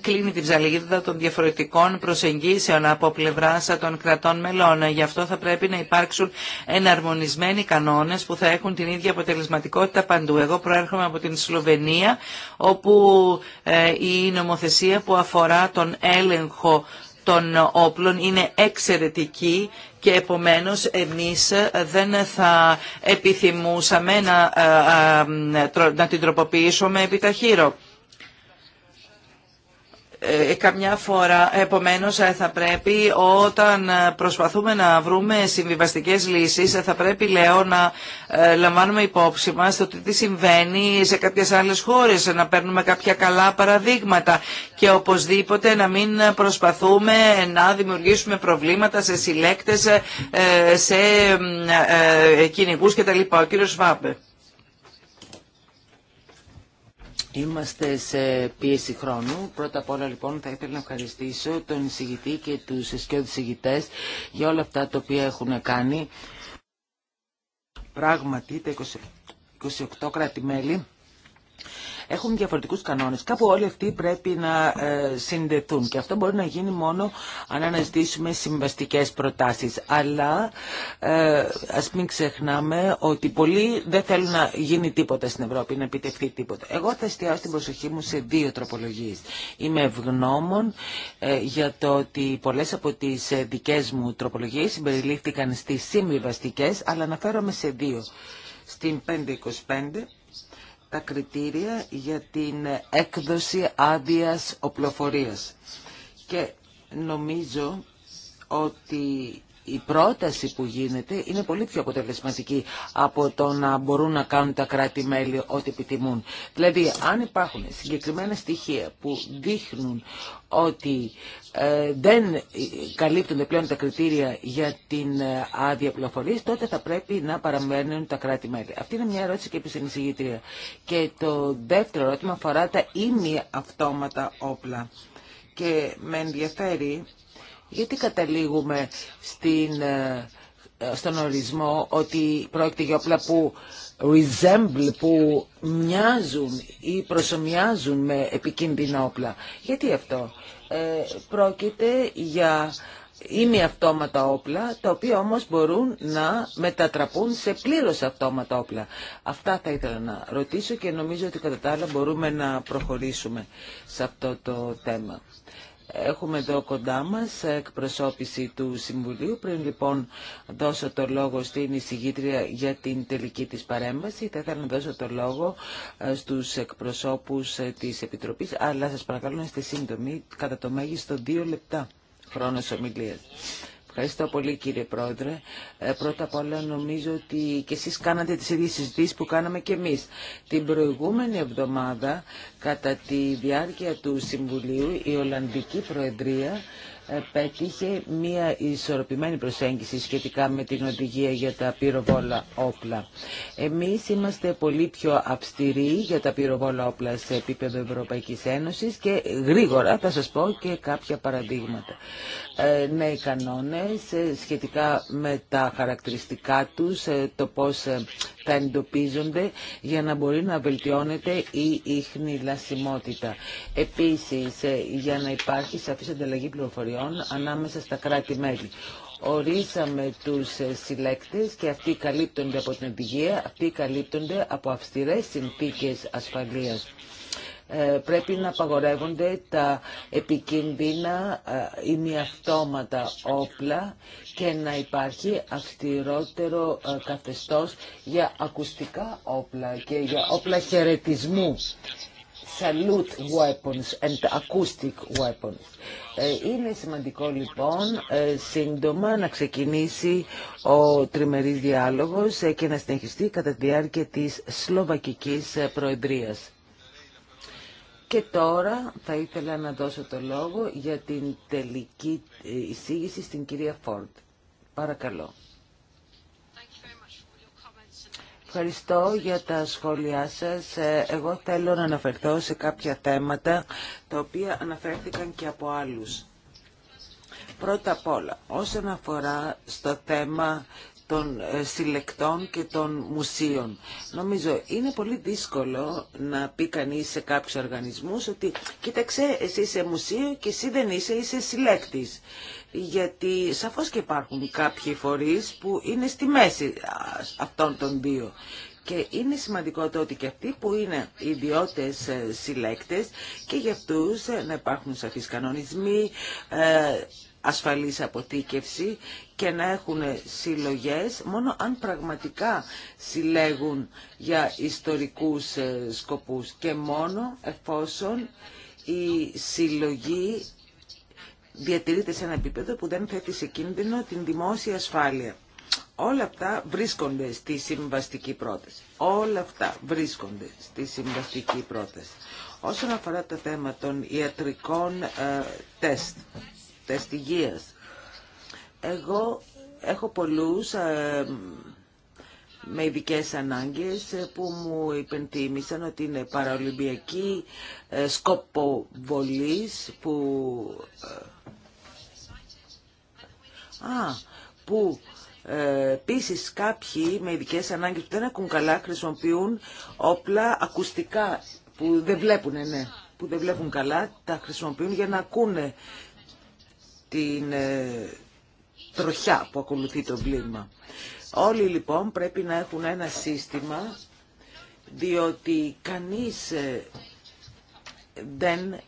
[SPEAKER 2] κλείνει την ψαλίδα των διαφορετικών προσεγγίσεων από πλευρά των κρατών μελών. Γι' αυτό θα πρέπει να υπάρξουν εναρμονισμένοι κανόνες που θα έχουν την ίδια αποτελεσματικότητα παντού. Εγώ προέρχομαι από την Σλοβενία όπου ε, η νομοθεσία που αφορά τον έλεγχο των όπλων είναι εξαιρετική και επομένως εμείς δεν θα επιθυμούσαμε να, ε, ε, να την τροποποιήσουμε επιταχύρω. Ε, καμιά φορά, επομένως ε, θα πρέπει όταν ε, προσπαθούμε να βρούμε συμβιβαστικές λύσεις θα πρέπει λέω να λαμβάνουμε υπόψη μας το τι συμβαίνει σε κάποιες άλλες χώρες, να παίρνουμε κάποια καλά παραδείγματα και οπωσδήποτε να μην προσπαθούμε να δημιουργήσουμε προβλήματα σε συλλέκτες, σε κυνηγούς κτλ. Ο κύριος Βάμπε.
[SPEAKER 1] Είμαστε σε πίεση χρόνου. Πρώτα απ' όλα λοιπόν θα ήθελα να ευχαριστήσω τον εισηγητή και τους εσκιώδης εισηγητές για όλα αυτά τα οποία έχουν κάνει. Πράγματι τα 28 κράτη-μέλη έχουν διαφορετικούς κανόνες. Κάπου όλοι αυτοί πρέπει να ε, συνδεθούν και αυτό μπορεί να γίνει μόνο αν αναζητήσουμε συμβαστικές προτάσεις. Αλλά ε, ας μην ξεχνάμε ότι πολλοί δεν θέλουν να γίνει τίποτα στην Ευρώπη, να επιτευχθεί τίποτα. Εγώ θα εστιάσω την προσοχή μου σε δύο τροπολογίες. Είμαι ευγνώμων ε, για το ότι πολλές από τις δικές μου τροπολογίες συμπεριλήφθηκαν στις συμβιβαστικές, αλλά αναφέρομαι σε δύο. Στην 525 τα κριτήρια για την έκδοση άδειας οπλοφορίας. Και νομίζω ότι η πρόταση που γίνεται είναι πολύ πιο αποτελεσματική από το να μπορούν να κάνουν τα κράτη-μέλη ό,τι επιθυμούν. Δηλαδή, αν υπάρχουν συγκεκριμένα στοιχεία που δείχνουν ότι ε, δεν καλύπτονται πλέον τα κριτήρια για την ε, άδεια πληροφορία, τότε θα πρέπει να παραμένουν τα κράτη-μέλη. Αυτή είναι μια ερώτηση και στην Και το δεύτερο ερώτημα αφορά τα ήμια αυτόματα όπλα. Και με ενδιαφέρει γιατί καταλήγουμε στην, ε, στον ορισμό ότι πρόκειται για όπλα που resemble, που μοιάζουν ή προσωμιάζουν με επικίνδυνα όπλα. Γιατί αυτό. Ε, πρόκειται για είναι αυτόματα όπλα, τα οποία όμως μπορούν να μετατραπούν σε πλήρως αυτόματα όπλα. Αυτά θα ήθελα να ρωτήσω και νομίζω ότι κατά τα άλλα μπορούμε να προχωρήσουμε σε αυτό το θέμα. Έχουμε εδώ κοντά μας εκπροσώπηση του Συμβουλίου. Πριν λοιπόν δώσω το λόγο στην εισηγήτρια για την τελική της παρέμβαση, θα ήθελα να δώσω το λόγο ε, στους εκπροσώπους ε, της Επιτροπής, αλλά σας παρακαλώ να είστε σύντομοι, κατά το μέγιστο δύο λεπτά χρόνος ομιλίας. Ευχαριστώ πολύ κύριε Πρόεδρε. Ε, πρώτα απ' όλα νομίζω ότι και εσείς κάνατε τις ίδιες συζητήσεις που κάναμε και εμείς. Την προηγούμενη εβδομάδα, κατά τη διάρκεια του Συμβουλίου, η Ολλανδική Προεδρία ε, πέτυχε μία ισορροπημένη προσέγγιση σχετικά με την οδηγία για τα πυροβόλα όπλα. Εμείς είμαστε πολύ πιο αυστηροί για τα πυροβόλα όπλα σε επίπεδο Ευρωπαϊκής Ένωσης και γρήγορα θα σας πω και κάποια παραδείγματα. Ε, νέοι κανόνες ε, σχετικά με τα χαρακτηριστικά τους, ε, το πώς θα εντοπίζονται για να μπορεί να βελτιώνεται η ίχνη λασιμότητα. Επίσης, για να υπάρχει σαφής ανταλλαγή πληροφοριών ανάμεσα στα κράτη-μέλη ορίσαμε τους συλλέκτες και αυτοί καλύπτονται από την επιγεία, αυτοί καλύπτονται από αυστηρές συνθήκες ασφαλείας. Ε, πρέπει να απαγορεύονται τα επικίνδυνα ε, ημιαυτόματα όπλα και να υπάρχει αυστηρότερο ε, καθεστώς για ακουστικά όπλα και για όπλα χαιρετισμού salute weapons and acoustic weapons. Είναι σημαντικό λοιπόν σύντομα να ξεκινήσει ο τριμερής διάλογος και να συνεχιστεί κατά τη διάρκεια της Σλοβακικής Προεδρίας. Και τώρα θα ήθελα να δώσω το λόγο για την τελική εισήγηση στην κυρία Φόρντ. Παρακαλώ. Ευχαριστώ για τα σχόλιά σας. Ε, εγώ θέλω να αναφερθώ σε κάποια θέματα τα οποία αναφέρθηκαν και από άλλους. Πρώτα απ' όλα, όσον αφορά στο θέμα των ε, συλλεκτών και των μουσείων. Νομίζω είναι πολύ δύσκολο να πει κανεί σε κάποιους οργανισμούς ότι κοίταξε εσύ είσαι μουσείο και εσύ δεν είσαι, είσαι συλλέκτης. Γιατί σαφώς και υπάρχουν κάποιοι φορείς που είναι στη μέση αυτών των δύο. Και είναι σημαντικό το ότι και αυτοί που είναι ιδιώτες ε, συλλέκτες και για αυτούς ε, να υπάρχουν σαφείς κανονισμοί, ασφαλής αποθήκευση και να έχουν συλλογές μόνο αν πραγματικά συλλέγουν για ιστορικούς ε, σκοπούς και μόνο εφόσον η συλλογή διατηρείται σε ένα επίπεδο που δεν θέτει σε κίνδυνο την δημόσια ασφάλεια. Όλα αυτά βρίσκονται στη συμβαστική πρόταση. Όλα αυτά βρίσκονται στη συμβαστική πρόταση. Όσον αφορά το θέμα των ιατρικών ε, τεστ, τεστ υγείας. Εγώ έχω πολλούς ε, με ειδικέ ανάγκες ε, που μου υπενθύμησαν ότι είναι παραολυμπιακοί ε, βολής που... Ε, α, που Επίση, κάποιοι με ειδικέ ανάγκε που δεν ακούν καλά χρησιμοποιούν όπλα ακουστικά που δεν βλέπουν, ναι, ναι που δεν βλέπουν καλά, τα χρησιμοποιούν για να ακούνε την ε, τροχιά που ακολουθεί το βλήμα. Όλοι λοιπόν πρέπει να έχουν ένα σύστημα διότι κανείς ε, δεν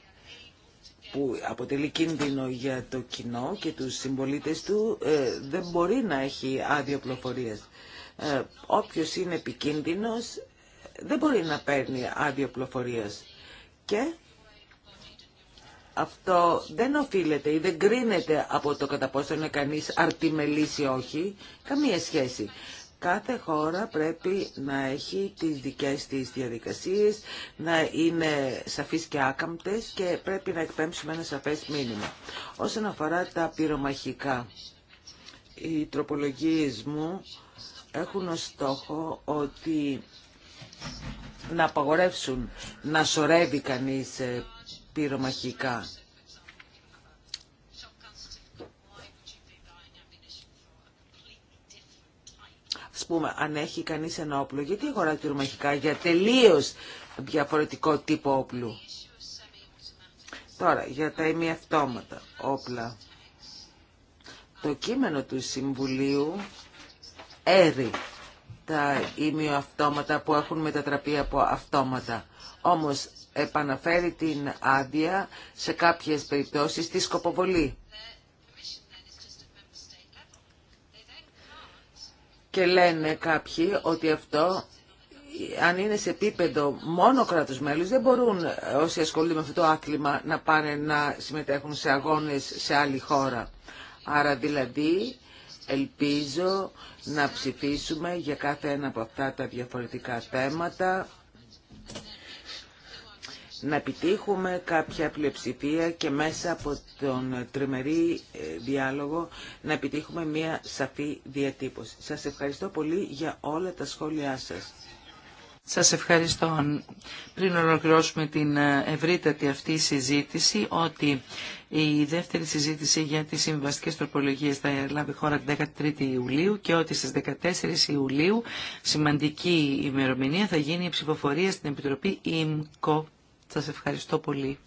[SPEAKER 1] που αποτελεί κίνδυνο για το κοινό και τους συμπολίτες του ε, δεν μπορεί να έχει άδεια πλοφορίας. Όποιος είναι επικίνδυνος δεν μπορεί να παίρνει αδειο Και αυτό δεν οφείλεται ή δεν κρίνεται από το κατά πόσο είναι κανείς αρτιμελής ή όχι. Καμία σχέση. Κάθε χώρα πρέπει να έχει τις δικές της διαδικασίες, να είναι σαφείς και άκαμπτες και πρέπει να εκπέμψουμε ένα σαφές μήνυμα. Όσον αφορά τα πυρομαχικά, οι τροπολογίες μου έχουν ως στόχο ότι να απαγορεύσουν να σωρεύει κανείς ε, πυρομαχικά. Ας πούμε, αν έχει κανείς ένα όπλο, γιατί αγοράζει πυρομαχικά για τελείως διαφορετικό τύπο όπλου. Τώρα, για τα ημιαυτόματα όπλα. Το κείμενο του Συμβουλίου έρει τα ημιοαυτόματα που έχουν μετατραπεί από αυτόματα. Όμως επαναφέρει την άδεια σε κάποιες περιπτώσεις στη σκοποβολή. Και λένε κάποιοι ότι αυτό αν είναι σε επίπεδο μόνο κράτους μέλους, δεν μπορούν όσοι ασχολούνται με αυτό το άθλημα να πάνε να συμμετέχουν σε αγώνες σε άλλη χώρα. Άρα δηλαδή ελπίζω να ψηφίσουμε για κάθε ένα από αυτά τα διαφορετικά θέματα να επιτύχουμε κάποια πλειοψηφία και μέσα από τον τριμερή ε, διάλογο να επιτύχουμε μια σαφή διατύπωση. Σας ευχαριστώ πολύ για όλα τα σχόλιά σας.
[SPEAKER 2] Σας ευχαριστώ. Πριν ολοκληρώσουμε την ε, ευρύτατη αυτή συζήτηση, ότι η δεύτερη συζήτηση για τις συμβαστικές τροπολογίες θα λάβει χώρα την 13η Ιουλίου και ότι στις 14 Ιουλίου, σημαντική ημερομηνία, θα γίνει η ψηφοφορία στην Επιτροπή ΙΜΚΟ σας ευχαριστώ πολύ.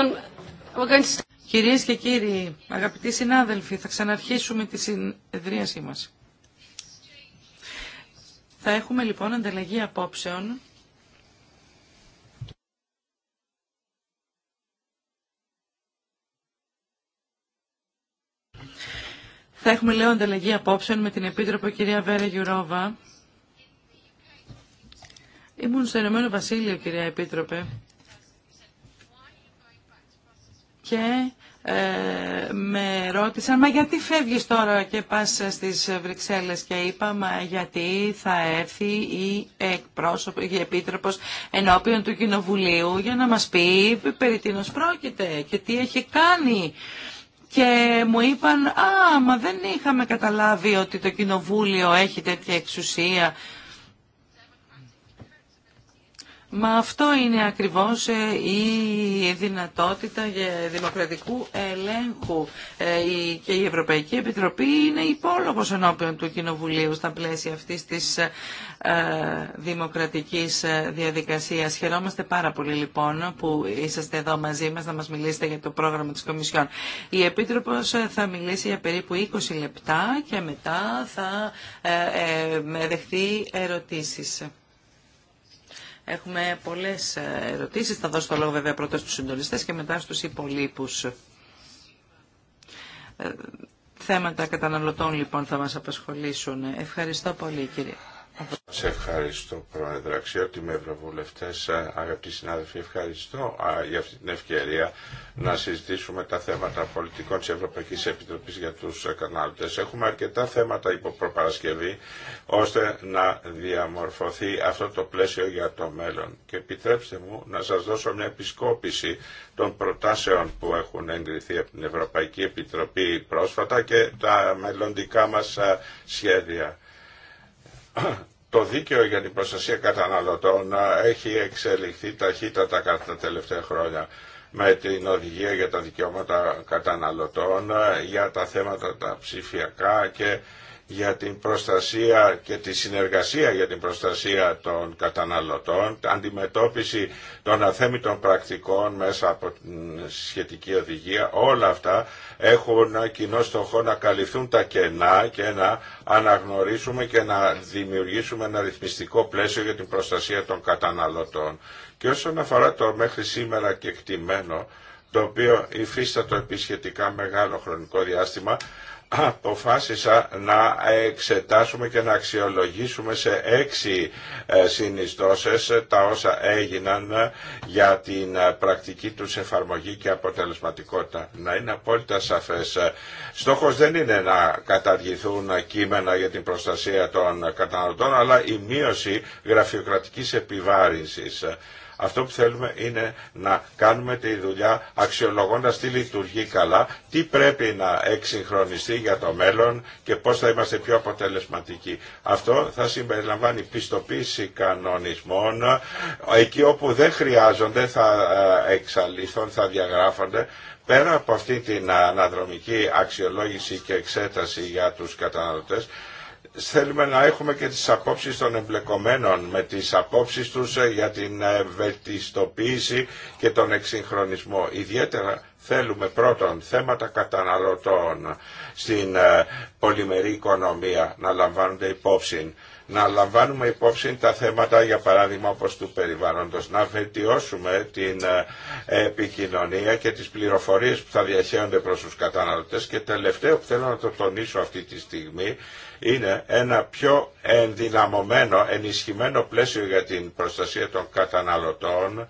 [SPEAKER 2] Um, Κυρίες και κύριοι, αγαπητοί συνάδελφοι, θα ξαναρχίσουμε τη συνεδρίασή μας. Θα έχουμε λοιπόν ανταλλαγή απόψεων Θα έχουμε λέω ανταλλαγή απόψεων με την Επίτροπο κυρία Βέρα Γιουρόβα Ήμουν στο Ηνωμένο Βασίλειο, κυρία Επίτροπε, και ε, με ρώτησαν «Μα γιατί φεύγεις τώρα και πας στις Βρυξέλλες» και είπα «Μα γιατί θα έρθει η, εκπρόσωπο, η Επίτροπος ενώπιον του Κοινοβουλίου για να μας πει περί τίνος πρόκειται και τι έχει κάνει». Και μου είπαν «Α, μα δεν είχαμε καταλάβει ότι το Κοινοβούλιο έχει τέτοια εξουσία». Μα αυτό είναι ακριβώς ε, η δυνατότητα δημοκρατικού ελέγχου ε, και η Ευρωπαϊκή Επιτροπή είναι υπόλογος ενώπιον του Κοινοβουλίου στα πλαίσια αυτής της ε, δημοκρατικής διαδικασίας. Χαιρόμαστε πάρα πολύ λοιπόν που είσαστε εδώ μαζί μας να μας μιλήσετε για το πρόγραμμα της Κομισιόν. Η Επίτροπος θα μιλήσει για περίπου 20 λεπτά και μετά θα δεχθεί ερωτήσεις. Έχουμε πολλές ε, ερωτήσεις. Θα δώσω το λόγο βέβαια πρώτα στους συντονιστές και μετά στους υπολείπους. Ε, θέματα καταναλωτών λοιπόν θα μας απασχολήσουν. Ευχαριστώ πολύ κύριε.
[SPEAKER 3] Σας ευχαριστώ Πρόεδρε, αξιότιμοι Ευρωβουλευτές, αγαπητοί συνάδελφοι, ευχαριστώ α, για αυτή την ευκαιρία να συζητήσουμε τα θέματα πολιτικών της Ευρωπαϊκής Επιτροπής για τους κανάλτες. Έχουμε αρκετά θέματα υπό προπαρασκευή ώστε να διαμορφωθεί αυτό το πλαίσιο για το μέλλον. Και επιτρέψτε μου να σας δώσω μια επισκόπηση των προτάσεων που έχουν εγκριθεί από την Ευρωπαϊκή Επιτροπή πρόσφατα και τα μελλοντικά μας σχέδια το δίκαιο για την προστασία καταναλωτών ε, έχει εξελιχθεί ταχύτατα κατά τα τελευταία χρόνια με την οδηγία για τα δικαιώματα καταναλωτών, ε, για τα θέματα τα ψηφιακά και για την προστασία και τη συνεργασία για την προστασία των καταναλωτών, αντιμετώπιση των αθέμητων πρακτικών μέσα από την σχετική οδηγία, όλα αυτά έχουν κοινό στόχο να καλυφθούν τα κενά και να αναγνωρίσουμε και να δημιουργήσουμε ένα ρυθμιστικό πλαίσιο για την προστασία των καταναλωτών. Και όσον αφορά το μέχρι σήμερα κεκτημένο, το οποίο υφίστατο επί σχετικά μεγάλο χρονικό διάστημα, αποφάσισα να εξετάσουμε και να αξιολογήσουμε σε έξι ε, συνιστώσεις τα όσα έγιναν ε, για την ε, πρακτική τους εφαρμογή και αποτελεσματικότητα. Να είναι απόλυτα σαφές. Στόχος δεν είναι να καταργηθούν κείμενα για την προστασία των καταναλωτών, αλλά η μείωση γραφειοκρατικής επιβάρυνσης. Αυτό που θέλουμε είναι να κάνουμε τη δουλειά αξιολογώντας τι λειτουργεί καλά, τι πρέπει να εξυγχρονιστεί για το μέλλον και πώς θα είμαστε πιο αποτελεσματικοί. Αυτό θα συμπεριλαμβάνει πιστοποίηση κανονισμών, εκεί όπου δεν χρειάζονται θα ε, εξαλείφθουν, θα διαγράφονται, πέρα από αυτή την αναδρομική αξιολόγηση και εξέταση για τους καταναλωτές, θέλουμε να έχουμε και τις απόψεις των εμπλεκομένων με τις απόψεις τους ε, για την ε, βελτιστοποίηση και τον εξυγχρονισμό. Ιδιαίτερα θέλουμε πρώτον θέματα καταναλωτών στην ε, πολυμερή οικονομία να λαμβάνονται υπόψη να λαμβάνουμε υπόψη τα θέματα, για παράδειγμα, όπως του περιβάλλοντος, να βελτιώσουμε την ε, επικοινωνία και τις πληροφορίες που θα διαχέονται προς τους καταναλωτές και τελευταίο που θέλω να το τονίσω αυτή τη στιγμή είναι ένα πιο ενδυναμωμένο, ενισχυμένο πλαίσιο για την προστασία των καταναλωτών,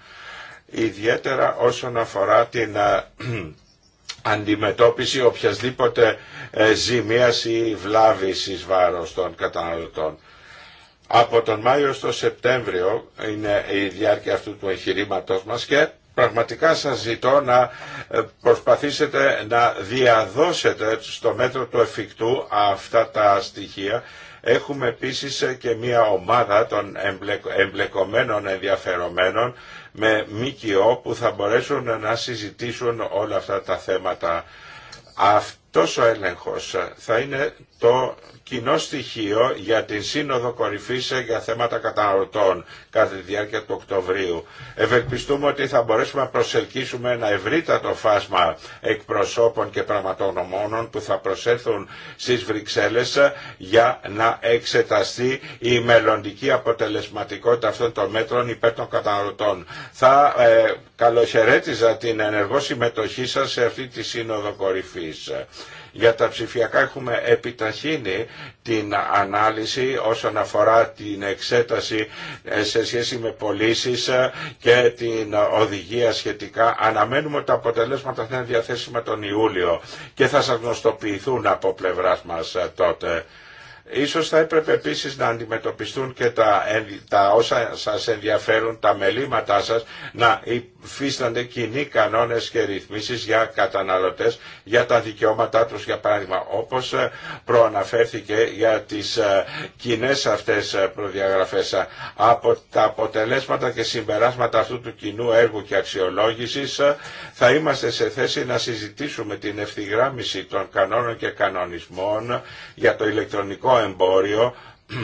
[SPEAKER 3] ιδιαίτερα όσον αφορά την ε, *clears throat* αντιμετώπιση οποιασδήποτε ε, ζημίας ή βλάβης βάρος των καταναλωτών. Από τον Μάιο στο Σεπτέμβριο είναι η διάρκεια αυτού του εγχειρήματό μας και πραγματικά σας ζητώ να ε, προσπαθήσετε να διαδώσετε στο μέτρο του εφικτού αυτά τα στοιχεία. Έχουμε επίσης ε, και μια ομάδα των εμπλεκομένων ενδιαφερομένων με ΜΚΟ που θα μπορέσουν να συζητήσουν όλα αυτά τα θέματα. Αυτό ο έλεγχος θα είναι το κοινό στοιχείο για την Σύνοδο Κορυφής για θέματα καταναλωτών κατά τη διάρκεια του Οκτωβρίου. Ευελπιστούμε ότι θα μπορέσουμε να προσελκύσουμε ένα ευρύτατο φάσμα εκπροσώπων και πραγματογνωμόνων που θα προσέλθουν στις Βρυξέλλες για να εξεταστεί η μελλοντική αποτελεσματικότητα αυτών των μέτρων υπέρ των καταναλωτών. Θα ε, την ενεργό συμμετοχή σας σε αυτή τη Σύνοδο Κορυφής. Για τα ψηφιακά έχουμε επιταχύνει την ανάλυση όσον αφορά την εξέταση ε, σε σχέση με πωλήσει ε, και την οδηγία σχετικά. Αναμένουμε ότι τα αποτελέσματα θα είναι διαθέσιμα τον Ιούλιο και θα σας γνωστοποιηθούν από πλευράς μας ε, τότε. Ίσως θα έπρεπε επίσης να αντιμετωπιστούν και τα, όσα σας ενδιαφέρουν, τα μελήματά σας, να φύστανται κοινοί κανόνες και ρυθμίσεις για καταναλωτές για τα δικαιώματά τους για παράδειγμα όπως ε, προαναφέρθηκε για τις ε, κοινέ αυτές ε, προδιαγραφές από τα αποτελέσματα και συμπεράσματα αυτού του κοινού έργου και αξιολόγησης θα είμαστε σε θέση να συζητήσουμε την ευθυγράμμιση των κανόνων και κανονισμών για το ηλεκτρονικό εμπόριο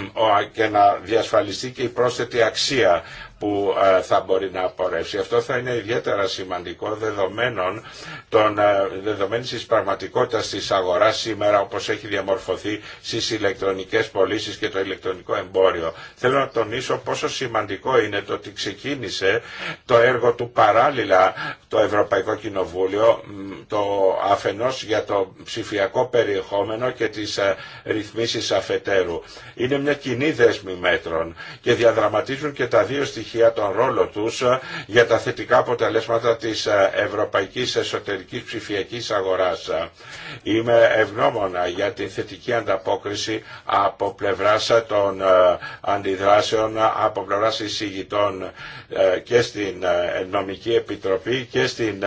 [SPEAKER 3] *clears throat* και να διασφαλιστεί και η πρόσθετη αξία που ε, θα μπορεί να απορρεύσει. Αυτό θα είναι ιδιαίτερα σημαντικό δεδομένων των, ε, δεδομένης της πραγματικότητας της αγοράς σήμερα όπως έχει διαμορφωθεί στις ηλεκτρονικές πωλήσει και το ηλεκτρονικό εμπόριο. Θέλω να τονίσω πόσο σημαντικό είναι το ότι ξεκίνησε το έργο του παράλληλα το Ευρωπαϊκό Κοινοβούλιο το αφενός για το ψηφιακό περιεχόμενο και τις ε, ρυθμίσεις αφετέρου. Είναι μια κοινή δέσμη μέτρων και διαδραματίζουν και τα δύο στοιχεία στοιχεία, τον ρόλο τους ε, για τα θετικά αποτελέσματα της ε, ευρωπαϊκής εσωτερικής ψηφιακής αγοράς. Ε, είμαι ευγνώμονα για την θετική ανταπόκριση από πλευράς των αντιδράσεων, από πλευράς εισηγητών και στην Νομική Επιτροπή και στην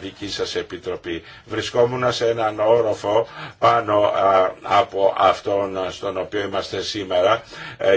[SPEAKER 3] δική σας Επιτροπή. Βρισκόμουν σε έναν όροφο πάνω από αυτόν στον οποίο είμαστε σήμερα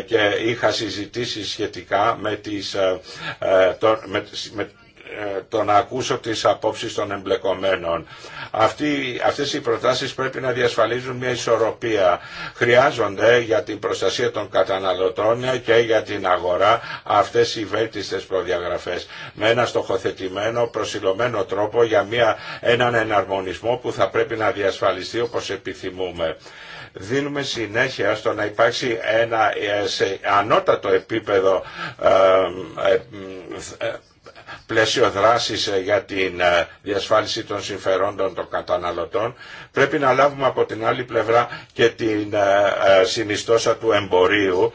[SPEAKER 3] και είχα συζητήσει σχετικά με, τις, ε, ε, ε, το, να ακούσω τις απόψεις των εμπλεκομένων. Αυτοί, αυτές οι προτάσεις πρέπει να διασφαλίζουν μια ισορροπία. Χρειάζονται για την προστασία των καταναλωτών και για την αγορά αυτές οι βέλτιστες προδιαγραφές. Με ένα στοχοθετημένο, προσιλωμένο τρόπο για μια, έναν εναρμονισμό που θα πρέπει να διασφαλιστεί όπως επιθυμούμε δίνουμε συνέχεια στο να υπάρξει ένα ε, σε ανώτατο επίπεδο ε, ε, πλαίσιο ε, για την ε, διασφάλιση των συμφερόντων των καταναλωτών, πρέπει να λάβουμε από την άλλη πλευρά και την ε, συνιστόσα του εμπορίου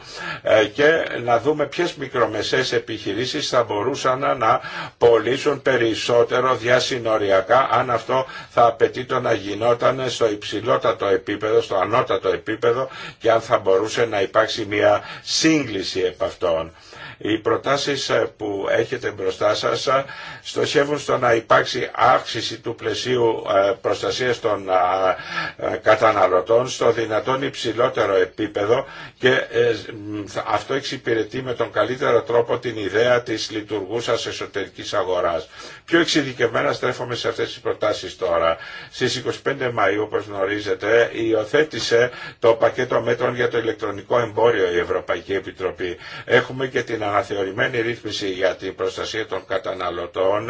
[SPEAKER 3] και να δούμε ποιες μικρομεσαίες επιχειρήσεις θα μπορούσαν να πωλήσουν περισσότερο διασυνοριακά αν αυτό θα απαιτεί το να γινόταν στο υψηλότατο επίπεδο, στο ανώτατο επίπεδο και αν θα μπορούσε να υπάρξει μια σύγκληση επ' αυτών. Οι προτάσεις ε, που έχετε μπροστά σας ε, στοχεύουν στο να υπάρξει αύξηση του πλαισίου ε, προστασίας των καταναλωτών στο δυνατόν υψηλότερο επίπεδο και αυτό εξυπηρετεί με τον καλύτερο τρόπο την ιδέα της λειτουργούσας εσωτερικής αγοράς. Πιο εξειδικευμένα στρέφομαι σε αυτές τις προτάσεις τώρα. Στις 25 Μαΐου, όπως γνωρίζετε, υιοθέτησε το πακέτο μέτρων για το ηλεκτρονικό εμπόριο η Ευρωπαϊκή Επιτροπή. Έχουμε και την αναθεωρημένη ρύθμιση για την προστασία των καταναλωτών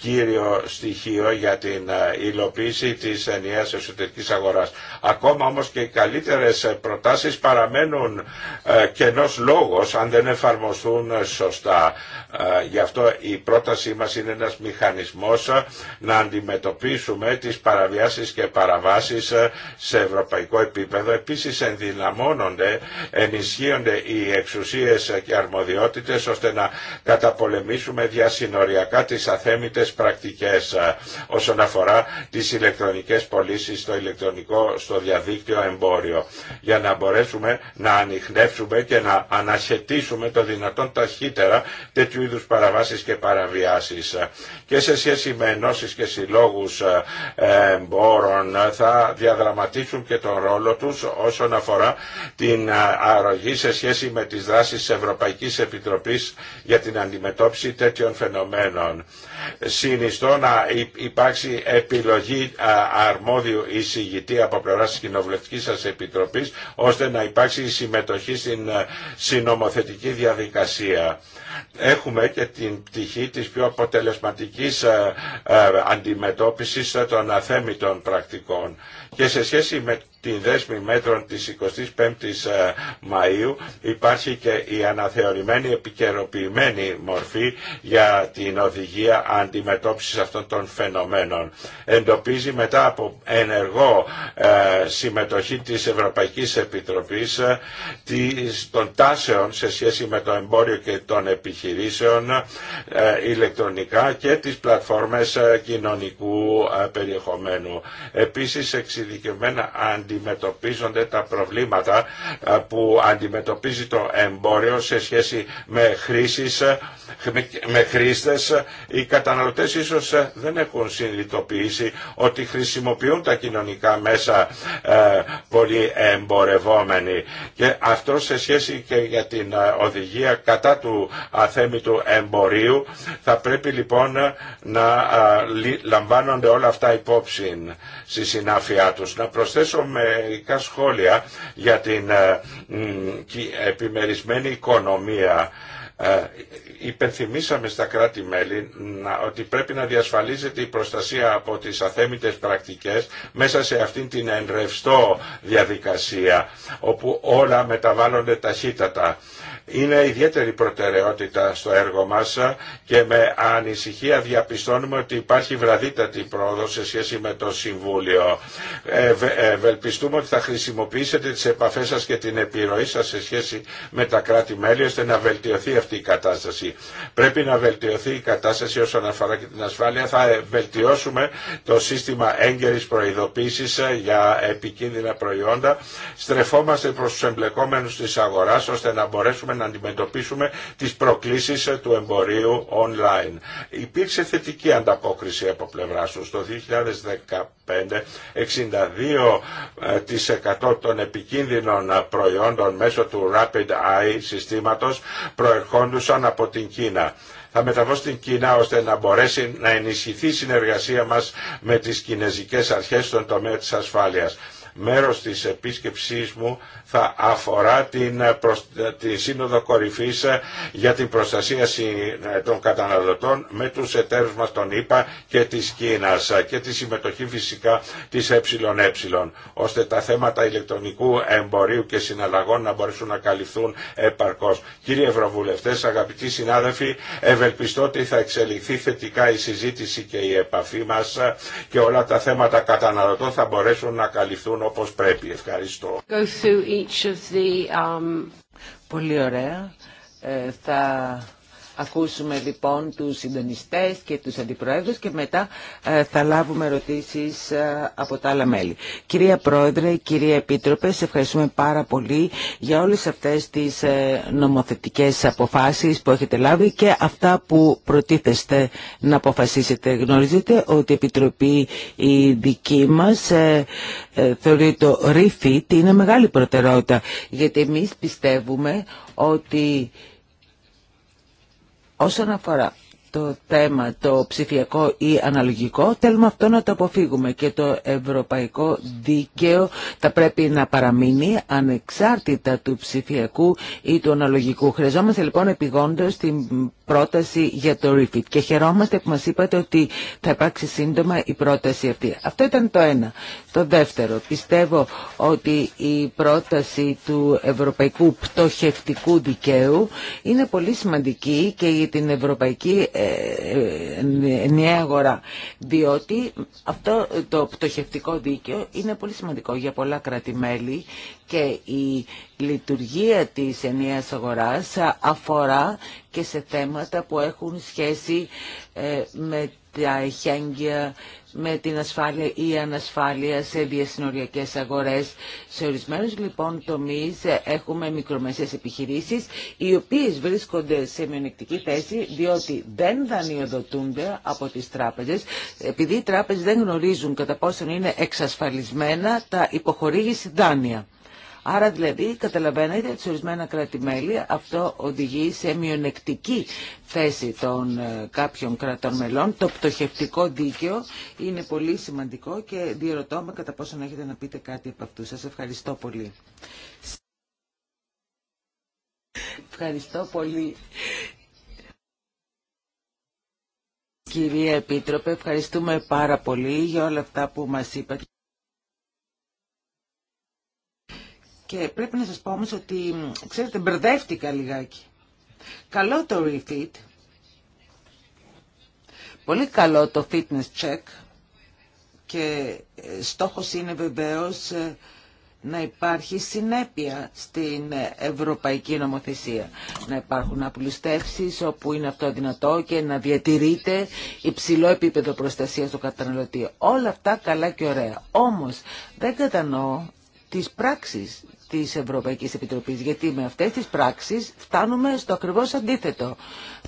[SPEAKER 3] κύριο στοιχείο για την ε, υλοποίηση της ενιαίας εσωτερικής αγοράς. Ακόμα όμως και οι καλύτερες προτάσεις παραμένουν ε, κενός λόγος αν δεν εφαρμοστούν σωστά. Ε, γι' αυτό η πρότασή μας είναι ένας μηχανισμός να αντιμετωπίσουμε τις παραβιάσεις και παραβάσεις σε ευρωπαϊκό επίπεδο. Επίσης ενδυναμώνονται, ενισχύονται οι εξουσίες και αρμοδιότητες ώστε να καταπολεμήσουμε διασυνοριακά τις αθέμητες καλές πρακτικές ε, όσον αφορά τις ηλεκτρονικές πωλήσει στο ηλεκτρονικό, στο διαδίκτυο εμπόριο για να μπορέσουμε να ανοιχνεύσουμε και να αναχαιτήσουμε το δυνατόν ταχύτερα τέτοιου είδους παραβάσεις και παραβιάσεις. Και σε σχέση με ενώσεις και συλλόγους ε, εμπόρων θα διαδραματίσουν και τον ρόλο τους όσον αφορά την ε, αρρωγή σε σχέση με τις δράσεις της Ευρωπαϊκής Επιτροπής για την αντιμετώπιση τέτοιων φαινομένων συνιστώ να υπάρξει επιλογή αρμόδιου εισηγητή από πλευρά τη Κοινοβουλευτικής σας Επιτροπής ώστε να υπάρξει συμμετοχή στην συνομοθετική διαδικασία. Έχουμε και την πτυχή της πιο αποτελεσματικής αντιμετώπισης των αθέμητων πρακτικών. Και σε σχέση με την δέσμη μέτρων της 25ης Μαΐου υπάρχει και η αναθεωρημένη επικαιροποιημένη μορφή για την οδηγία αυτών των φαινομένων. Εντοπίζει μετά από ενεργό ε, συμμετοχή της Ευρωπαϊκής Επιτροπής ε, των τάσεων σε σχέση με το εμπόριο και των επιχειρήσεων ε, ηλεκτρονικά και τις πλατφόρμες κοινωνικού περιεχομένου. Επίσης εξειδικευμένα αντιμετωπίζονται τα προβλήματα που αντιμετωπίζει το εμπόριο σε σχέση με χρήσεις, με χρήστες ακροατές ίσως ε, δεν έχουν συνειδητοποιήσει ότι χρησιμοποιούν τα κοινωνικά μέσα ε, πολύ εμπορευόμενοι. Και αυτό σε σχέση και για την ε, οδηγία κατά του του εμπορίου θα πρέπει λοιπόν να λαμβάνονται όλα αυτά υπόψη στη συνάφειά τους. Να προσθέσω μερικά σχόλια για την επιμερισμένη οικονομία υπενθυμίσαμε στα κράτη-μέλη ότι πρέπει να διασφαλίζεται η προστασία από τις αθέμητες πρακτικές μέσα σε αυτήν την ενρευστό διαδικασία όπου όλα μεταβάλλονται ταχύτατα είναι ιδιαίτερη προτεραιότητα στο έργο μας και με ανησυχία διαπιστώνουμε ότι υπάρχει βραδύτατη πρόοδο σε σχέση με το Συμβούλιο. Ε, ε, ευελπιστούμε ότι θα χρησιμοποιήσετε τις επαφές σας και την επιρροή σας σε σχέση με τα κράτη-μέλη ώστε να βελτιωθεί αυτή η κατάσταση. Πρέπει να βελτιωθεί η κατάσταση όσον αφορά και την ασφάλεια. Θα βελτιώσουμε το σύστημα έγκαιρης προειδοποίησης για επικίνδυνα προϊόντα. Στρεφόμαστε προς τους εμπλεκόμενους της αγοράς ώστε να μπορέσουμε να αντιμετωπίσουμε τις προκλήσεις ε, του εμπορίου online. Υπήρξε θετική ανταπόκριση από πλευρά σου. Στο 2015, 62% ε, των επικίνδυνων ε, προϊόντων μέσω του Rapid Eye συστήματος προερχόντουσαν από την Κίνα θα μεταβώ στην Κίνα ώστε να μπορέσει να ενισχυθεί η συνεργασία μας με τις κινέζικες αρχές στον τομέα της ασφάλειας. Μέρος της επίσκεψής μου θα αφορά την, ε, ε, τη Σύνοδο Κορυφής ε, για την προστασία των καταναλωτών με τους εταίρους μας των ΗΠΑ και της Κίνας και τη συμμετοχή φυσικά της ΕΕ ώστε τα θέματα ηλεκτρονικού εμπορίου και συναλλαγών να μπορέσουν να καλυφθούν επαρκώς. Κύριε Ευρωβουλευτές, αγαπητοί συνάδελφοι, ευελπιστώ ότι θα εξελιχθεί θετικά η συζήτηση και η επαφή μας και όλα τα θέματα καταναλωτών θα μπορέσουν να καλυφθούν όπως πρέπει. Ευχαριστώ
[SPEAKER 1] each of the... um... Πολύ ωραία. Ε, θα ακούσουμε λοιπόν τους συντονιστές και τους αντιπροέδρους και μετά ε, θα λάβουμε ερωτήσεις ε, από τα άλλα μέλη. Κυρία Πρόεδρε, κυρία Επίτροπε, σε ευχαριστούμε πάρα πολύ για όλες αυτές τις ε, νομοθετικές αποφάσεις που έχετε λάβει και αυτά που προτίθεστε να αποφασίσετε. Γνωρίζετε ότι η Επιτροπή η δική μας θεωρεί το refit είναι μεγάλη προτεραιότητα γιατί εμείς πιστεύουμε ότι Όσον αφορά το θέμα το ψηφιακό ή αναλογικό, θέλουμε αυτό να το αποφύγουμε και το ευρωπαϊκό δίκαιο θα πρέπει να παραμείνει ανεξάρτητα του ψηφιακού ή του αναλογικού. Χρειαζόμαστε λοιπόν επιγόντως την πρόταση για το refit και χαιρόμαστε που μας είπατε ότι θα υπάρξει σύντομα η πρόταση αυτή. Αυτό ήταν το ένα. Το δεύτερο, πιστεύω ότι η πρόταση του ευρωπαϊκού πτωχευτικού δικαίου είναι πολύ σημαντική και για την ευρωπαϊκή ενιαία αγορά. Διότι αυτό το πτωχευτικό δίκαιο είναι πολύ σημαντικό για πολλά και η λειτουργία της ενιαίας αγοράς αφορά και σε θέματα που έχουν σχέση ε, με τα εχέγγυα με την ασφάλεια ή ανασφάλεια σε διασυνοριακές αγορές. Σε ορισμένους λοιπόν τομείς έχουμε μικρομεσαίες επιχειρήσεις οι οποίες βρίσκονται σε μειονεκτική θέση διότι δεν δανειοδοτούνται από τις τράπεζες επειδή οι τράπεζες δεν γνωρίζουν κατά πόσο είναι εξασφαλισμένα τα υποχωρήγηση δάνεια. Άρα δηλαδή καταλαβαίνετε ότι σε ορισμένα κράτη-μέλη αυτό οδηγεί σε μειονεκτική θέση των ε, κάποιων κρατών μελών. Το πτωχευτικό δίκαιο είναι πολύ σημαντικό και διερωτώ με κατά πόσον έχετε να πείτε κάτι από αυτού. Σας ευχαριστώ πολύ. Ευχαριστώ πολύ. Κυρία Επίτροπε, ευχαριστούμε πάρα πολύ για όλα αυτά που μας είπατε. Και πρέπει να σας πω όμως ότι, ξέρετε, μπερδεύτηκα λιγάκι. Καλό το refit. Πολύ καλό το fitness check. Και ε, στόχος είναι βεβαίως ε, να υπάρχει συνέπεια στην ε, ευρωπαϊκή νομοθεσία. Να υπάρχουν απλουστεύσεις όπου είναι αυτό δυνατό και να διατηρείται υψηλό επίπεδο προστασίας του καταναλωτή. Όλα αυτά καλά και ωραία. Όμως δεν κατανοώ της πράξης της Ευρωπαϊκής Επιτροπής, γιατί με αυτές τις πράξεις φτάνουμε στο ακριβώς αντίθετο.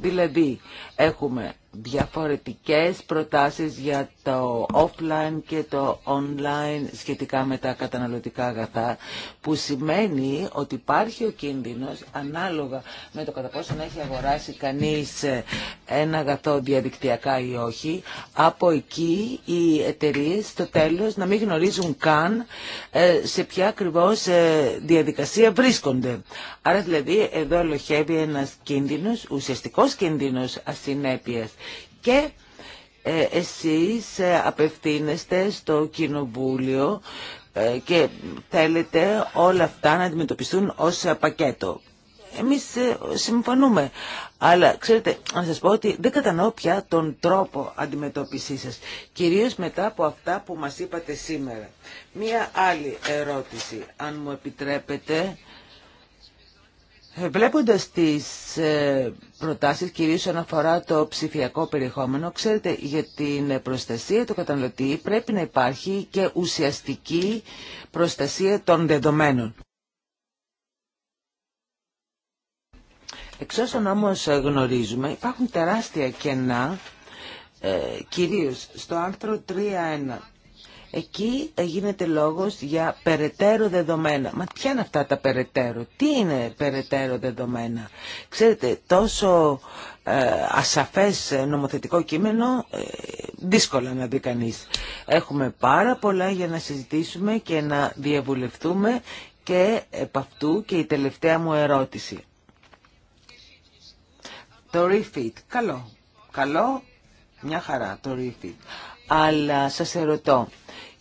[SPEAKER 1] Δηλαδή, έχουμε διαφορετικές προτάσεις για το offline και το online σχετικά με τα καταναλωτικά αγαθά που σημαίνει ότι υπάρχει ο κίνδυνος ανάλογα με το κατά πόσο να έχει αγοράσει κανείς ε, ένα αγαθό διαδικτυακά ή όχι από εκεί οι εταιρείε στο τέλος να μην γνωρίζουν καν ε, σε ποια ακριβώς ε, διαδικασία βρίσκονται. Άρα δηλαδή εδώ ολοχεύει ένας κίνδυνος, ουσιαστικός κίνδυνος ασυνέπειας και ε, εσείς ε, απευθύνεστε στο Κοινοβούλιο ε, και θέλετε όλα αυτά να αντιμετωπιστούν ως πακέτο. Εμείς συμφωνούμε, αλλά ξέρετε, να σας πω ότι δεν κατανοώ πια τον τρόπο αντιμετώπισή σας. Κυρίως μετά από αυτά που μας είπατε σήμερα. Μία άλλη ερώτηση, αν μου επιτρέπετε. Ε, βλέποντας τις ε, προτάσεις, κυρίως όσον αφορά το ψηφιακό περιεχόμενο, ξέρετε, για την προστασία του καταναλωτή πρέπει να υπάρχει και ουσιαστική προστασία των δεδομένων. Εξ όσων όμως γνωρίζουμε υπάρχουν τεράστια κενά, ε, κυρίως στο άρθρο 3.1. Εκεί γίνεται λόγος για περαιτέρω δεδομένα. Μα ποια είναι αυτά τα περαιτέρω, τι είναι περαιτέρω δεδομένα. Ξέρετε, τόσο ε, ασαφές νομοθετικό κείμενο ε, δύσκολα να δει κανεί. Έχουμε πάρα πολλά για να συζητήσουμε και να διαβουλευτούμε και επ' αυτού και η τελευταία μου ερώτηση. Το refit, καλό. Καλό, μια χαρά το refit. Αλλά σας ερωτώ,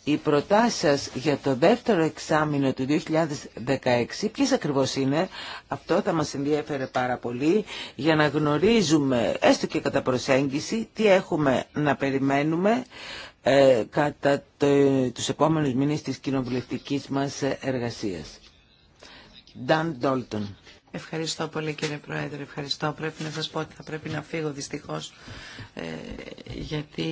[SPEAKER 1] οι προτάσεις σας για το δεύτερο εξάμεινο του 2016, ποιες ακριβώς είναι, αυτό θα μας ενδιέφερε πάρα πολύ, για να γνωρίζουμε, έστω και κατά προσέγγιση, τι έχουμε να περιμένουμε ε, κατά τους επόμενους μήνες της κοινοβουλευτικής μας εργασίας. Dan Dalton.
[SPEAKER 2] Ευχαριστώ πολύ κύριε Πρόεδρε, ευχαριστώ. Πρέπει να σας πω ότι θα πρέπει να φύγω δυστυχώς ε, γιατί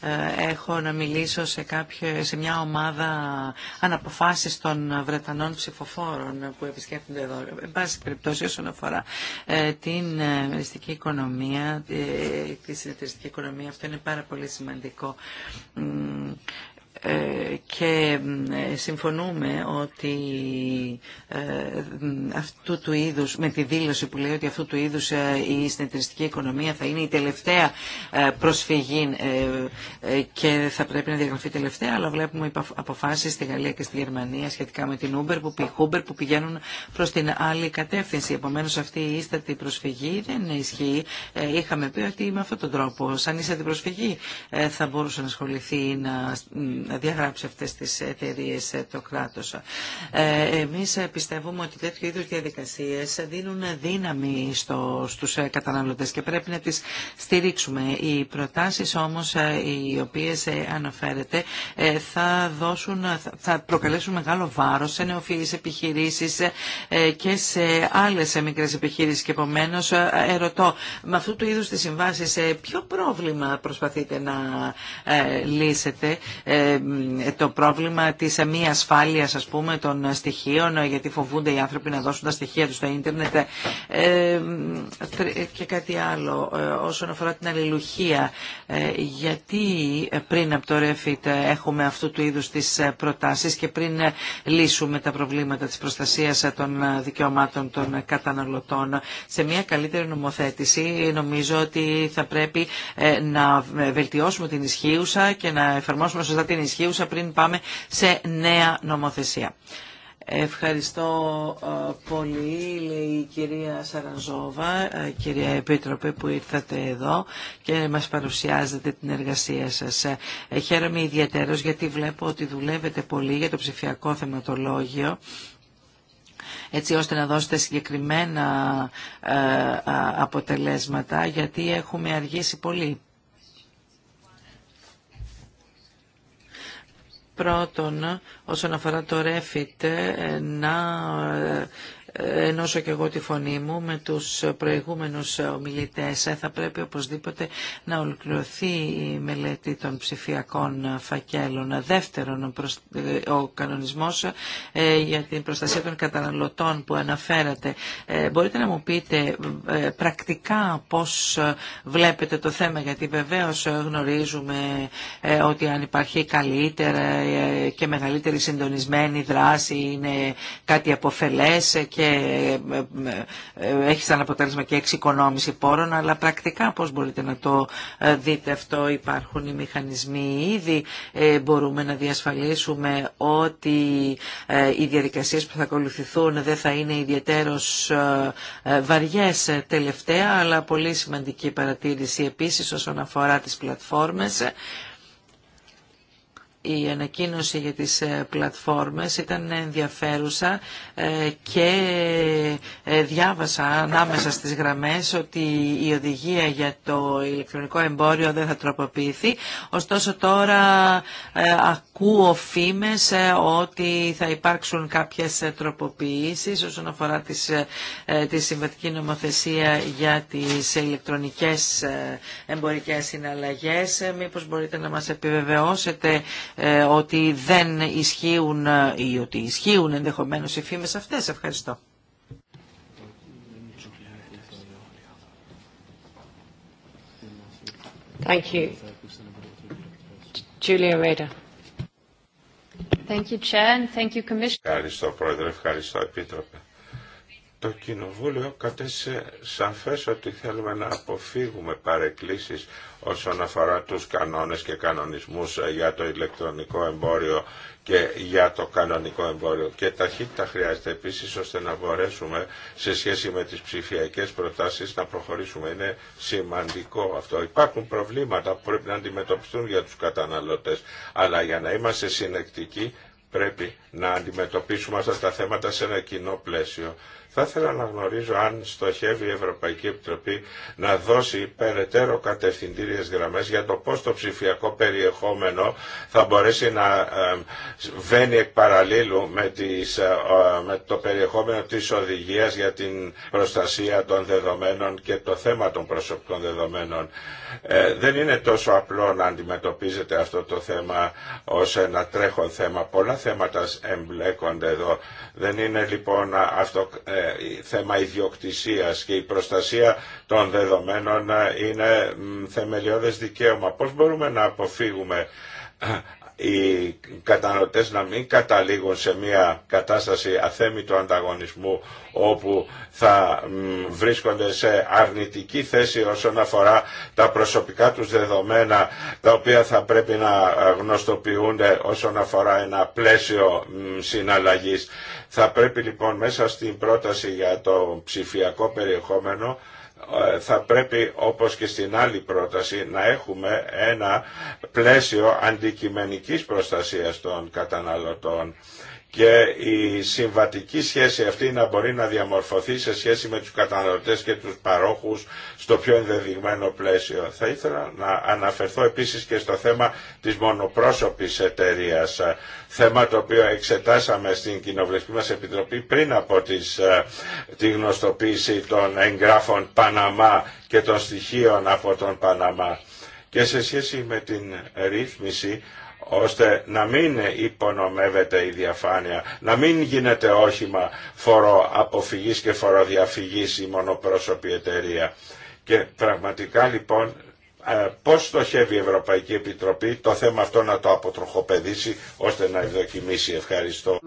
[SPEAKER 2] ε, έχω να μιλήσω σε, κάποιο, σε μια ομάδα αναποφάσεις των Βρετανών ψηφοφόρων που επισκέπτονται εδώ. Εν πάση περιπτώσει όσον αφορά ε, την μεριστική οικονομία, τη συνεταιριστική οικονομία, αυτό είναι πάρα πολύ σημαντικό. Ε, και ε, συμφωνούμε ότι ε, αυτού του είδους, με τη δήλωση που λέει ότι αυτού του είδους η συνεταιριστική οικονομία θα είναι η τελευταία προσφυγή και θα πρέπει να διαγραφεί τελευταία, αλλά βλέπουμε αποφάσεις στη Γαλλία και στη Γερμανία σχετικά με την Uber που, Uber που πηγαίνουν προς την άλλη κατεύθυνση. Επομένως αυτή η ίστατη προσφυγή δεν ισχύει. Είχαμε πει ότι με αυτόν τον τρόπο, σαν ίστατη προσφυγή θα μπορούσε να ασχοληθεί να διαγράψει αυτές τις εταιρείε ε, το κράτος. Ε, εμείς ε, πιστεύουμε ότι τέτοιου είδους διαδικασίες δίνουν δύναμη στο, στους καταναλωτές και πρέπει να τις στηρίξουμε. Οι προτάσεις όμως οι οποίες αναφέρεται θα, δώσουν, θα προκαλέσουν μεγάλο βάρος σε νεοφυείς επιχειρήσεις και σε άλλες μικρές επιχειρήσεις και επομένως ερωτώ με αυτού του είδους τις συμβάσεις ποιο πρόβλημα προσπαθείτε να λύσετε το πρόβλημα της μη ασφάλειας ας πούμε των στοιχείων γιατί φοβούνται οι άνθρωποι να δώσουν τα στοιχεία τους στο ίντερνετ ε, και κάτι άλλο ε, όσον αφορά την αλληλουχία ε, γιατί πριν από το Refit έχουμε αυτού του είδους τις προτάσεις και πριν λύσουμε τα προβλήματα της προστασίας των δικαιωμάτων των καταναλωτών σε μια καλύτερη νομοθέτηση νομίζω ότι θα πρέπει να βελτιώσουμε την ισχύουσα και να εφαρμόσουμε σωστά την ενισχύουσα πριν πάμε σε νέα νομοθεσία. Ευχαριστώ ε, πολύ, λέει η κυρία Σαρανζόβα, ε, κυρία Επίτροπε που ήρθατε εδώ και μας παρουσιάζετε την εργασία σας. Ε, χαίρομαι ιδιαίτερος γιατί βλέπω ότι δουλεύετε πολύ για το ψηφιακό θεματολόγιο έτσι ώστε να δώσετε συγκεκριμένα αποτελέσματα, γιατί έχουμε αργήσει πολύ. Πρώτον, όσον αφορά το REFIT, ε, να ε, ενώσω και εγώ τη φωνή μου με τους προηγούμενους ομιλητές. Ε, θα πρέπει οπωσδήποτε να ολοκληρωθεί η μελέτη των ψηφιακών φακέλων. Δεύτερον, ο ε, κανονισμός ε, για την προστασία των καταναλωτών που αναφέρατε. Μπορείτε να μου πείτε πρακτικά πώς βλέπετε το θέμα, γιατί βεβαίως γνωρίζουμε ότι αν υπάρχει καλύτερα και μεγαλύτερη συντονισμένη δράση είναι κάτι αποφελές ε, ε, ε, έχει σαν αποτέλεσμα και εξοικονόμηση πόρων, αλλά πρακτικά πώς μπορείτε να το δείτε αυτό, υπάρχουν οι μηχανισμοί ήδη, μπορούμε να διασφαλίσουμε ότι οι διαδικασίες που θα ακολουθηθούν δεν θα είναι ιδιαίτερος βαριές τελευταία, αλλά πολύ σημαντική παρατήρηση επίσης όσον αφορά τις πλατφόρμες η ανακοίνωση για τις πλατφόρμες ήταν ενδιαφέρουσα ε, και ε, διάβασα ανάμεσα στις γραμμές ότι η οδηγία για το ηλεκτρονικό εμπόριο δεν θα τροποποιηθεί. Ωστόσο τώρα ε, ακούω φήμες ότι θα υπάρξουν κάποιες τροποποιήσεις όσον αφορά τις, τη συμβατική νομοθεσία για τις ηλεκτρονικές εμπορικές συναλλαγές. Μήπως μπορείτε να μας επιβεβαιώσετε ότι δεν ισχύουν ή ότι ισχύουν ενδεχομένως οι σε αυτές. Ευχαριστώ.
[SPEAKER 1] Ευχαριστώ,
[SPEAKER 3] Πρόεδρε. Ευχαριστώ, Επίτροπε το Κοινοβούλιο κατέστησε σαφές ότι θέλουμε να αποφύγουμε παρεκκλήσεις όσον αφορά τους κανόνες και κανονισμούς για το ηλεκτρονικό εμπόριο και για το κανονικό εμπόριο. Και ταχύτητα χρειάζεται επίσης ώστε να μπορέσουμε σε σχέση με τις ψηφιακές προτάσεις να προχωρήσουμε. Είναι σημαντικό αυτό. Υπάρχουν προβλήματα που πρέπει να αντιμετωπιστούν για τους καταναλωτές. Αλλά για να είμαστε συνεκτικοί πρέπει να αντιμετωπίσουμε αυτά τα θέματα σε ένα κοινό πλαίσιο. Θα ήθελα να γνωρίζω αν στοχεύει η Ευρωπαϊκή Επιτροπή να δώσει περαιτέρω κατευθυντήριες γραμμές για το πώς το ψηφιακό περιεχόμενο θα μπορέσει να βαίνει εκ παραλίλου με, τις, ε, με το περιεχόμενο της οδηγίας για την προστασία των δεδομένων και το θέμα των προσωπικών δεδομένων. Ε, δεν είναι τόσο απλό να αντιμετωπίζεται αυτό το θέμα ως ένα τρέχον θέμα. Πολλά θέματα εμπλέκονται εδώ. Δεν είναι λοιπόν αυτό ε, θέμα ιδιοκτησίας και η προστασία των δεδομένων είναι θεμελιώδες δικαίωμα. Πώς μπορούμε να αποφύγουμε ε, οι καταναλωτές να μην καταλήγουν σε μια κατάσταση αθέμητου ανταγωνισμού όπου θα βρίσκονται σε αρνητική θέση όσον αφορά τα προσωπικά τους δεδομένα τα οποία θα πρέπει να γνωστοποιούνται όσον αφορά ένα πλαίσιο συναλλαγής. Θα πρέπει λοιπόν μέσα στην πρόταση για το ψηφιακό περιεχόμενο ε, θα πρέπει όπως και στην άλλη πρόταση να έχουμε ένα πλαίσιο αντικειμενικής προστασίας των καταναλωτών και η συμβατική σχέση αυτή να μπορεί να διαμορφωθεί σε σχέση με τους καταναλωτές και τους παρόχους στο πιο ενδεδειγμένο πλαίσιο. Θα ήθελα να αναφερθώ επίσης και στο θέμα της μονοπρόσωπης εταιρεία. θέμα το οποίο εξετάσαμε στην Κοινοβουλευτική μας Επιτροπή πριν από τις, ε, τη γνωστοποίηση των εγγράφων Παναμά και των στοιχείων από τον Παναμά και σε σχέση με την ρύθμιση ώστε να μην υπονομεύεται η διαφάνεια, να μην γίνεται όχημα φοροαποφυγής και φοροδιαφυγής η μονοπρόσωπη εταιρεία. Και πραγματικά λοιπόν ε, πώς στοχεύει η Ευρωπαϊκή Επιτροπή το θέμα αυτό να το αποτροχοπεδίσει ώστε να ευδοκιμήσει. Ευχαριστώ.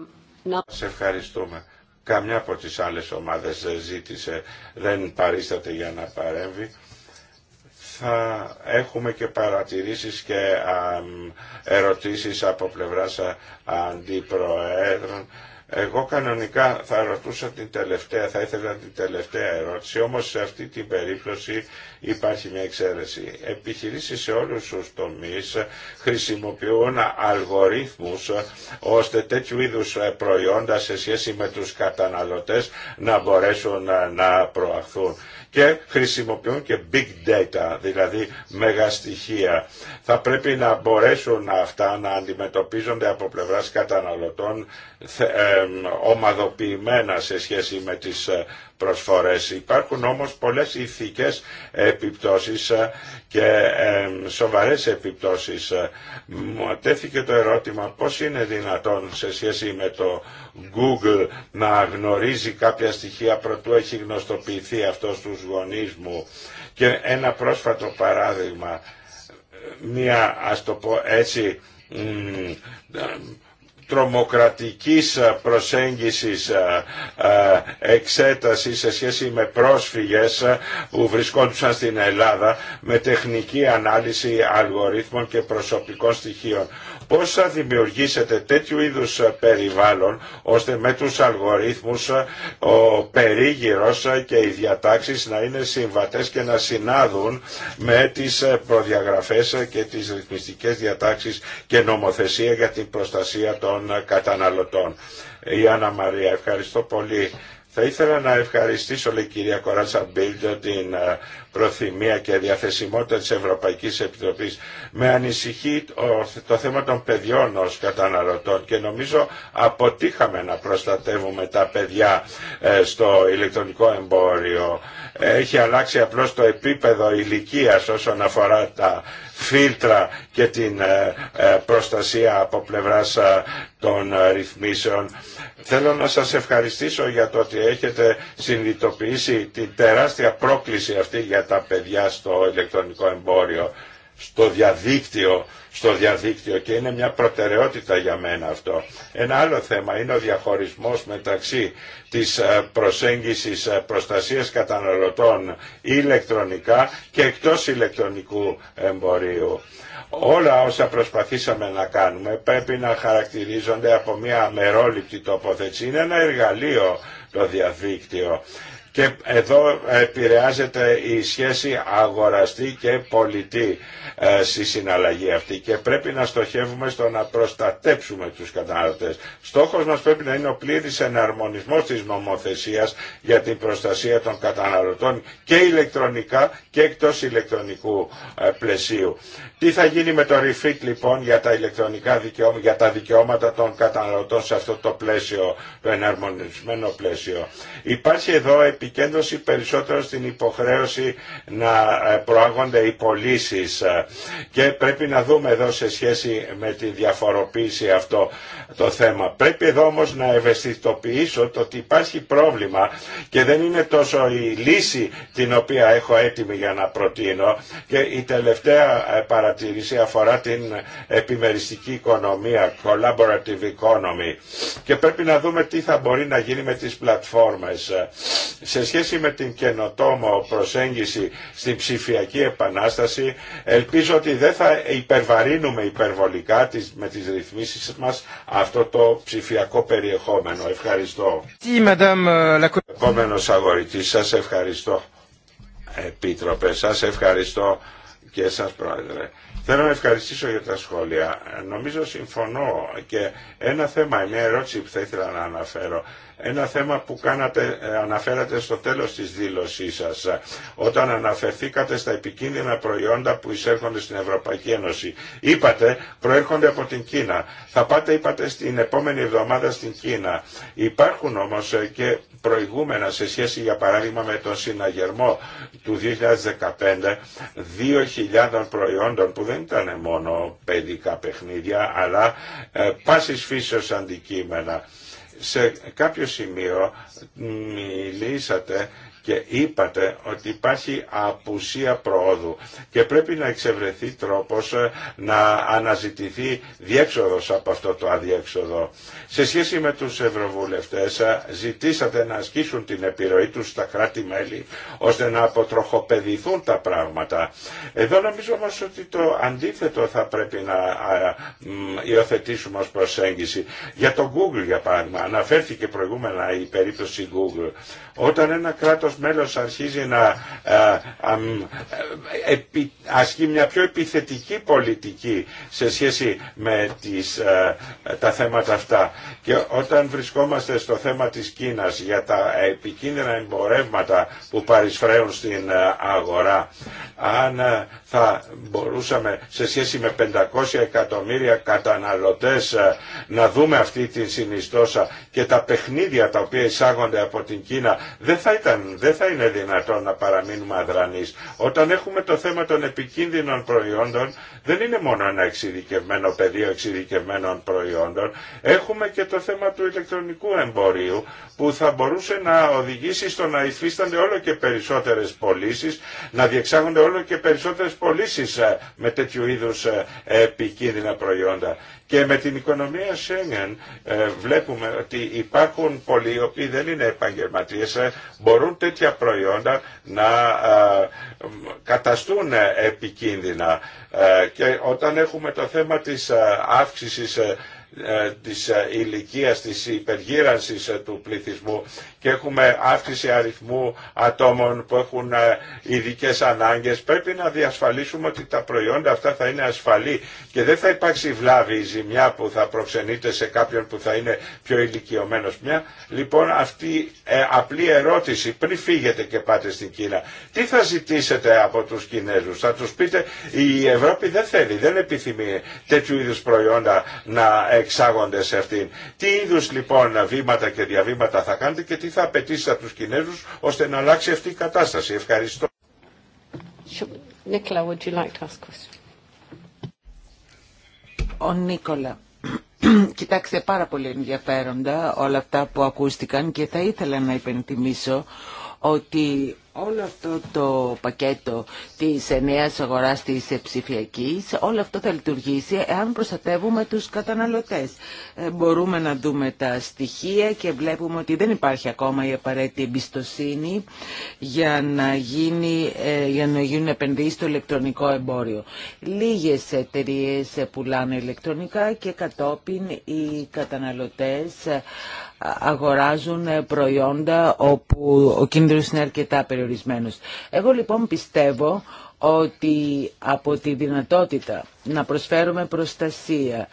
[SPEAKER 3] Σε ευχαριστούμε. Καμιά από τις άλλες ομάδες ε, ζήτησε, δεν παρίσταται για να παρέμβει θα έχουμε και παρατηρήσεις και ερωτήσεις από πλευράς αντιπροέδρων. Εγώ κανονικά θα ρωτούσα την τελευταία, θα ήθελα την τελευταία ερώτηση, όμως σε αυτή την περίπτωση υπάρχει μια εξαίρεση. Επιχειρήσεις σε όλους τους τομείς χρησιμοποιούν αλγορίθμους ώστε τέτοιου είδους ε, προϊόντα σε σχέση με τους καταναλωτές να μπορέσουν ε, να προαχθούν και χρησιμοποιούν και big data, δηλαδή μεγαστοιχεία. Θα πρέπει να μπορέσουν αυτά να αντιμετωπίζονται από πλευράς καταναλωτών ομαδοποιημένα σε σχέση με τις ε, προσφορές. Υπάρχουν όμως πολλές ηθικές επιπτώσεις ε, και σοβαρές επιπτώσεις. τέθηκε το ερώτημα πώς είναι δυνατόν σε σχέση με το Google να γνωρίζει κάποια στοιχεία προτού έχει γνωστοποιηθεί αυτό στους γονείς μου. Και ένα πρόσφατο παράδειγμα, μία ας το πω έτσι τρομοκρατικής ε, προσέγγισης ε, ε, εξέτασης σε σχέση με πρόσφυγες που βρισκόντουσαν στην Ελλάδα με τεχνική ανάλυση αλγορίθμων και προσωπικών στοιχείων. Πώς θα δημιουργήσετε τέτοιου είδους ε, περιβάλλον ώστε με τους αλγορίθμους ε, ο περίγυρος ε, και οι διατάξεις να είναι συμβατές και να συνάδουν με τις προδιαγραφές και τις ρυθμιστικές διατάξεις και νομοθεσία για την προστασία των καταναλωτών. Η Μαρία, ευχαριστώ πολύ θα ήθελα να ευχαριστήσω, λέει κυρία Κοράτσα την ε, προθυμία και διαθεσιμότητα της Ευρωπαϊκής Επιτροπής. Με ανησυχεί το θέμα των παιδιών ως καταναλωτών και νομίζω αποτύχαμε να προστατεύουμε τα παιδιά ε, στο ηλεκτρονικό εμπόριο έχει αλλάξει απλώς το επίπεδο ηλικίας όσον αφορά τα φίλτρα και την ε, ε, προστασία από πλευράς ε, των ρυθμίσεων. Θέλω να σας ευχαριστήσω για το ότι έχετε συνειδητοποιήσει την τεράστια πρόκληση αυτή για τα παιδιά στο ηλεκτρονικό εμπόριο, στο διαδίκτυο στο διαδίκτυο και είναι μια προτεραιότητα για μένα αυτό. Ένα άλλο θέμα είναι ο διαχωρισμός μεταξύ της ε, προσέγγισης ε, προστασίας καταναλωτών ηλεκτρονικά και εκτός ηλεκτρονικού εμπορίου. Όλα όσα προσπαθήσαμε να κάνουμε πρέπει να χαρακτηρίζονται από μια αμερόληπτη τοποθέτηση. Είναι ένα εργαλείο το διαδίκτυο και εδώ επηρεάζεται η σχέση αγοραστή και πολιτή ε, στη συναλλαγή αυτή και πρέπει να στοχεύουμε στο να προστατέψουμε τους καταναλωτές. Στόχος μας πρέπει να είναι ο πλήρης εναρμονισμός της νομοθεσίας για την προστασία των καταναλωτών και ηλεκτρονικά και εκτός ηλεκτρονικού ε, πλαισίου. Τι θα γίνει με το refit λοιπόν για τα ηλεκτρονικά δικαιώματα, για τα δικαιώματα των καταναλωτών σε αυτό το πλαίσιο, το εναρμονισμένο πλαίσιο. Υπάρχει εδώ επικέντρωση περισσότερο στην υποχρέωση να ε, προάγονται οι πωλήσει ε, και πρέπει να δούμε εδώ σε σχέση με τη διαφοροποίηση αυτό το θέμα. Πρέπει εδώ όμως να ευαισθητοποιήσω το ότι υπάρχει πρόβλημα και δεν είναι τόσο η λύση την οποία έχω έτοιμη για να προτείνω και η τελευταία ε, παραγωγή παρατήρηση αφορά την επιμεριστική οικονομία, collaborative economy και πρέπει να δούμε τι θα μπορεί να γίνει με τις πλατφόρμες. Σε σχέση με την καινοτόμο προσέγγιση στην ψηφιακή επανάσταση ελπίζω ότι δεν θα υπερβαρύνουμε υπερβολικά με τις ρυθμίσεις μας αυτό το ψηφιακό περιεχόμενο. Ευχαριστώ. Euh, Επόμενος αγορητής, σας ευχαριστώ. Επίτροπε, σας ευχαριστώ και εσάς Πρόεδρε. Θέλω να ευχαριστήσω για τα σχόλια. Νομίζω συμφωνώ και ένα θέμα, μια ερώτηση που θα ήθελα να αναφέρω ένα θέμα που κάνατε, ε, αναφέρατε στο τέλος της δήλωσής σας, ε, όταν αναφερθήκατε στα επικίνδυνα προϊόντα που εισέρχονται στην Ευρωπαϊκή Ένωση. Είπατε, προέρχονται από την Κίνα. Θα πάτε, είπατε, στην επόμενη εβδομάδα στην Κίνα. Υπάρχουν όμως ε, και προηγούμενα σε σχέση, για παράδειγμα, με τον συναγερμό του 2015, 2.000 προϊόντων που δεν ήταν μόνο παιδικά παιχνίδια, αλλά ε, πάσης φύσεως αντικείμενα σε κάποιο σημείο μιλήσατε και είπατε ότι υπάρχει απουσία προόδου και πρέπει να εξευρεθεί τρόπος ε, να αναζητηθεί διέξοδος από αυτό το αδιέξοδο. Σε σχέση με τους ευρωβουλευτές ε, ζητήσατε να ασκήσουν την επιρροή τους στα κράτη-μέλη ώστε να αποτροχοπεδηθούν τα πράγματα. Εδώ νομίζω όμως ότι το αντίθετο θα πρέπει να υιοθετήσουμε ως προσέγγιση. Για το Google για παράδειγμα αναφέρθηκε προηγούμενα η περίπτωση Google. Όταν ένα κράτος μέλος αρχίζει να ε, ε, ασκεί μια πιο επιθετική πολιτική σε σχέση με τις, ε, τα θέματα αυτά. Και όταν βρισκόμαστε στο θέμα της Κίνας για τα επικίνδυνα εμπορεύματα που παρισφρέουν στην αγορά, αν θα μπορούσαμε σε σχέση με 500 εκατομμύρια καταναλωτές να δούμε αυτή την συνιστόσα και τα παιχνίδια τα οποία εισάγονται από την Κίνα δεν θα ήταν δεν θα είναι δυνατόν να παραμείνουμε αδρανείς. Όταν έχουμε το θέμα των επικίνδυνων προϊόντων, δεν είναι μόνο ένα εξειδικευμένο πεδίο εξειδικευμένων προϊόντων. Έχουμε και το θέμα του ηλεκτρονικού εμπορίου, που θα μπορούσε να οδηγήσει στο να υφίστανται όλο και περισσότερες πωλήσει, να διεξάγονται όλο και περισσότερε πωλήσει ε, με τέτοιου είδου ε, επικίνδυνα προϊόντα. Και με την οικονομία Σέγγεν ε, βλέπουμε ότι υπάρχουν πολλοί οι οποίοι δεν είναι επαγγελματίες, ε, μπορούν τέτοια προϊόντα να ε, καταστούν επικίνδυνα. Και όταν έχουμε το θέμα της αύξησης ε, της ε, ηλικίας της υπεργύρανσης ε, του πληθυσμού και έχουμε αύξηση αριθμού ατόμων που έχουν ειδικέ ανάγκες πρέπει να διασφαλίσουμε ότι τα προϊόντα αυτά θα είναι ασφαλή και δεν θα υπάρξει βλάβη η ζημιά που θα προξενείται σε κάποιον που θα είναι πιο ηλικιωμένος. Μια λοιπόν αυτή ε, απλή ερώτηση πριν φύγετε και πάτε στην Κίνα. Τι θα ζητήσετε από τους Κινέζους. Θα τους πείτε η Ευρώπη δεν θέλει, δεν επιθυμεί τέτοιου είδους προϊόντα να εξάγονται σε αυτήν. Τι είδους λοιπόν βήματα και διαβήματα θα κάνετε και τι θα απαιτήσετε από τους Κινέζους ώστε να αλλάξει αυτή η κατάσταση. Ευχαριστώ.
[SPEAKER 1] would you like to ask Ο Νίκολα, *clears throat* κοιτάξτε πάρα πολύ ενδιαφέροντα όλα αυτά που ακούστηκαν και θα ήθελα να υπενθυμίσω ότι όλο αυτό το πακέτο της νέας αγοράς της ψηφιακής, όλο αυτό θα λειτουργήσει εάν προστατεύουμε τους καταναλωτές. Ε, μπορούμε να δούμε τα στοιχεία και βλέπουμε ότι δεν υπάρχει ακόμα η απαραίτητη εμπιστοσύνη για να, γίνει, ε, για να γίνουν επενδύσεις στο ηλεκτρονικό εμπόριο. Λίγες εταιρείε πουλάνε ηλεκτρονικά και κατόπιν οι καταναλωτές αγοράζουν ε, προϊόντα όπου ο κίνδυνος είναι αρκετά περιορισμένος. Εγώ λοιπόν πιστεύω ότι από τη δυνατότητα να προσφέρουμε προστασία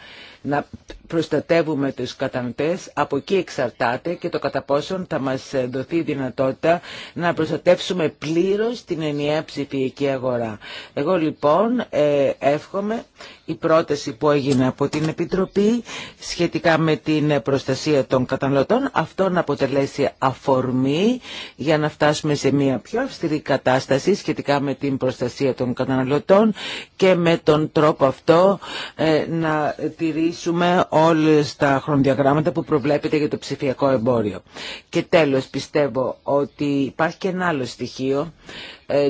[SPEAKER 1] να προστατεύουμε τους κατανοητές, από εκεί εξαρτάται και το κατά πόσον θα μας δοθεί η δυνατότητα να προστατεύσουμε πλήρως την ενιαία ψηφιακή αγορά. Εγώ λοιπόν ε, εύχομαι η πρόταση που έγινε από την Επιτροπή σχετικά με την προστασία των καταναλωτών, αυτό να αποτελέσει αφορμή για να φτάσουμε σε μια πιο αυστηρή κατάσταση σχετικά με την προστασία των καταναλωτών και με τον τρόπο αυτό ε, να τηρήσουμε όλες τα χρονοδιαγράμματα που προβλέπετε για το ψηφιακό εμπόριο. Και τέλος πιστεύω ότι υπάρχει και ένα άλλο στοιχείο ε,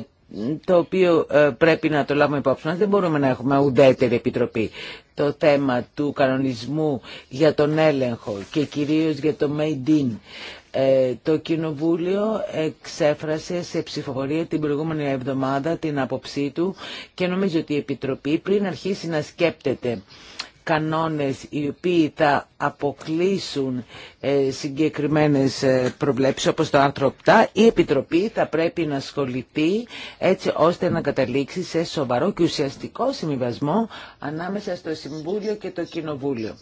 [SPEAKER 1] το οποίο ε, πρέπει να το λάβουμε υπόψη μας. Δεν μπορούμε να έχουμε ουδέτερη επιτροπή. Το θέμα του κανονισμού για τον έλεγχο και κυρίως για το made in. Ε, το Κοινοβούλιο εξέφρασε σε ψηφοφορία την προηγούμενη εβδομάδα την άποψή του και νομίζω ότι η Επιτροπή πριν αρχίσει να σκέπτεται κανόνες οι οποίοι θα αποκλείσουν ε, συγκεκριμένες ε, προβλέψεις όπως το άρθρο 7, η Επιτροπή θα πρέπει να ασχοληθεί έτσι ώστε να καταλήξει σε σοβαρό και ουσιαστικό συμβιβασμό ανάμεσα στο Συμβούλιο και το Κοινοβούλιο.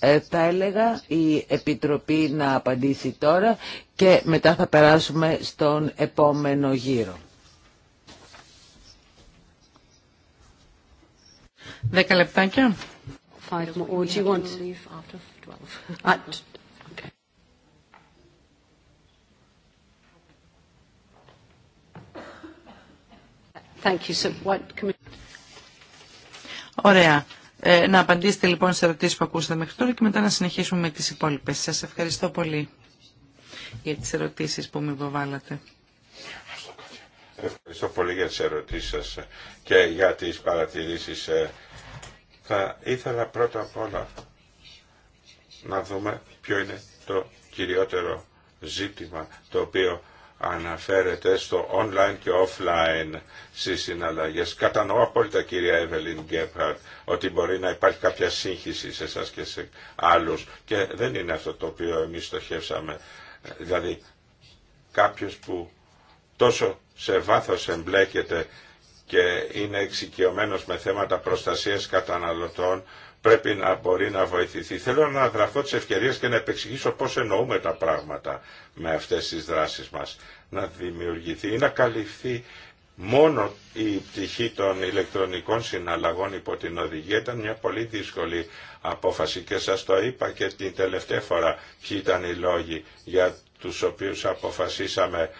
[SPEAKER 1] Ε, θα έλεγα η Επιτροπή να απαντήσει τώρα και μετά θα περάσουμε στον επόμενο γύρο.
[SPEAKER 2] Δέκα λεπτάκια five more, or do you want?
[SPEAKER 1] leave after 12.
[SPEAKER 3] *laughs* Thank you. So what
[SPEAKER 2] Ωραία. Ε, να απαντήσετε λοιπόν σε ερωτήσεις που ακούσατε μέχρι τώρα και μετά να συνεχίσουμε με τις υπόλοιπες. Σας ευχαριστώ πολύ για τις ερωτήσεις που με υποβάλλατε.
[SPEAKER 3] Ευχαριστώ πολύ για τις ερωτήσεις σας και για τις παρατηρήσεις ε, θα ήθελα πρώτα απ' όλα να δούμε ποιο είναι το κυριότερο ζήτημα το οποίο αναφέρεται στο online και offline στις συναλλαγές. Κατανοώ απόλυτα κυρία Εύελιν Γκέπχαρτ ότι μπορεί να υπάρχει κάποια σύγχυση σε εσά και σε άλλους και δεν είναι αυτό το οποίο εμείς στοχεύσαμε. Δηλαδή κάποιος που τόσο σε βάθος εμπλέκεται και είναι εξοικειωμένος με θέματα προστασίας καταναλωτών πρέπει να μπορεί να βοηθηθεί. Θέλω να δραχθώ τις ευκαιρίες και να επεξηγήσω πώς εννοούμε τα πράγματα με αυτές τις δράσεις μας. Να δημιουργηθεί ή να καλυφθεί μόνο η πτυχή των ηλεκτρονικών συναλλαγών υπό την οδηγία ήταν μια πολύ δύσκολη απόφαση και σας το είπα και την τελευταία φορά ποιοι ήταν οι λόγοι για τους οποίους αποφασίσαμε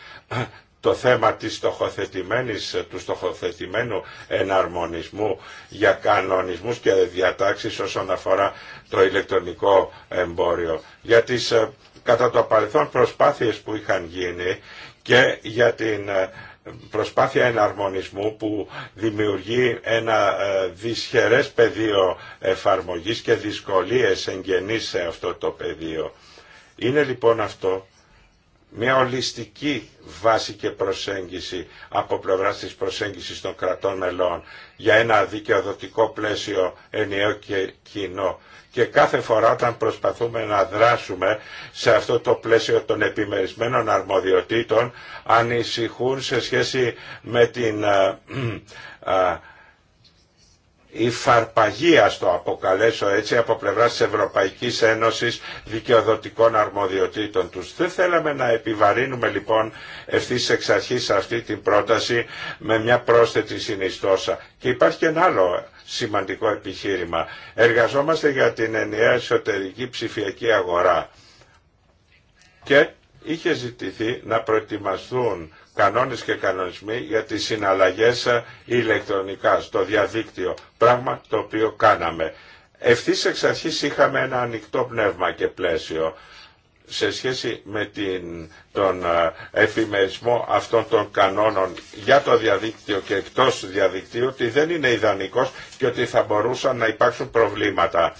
[SPEAKER 3] το θέμα της στοχοθετημένης, του στοχοθετημένου εναρμονισμού για κανονισμούς και διατάξεις όσον αφορά το ηλεκτρονικό εμπόριο. Για τις ε, κατά το παρελθόν προσπάθειες που είχαν γίνει και για την ε, προσπάθεια εναρμονισμού που δημιουργεί ένα ε, δυσχερές πεδίο εφαρμογής και δυσκολίες εγγενείς σε αυτό το πεδίο. Είναι λοιπόν αυτό μια ολιστική βάση και προσέγγιση από πλευρά της προσέγγισης των κρατών μελών για ένα δικαιοδοτικό πλαίσιο ενιαίο και κοινό. Και κάθε φορά όταν προσπαθούμε να δράσουμε σε αυτό το πλαίσιο των επιμερισμένων αρμοδιοτήτων ανησυχούν σε σχέση με την ε, *clears throat* ε, η φαρπαγία στο αποκαλέσω έτσι από πλευράς της Ευρωπαϊκής Ένωσης δικαιοδοτικών αρμοδιοτήτων τους. Δεν θέλαμε να επιβαρύνουμε λοιπόν ευθύ εξ αρχής αυτή την πρόταση με μια πρόσθετη συνιστόσα. Και υπάρχει και ένα άλλο σημαντικό επιχείρημα. Εργαζόμαστε για την ενιαία εσωτερική ψηφιακή αγορά. Και είχε ζητηθεί να προετοιμαστούν κανόνες και κανονισμοί για τις συναλλαγές ε, ηλεκτρονικά στο διαδίκτυο, πράγμα το οποίο κάναμε. Ευθύς εξ αρχής είχαμε ένα ανοιχτό πνεύμα και πλαίσιο σε σχέση με την, τον επιμερισμό αυτών των κανόνων για το διαδίκτυο και εκτός διαδικτύου ότι δεν είναι ιδανικός και ότι θα μπορούσαν να υπάρξουν προβλήματα.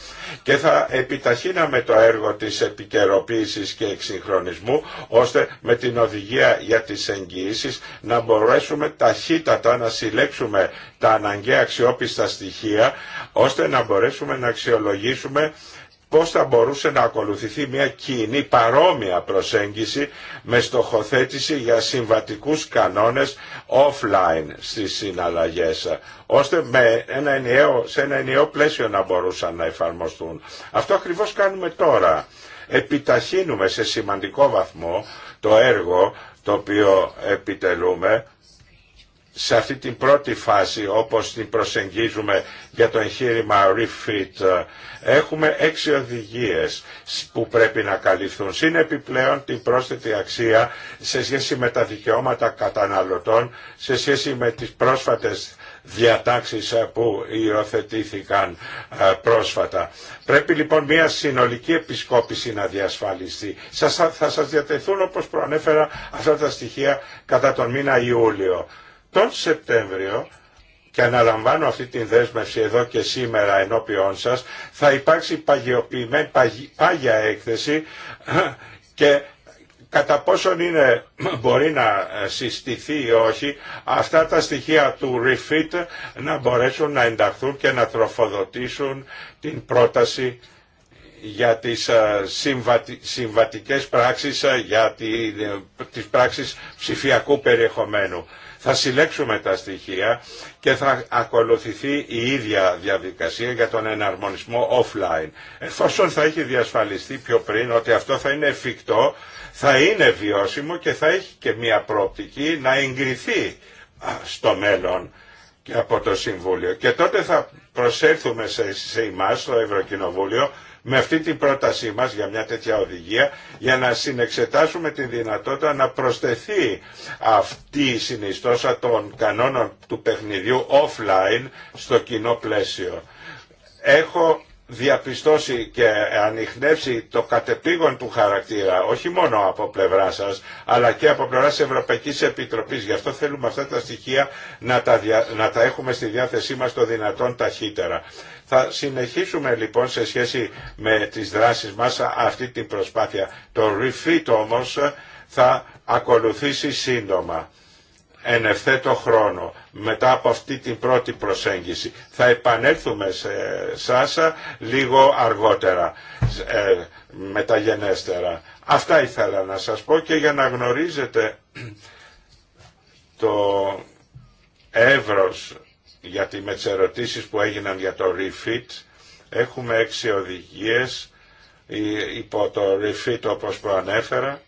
[SPEAKER 3] Και θα επιταχύναμε το έργο της επικαιροποίηση και εξυγχρονισμού ώστε με την οδηγία για τις εγγυήσει να μπορέσουμε ταχύτατα να συλλέξουμε τα αναγκαία αξιόπιστα στοιχεία ώστε να μπορέσουμε να αξιολογήσουμε πώς θα μπορούσε να ακολουθηθεί μια κοινή παρόμοια προσέγγιση με στοχοθέτηση για συμβατικούς κανόνες offline στις συναλλαγές, ώστε ένα ενιαίο, σε ένα ενιαίο πλαίσιο να μπορούσαν να εφαρμοστούν. Αυτό ακριβώς κάνουμε τώρα. Επιταχύνουμε σε σημαντικό βαθμό το έργο το οποίο επιτελούμε σε αυτή την πρώτη φάση όπως την προσεγγίζουμε για το εγχείρημα refit έχουμε έξι οδηγίες που πρέπει να καλυφθούν. Είναι επιπλέον την πρόσθετη αξία σε σχέση με τα δικαιώματα καταναλωτών, σε σχέση με τις πρόσφατες διατάξεις που υιοθετήθηκαν ε, πρόσφατα. Πρέπει λοιπόν μια συνολική επισκόπηση να διασφαλιστεί. Θα σας διατεθούν όπως προανέφερα αυτά τα στοιχεία κατά τον μήνα Ιούλιο. Τον Σεπτέμβριο και αναλαμβάνω αυτή την δέσμευση εδώ και σήμερα ενώπιόν σας, θα υπάρξει παγιοποιημένη, πάγια έκθεση *clears throat* και κατά πόσον είναι, *clears throat* μπορεί να ε, συστηθεί ή όχι, αυτά τα στοιχεία του refit να μπορέσουν να ενταχθούν και να τροφοδοτήσουν την πρόταση για τις ε, συμβατικές πράξεις, ε, για τις πράξεις ψηφιακού περιεχομένου. Θα συλλέξουμε τα στοιχεία και θα ακολουθηθεί η ίδια διαδικασία για τον εναρμονισμό offline. Εφόσον θα έχει διασφαλιστεί πιο πριν ότι αυτό θα είναι εφικτό, θα είναι βιώσιμο και θα έχει και μια πρόπτικη να εγκριθεί στο μέλλον και από το Συμβούλιο. Και τότε θα προσέλθουμε σε, σε εμάς στο Ευρωκοινοβούλιο με αυτή την πρότασή μας για μια τέτοια οδηγία για να συνεξετάσουμε τη δυνατότητα να προσθεθεί αυτή η συνιστόσα των κανόνων του παιχνιδιού offline στο κοινό πλαίσιο. Έχω διαπιστώσει και ανοιχνεύσει το κατεπήγον του χαρακτήρα, όχι μόνο από πλευρά σας, αλλά και από πλευρά της Ευρωπαϊκής Επιτροπής. Γι' αυτό θέλουμε αυτά τα στοιχεία να τα, να τα έχουμε στη διάθεσή μας το δυνατόν ταχύτερα. Θα συνεχίσουμε λοιπόν σε σχέση με τις δράσεις μας αυτή την προσπάθεια. Το refit όμως θα ακολουθήσει σύντομα εν ευθέτω χρόνο μετά από αυτή την πρώτη προσέγγιση. Θα επανέλθουμε σε σας λίγο αργότερα, ε, μεταγενέστερα. Αυτά ήθελα να σας πω και για να γνωρίζετε το εύρος για τις ερωτήσεις που έγιναν για το refit. Έχουμε έξι οδηγίες ε, υπό το refit όπως προανέφερα.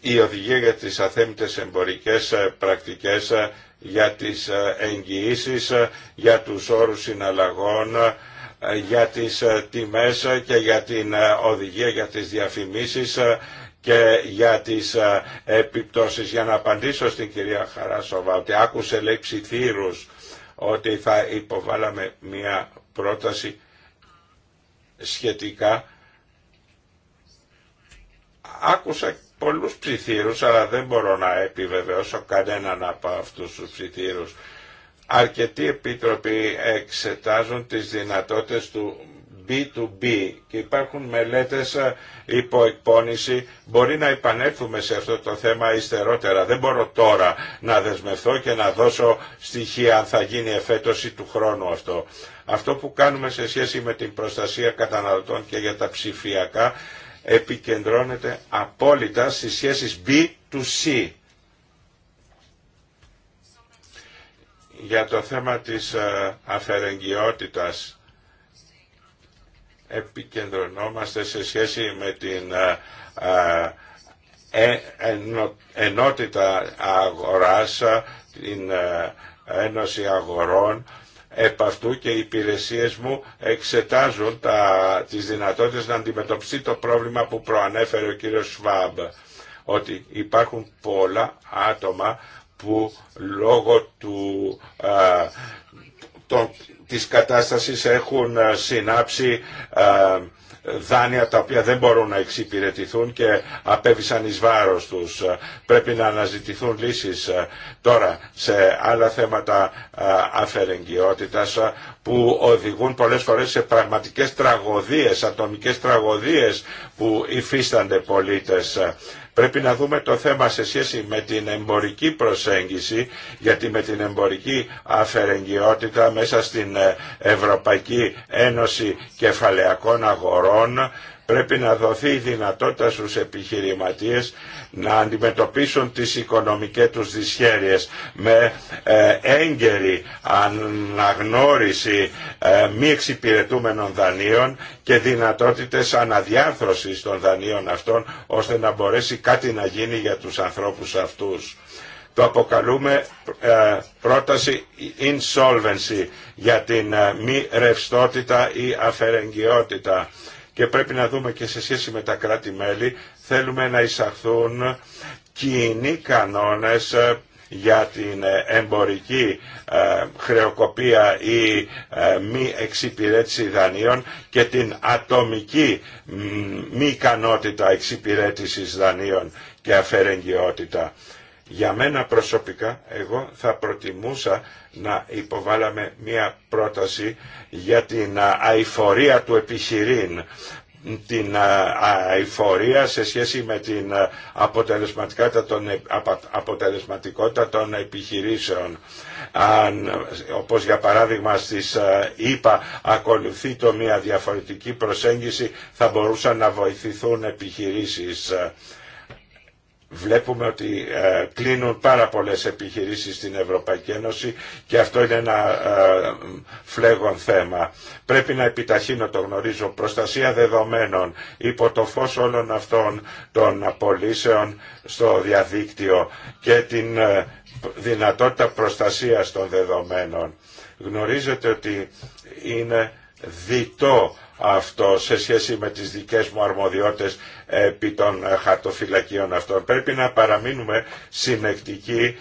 [SPEAKER 3] Η οδηγία για τις αθέμητες εμπορικές ε, πρακτικές, ε, για τις εγγυήσεις, για τους όρους συναλλαγών, για τις τιμές και για την οδηγία για τις διαφημίσεις και για τις επιπτώσεις. Για να απαντήσω στην κυρία Χαράσοβα ότι άκουσε λέει ψιθύρους ότι θα υποβάλαμε μια πρόταση σχετικά. Άκουσα πολλούς ψιθύρους αλλά δεν μπορώ να επιβεβαιώσω κανέναν από αυτούς τους ψιθύρους. Αρκετοί επίτροποι εξετάζουν τις δυνατότητες του B2B και υπάρχουν μελέτες ε, υπό εκπόνηση. Μπορεί να επανέλθουμε σε αυτό το θέμα υστερότερα. Δεν μπορώ τώρα να δεσμευθώ και να δώσω στοιχεία αν θα γίνει εφέτωση του χρόνου αυτό. Αυτό που κάνουμε σε σχέση με την προστασία καταναλωτών και για τα ψηφιακά επικεντρώνεται απόλυτα στις σχέσεις B2C. Για το θέμα της ε, αφαιρεγγιότητας επικεντρωνόμαστε σε σχέση με την ε, ενότητα αγοράς, την Ένωση Αγορών, επ' αυτού και οι υπηρεσίες μου εξετάζουν τα, τις δυνατότητες να αντιμετωπιστεί το πρόβλημα που προανέφερε ο κύριος Σβάμπ, ότι υπάρχουν πολλά άτομα που λόγω του, της κατάστασης έχουν ε, συνάψει ε, δάνεια τα οποία δεν μπορούν να εξυπηρετηθούν και απέβησαν εις βάρος τους. Ε, πρέπει να αναζητηθούν λύσεις τώρα σε άλλα θέματα αφαιρεγγιότητας που οδηγούν πολλές φορές σε πραγματικές τραγωδίες, ατομικές τραγωδίες που υφίστανται πολίτες. Πρέπει να δούμε το θέμα σε σχέση με την εμπορική προσέγγιση, γιατί με την εμπορική αφαιρεγγιότητα μέσα στην ε, Ευρωπαϊκή Ένωση Κεφαλαιακών Αγορών Πρέπει να δοθεί η δυνατότητα στους επιχειρηματίες να αντιμετωπίσουν τις οικονομικές τους δυσχέρειες με ε, έγκαιρη αναγνώριση ε, μη εξυπηρετούμενων δανείων και δυνατότητες αναδιάρθρωσης των δανείων αυτών ώστε να μπορέσει κάτι να γίνει για τους ανθρώπους αυτούς. Το αποκαλούμε ε, πρόταση insolvency για την μη ρευστότητα ή αφαιρεγγιότητα και πρέπει να δούμε και σε σχέση με τα κράτη-μέλη θέλουμε να εισαχθούν κοινοί κανόνες ε, για την ε, εμπορική ε, χρεοκοπία ή μη εξυπηρέτηση δανείων και την ατομική μη ικανότητα εξυπηρέτησης δανείων και αφαιρεγγιότητα. Για μένα προσωπικά εγώ θα προτιμούσα να υποβάλαμε μια πρόταση για την αηφορία του επιχειρήν την αηφορία σε σχέση με την αποτελεσματικότητα των επιχειρήσεων. Αν, όπως για παράδειγμα στις ΕΠΑ ακολουθεί το μια διαφορετική προσέγγιση θα μπορούσαν να βοηθηθούν επιχειρήσεις. Βλέπουμε ότι ε, κλείνουν πάρα πολλές επιχειρήσεις στην Ευρωπαϊκή Ένωση και αυτό είναι ένα ε, φλέγον θέμα. Πρέπει να επιταχύνω, το γνωρίζω, προστασία δεδομένων υπό το φως όλων αυτών των απολύσεων στο διαδίκτυο και την ε, δυνατότητα προστασίας των δεδομένων. Γνωρίζετε ότι είναι διτό αυτό σε σχέση με τις δικές μου αρμοδιότητες επί των ε, χαρτοφυλακίων αυτών. Πρέπει να παραμείνουμε συνεκτικοί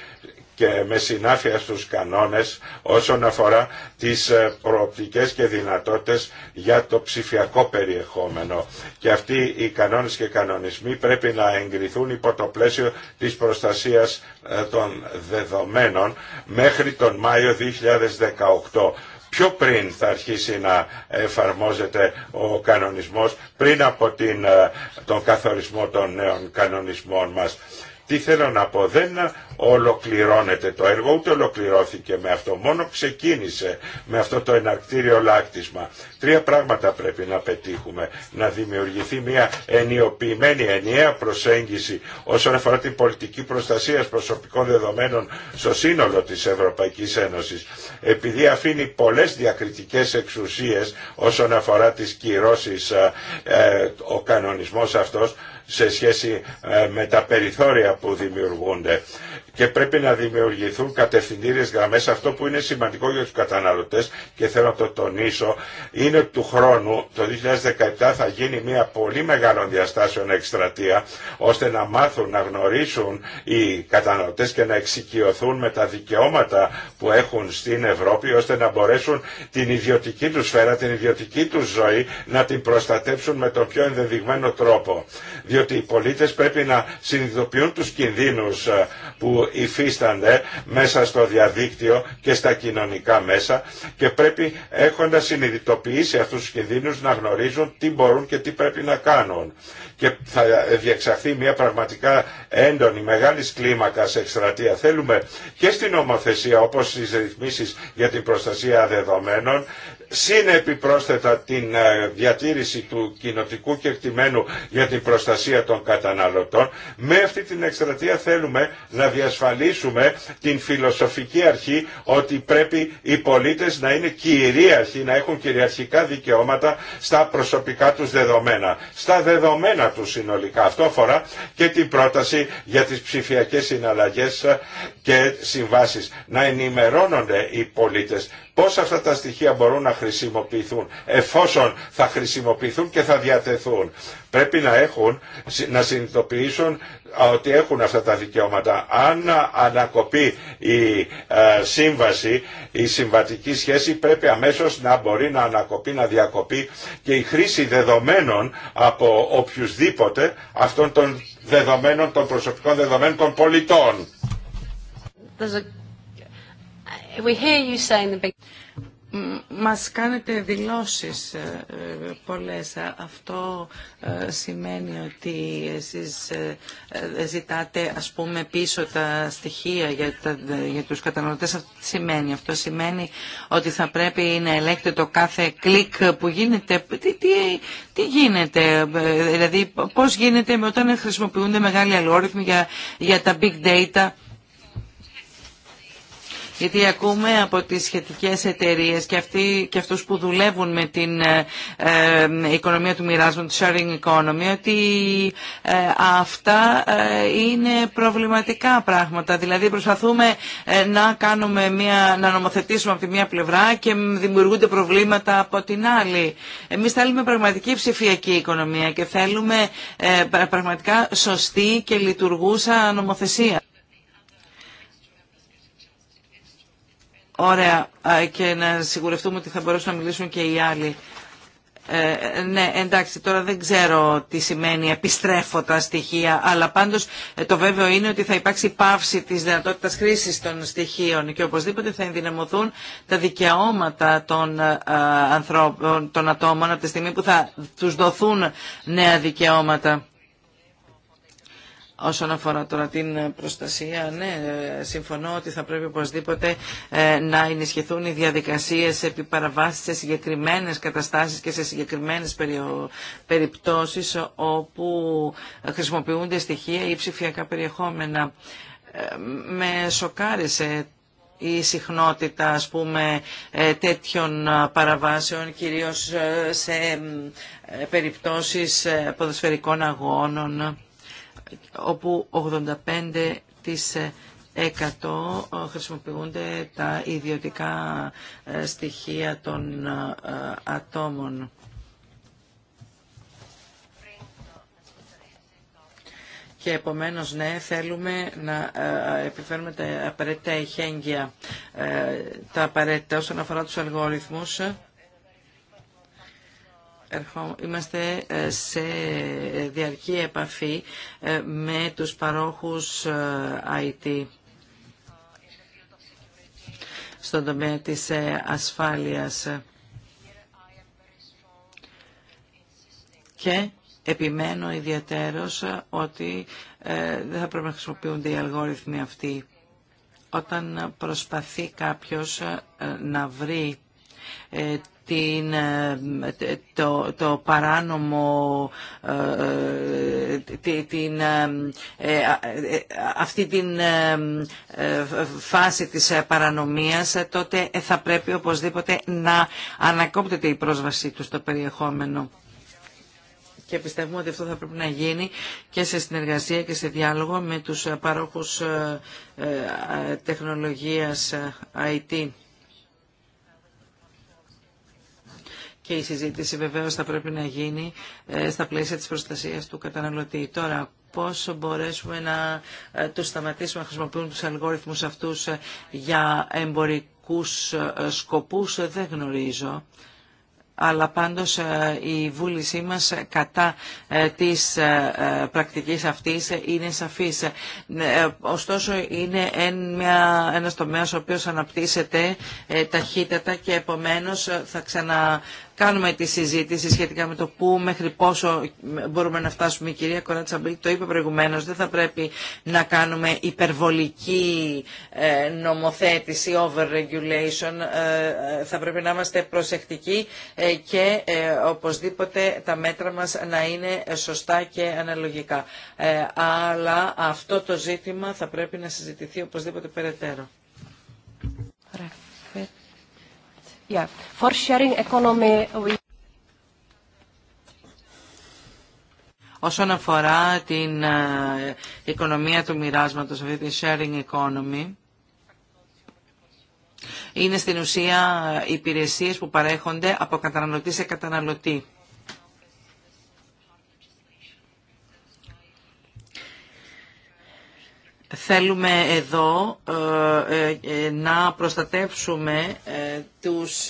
[SPEAKER 3] και με συνάφεια στους κανόνες όσον αφορά τις ε, προοπτικές και δυνατότητες για το ψηφιακό περιεχόμενο. Και αυτοί οι κανόνες και κανονισμοί πρέπει να εγκριθούν υπό το πλαίσιο της προστασίας ε, των δεδομένων μέχρι τον Μάιο 2018 πιο πριν θα αρχίσει να εφαρμόζεται ο κανονισμός, πριν από την, ε, τον καθορισμό των νέων κανονισμών μας. Τι θέλω να πω, δεν ολοκληρώνεται το έργο, ούτε ολοκληρώθηκε με αυτό, μόνο ξεκίνησε με αυτό το εναρκτήριο λάκτισμα. Τρία πράγματα πρέπει να πετύχουμε. Να δημιουργηθεί μια ενιοποιημένη, ενιαία προσέγγιση όσον αφορά την πολιτική προστασία προσωπικών δεδομένων στο σύνολο της Ευρωπαϊκής Ένωσης. Επειδή αφήνει πολλές διακριτικές εξουσίες όσον αφορά τις κυρώσεις ε, ε, ο κανονισμός αυτός, σε σχέση ε, με τα περιθώρια που δημιουργούνται και πρέπει να δημιουργηθούν κατευθυντήριες γραμμές. Αυτό που είναι σημαντικό για τους καταναλωτές και θέλω να το τονίσω είναι του χρόνου το 2017 θα γίνει μια πολύ μεγάλων διαστάσεων εκστρατεία ώστε να μάθουν, να γνωρίσουν οι καταναλωτές και να εξοικειωθούν με τα δικαιώματα που έχουν στην Ευρώπη ώστε να μπορέσουν την ιδιωτική τους σφαίρα, την ιδιωτική τους ζωή να την προστατέψουν με τον πιο ενδεδειγμένο τρόπο. Διότι οι πολίτες πρέπει να συνειδητοποιούν τους κινδύνους ε, που υφίστανται μέσα στο διαδίκτυο και στα κοινωνικά μέσα και πρέπει έχοντας συνειδητοποιήσει αυτούς τους κινδύνους να γνωρίζουν τι μπορούν και τι πρέπει να κάνουν και θα διεξαχθεί μια πραγματικά έντονη μεγάλη σε εκστρατεία. Θέλουμε και στην νομοθεσία όπως στις ρυθμίσει για την προστασία δεδομένων συνεπιπρόσθετα την ε, διατήρηση του κοινοτικού κεκτημένου για την προστασία των καταναλωτών. Με αυτή την εκστρατεία θέλουμε να διασφαλίσουμε την φιλοσοφική αρχή ότι πρέπει οι πολίτες να είναι κυρίαρχοι, να έχουν κυριαρχικά δικαιώματα στα προσωπικά τους δεδομένα. Στα δεδομένα του συνολικά. Αυτό αφορά και την πρόταση για τις ψηφιακές συναλλαγές και συμβάσεις. Να ενημερώνονται οι πολίτες πώς αυτά τα στοιχεία μπορούν να χρησιμοποιηθούν εφόσον θα χρησιμοποιηθούν και θα διατεθούν. Πρέπει να έχουν, να συνειδητοποιήσουν ότι έχουν αυτά τα δικαιώματα. Αν ανακοπεί η σύμβαση, η συμβατική σχέση πρέπει αμέσως να μπορεί να ανακοπεί, να διακοπεί και η χρήση δεδομένων από οποιουσδήποτε αυτών των δεδομένων, των προσωπικών δεδομένων των πολιτών.
[SPEAKER 2] Μας κάνετε δηλώσεις ε, ε, πολλές. Ε, αυτό σημαίνει ότι εσείς ζητάτε ας πούμε πίσω τα στοιχεία για, τα, για τους καταναλωτές. Αυτό σημαίνει. Αυτό σημαίνει ότι θα πρέπει να ελέγχετε το κάθε κλικ που γίνεται. Τι, τι, γίνεται, δηλαδή πώς γίνεται όταν χρησιμοποιούνται μεγάλοι αλγόριθμοι για, για τα big data γιατί ακούμε από τις σχετικές εταιρείες και, αυτοί, αυτούς που δουλεύουν με την ε, ε, οικονομία του μοιράσματος, τη sharing economy, ότι ε, αυτά είναι προβληματικά πράγματα. Δηλαδή προσπαθούμε να, κάνουμε μια, να νομοθετήσουμε από τη μία πλευρά και δημιουργούνται προβλήματα από την άλλη. Εμείς θέλουμε πραγματική ψηφιακή οικονομία και θέλουμε πραγματικά σωστή και λειτουργούσα νομοθεσία. Ωραία. Και να σιγουρευτούμε ότι θα μπορέσουν να μιλήσουν και οι άλλοι. Ε, ναι, εντάξει, τώρα δεν ξέρω τι σημαίνει επιστρέφω τα στοιχεία, αλλά πάντως ε, το βέβαιο είναι ότι θα υπάρξει πάυση της δυνατότητας χρήσης των στοιχείων και οπωσδήποτε θα ενδυναμωθούν τα δικαιώματα των, ε, ανθρώπων, των ατόμων από τη στιγμή που θα τους δοθούν νέα δικαιώματα. Όσον αφορά τώρα την προστασία, ναι, συμφωνώ ότι θα πρέπει οπωσδήποτε ε, να ενισχυθούν οι διαδικασίες επί παραβάσεις σε συγκεκριμένες καταστάσεις και σε συγκεκριμένες περιπτώσεις όπου χρησιμοποιούνται στοιχεία ή ψηφιακά περιεχόμενα. Ε, με σοκάρισε η συχνότητα πούμε ε, τέτοιων παραβάσεων κυρίως σε περιπτώσεις ποδοσφαιρικών αγώνων όπου 85% χρησιμοποιούνται τα ιδιωτικά ε, στοιχεία των ε, ατόμων. Και επομένως, ναι, θέλουμε να ε, επιφέρουμε τα απαραίτητα εχέγγυα, τα απαραίτητα όσον αφορά τους αλγόριθμους είμαστε ε, σε διαρκή επαφή ε, με τους παρόχους ε, IT στον τομέα της ασφάλειας. Και επιμένω ιδιαίτερος ότι δεν θα πρέπει να χρησιμοποιούνται οι αλγόριθμοι αυτοί. Όταν προσπαθεί κάποιος να βρει την, ε, το, το παράνομο ε, ε, την, αυτή την φάση της παρανομίας τότε θα πρέπει οπωσδήποτε να ανακόπτεται η πρόσβασή του στο περιεχόμενο και πιστεύουμε ότι αυτό θα πρέπει να γίνει και σε συνεργασία και σε διάλογο με τους παρόχους τεχνολογίας IT. και η συζήτηση βεβαίως θα πρέπει να γίνει ε, στα πλαίσια της προστασίας του καταναλωτή. Τώρα, πώς μπορέσουμε να ε, τους σταματήσουμε να χρησιμοποιούν τους αλγόριθμους αυτούς ε, για εμπορικούς σκοπούς, δεν γνωρίζω αλλά πάντως η βούλησή μας κατά της πρακτικής αυτής είναι σαφής. Ωστόσο είναι ένα, ένας τομέας ο οποίος αναπτύσσεται ταχύτατα και επομένως θα ξανα κάνουμε τη συζήτηση σχετικά με το πού μέχρι πόσο μπορούμε να φτάσουμε. Η κυρία Κοράτσα το είπε προηγουμένως, δεν θα πρέπει να κάνουμε υπερβολική ε, νομοθέτηση, over-regulation. Ε, ε, θα πρέπει να είμαστε προσεκτικοί και οπωσδήποτε τα μέτρα μας να είναι σωστά και αναλογικά. Αλλά αυτό το ζήτημα θα πρέπει να συζητηθεί οπωσδήποτε περαιτέρω. Όσον αφορά την ε, οικονομία του μοιράσματο, αυτή τη sharing economy, είναι στην ουσία ε, υπηρεσίες που παρέχονται από καταναλωτή σε καταναλωτή. Θέλουμε εδώ ε, ε, ε, να προστατεύσουμε τους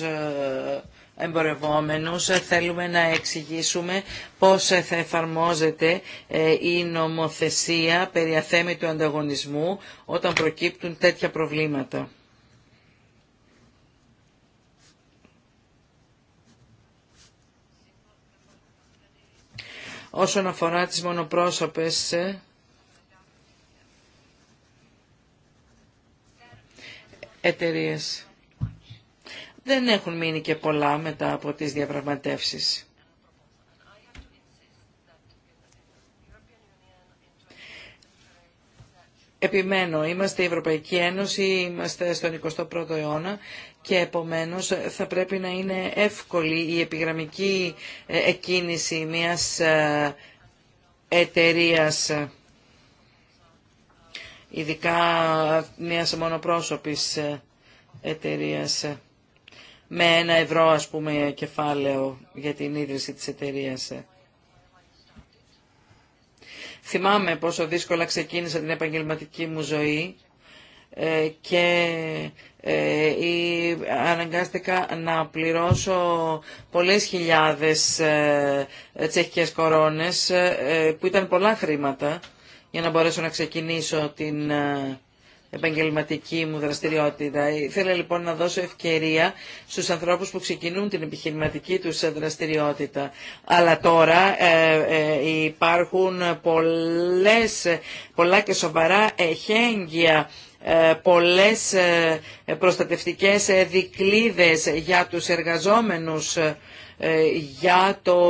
[SPEAKER 2] εμπορευόμενους, θέλουμε να εξηγήσουμε πώς θα εφαρμόζεται η νομοθεσία περί ανταγωνισμού όταν προκύπτουν τέτοια προβλήματα. Όσον αφορά τις μονοπρόσωπες εταιρείε. Δεν έχουν μείνει και πολλά μετά από τις διαπραγματεύσεις. Επιμένω, είμαστε η Ευρωπαϊκή Ένωση, είμαστε στον 21ο αιώνα και επομένως θα πρέπει να είναι εύκολη η επιγραμμική ε, εκκίνηση μιας ε, εταιρείας ειδικά μιας μονοπρόσωπης ε, εταιρείας ε, με ένα ευρώ ας πούμε κεφάλαιο για την ίδρυση της εταιρείας. Ε. Θυμάμαι πόσο δύσκολα ξεκίνησα την επαγγελματική μου ζωή και ή αναγκάστηκα να πληρώσω πολλές χιλιάδες τσεχικές κορώνες που ήταν πολλά χρήματα για να μπορέσω να ξεκινήσω την ε, επαγγελματική μου δραστηριότητα. Θέλω λοιπόν να δώσω ευκαιρία στους ανθρώπους που ξεκινούν την επιχειρηματική τους δραστηριότητα. Αλλά τώρα ε, ε, υπάρχουν πολλές, πολλά και σοβαρά εχέγγυα πολλές προστατευτικές δικλίδες για τους εργαζόμενους ε, για το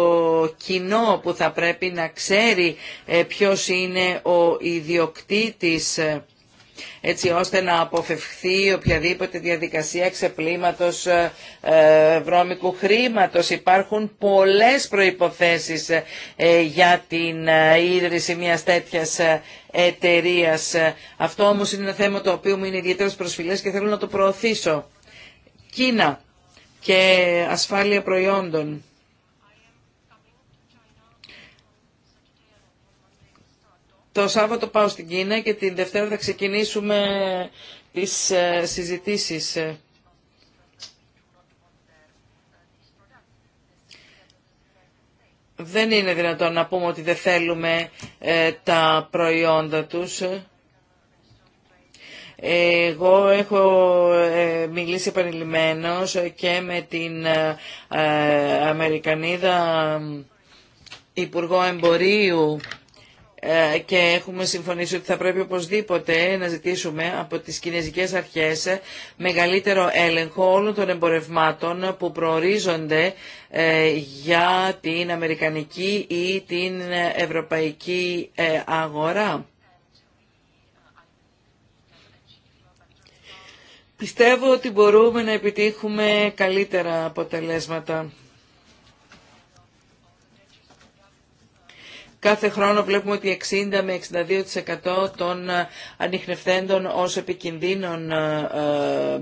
[SPEAKER 2] κοινό που θα πρέπει να ξέρει ε, ποιος είναι ο ιδιοκτήτης ε, έτσι ώστε να αποφευχθεί οποιαδήποτε διαδικασία ξεπλήματος βρώμικου χρήματος. Υπάρχουν πολλές προϋποθέσεις για την ίδρυση μιας τέτοιας εταιρείας. Αυτό όμως είναι ένα θέμα το οποίο μου είναι ιδιαίτερος προσφυλές και θέλω να το προωθήσω. Κίνα και ασφάλεια προϊόντων. Το Σάββατο πάω στην Κίνα και την Δευτέρα θα ξεκινήσουμε τις ε, συζητήσεις. Δεν είναι δυνατόν να πούμε ότι δεν θέλουμε ε, τα προϊόντα τους. Εγώ έχω ε, μιλήσει επανειλημμένως και με την ε, Αμερικανίδα Υπουργό Εμπορίου ε, και έχουμε συμφωνήσει ότι θα πρέπει οπωσδήποτε να ζητήσουμε από τις κινέζικες αρχές μεγαλύτερο έλεγχο όλων των εμπορευμάτων που προορίζονται για την αμερικανική ή την ευρωπαϊκή αγορά. Πιστεύω ότι μπορούμε να επιτύχουμε καλύτερα αποτελέσματα. Κάθε χρόνο βλέπουμε ότι 60 με 62% των ανιχνευθέντων ως επικινδύνων ε, ε,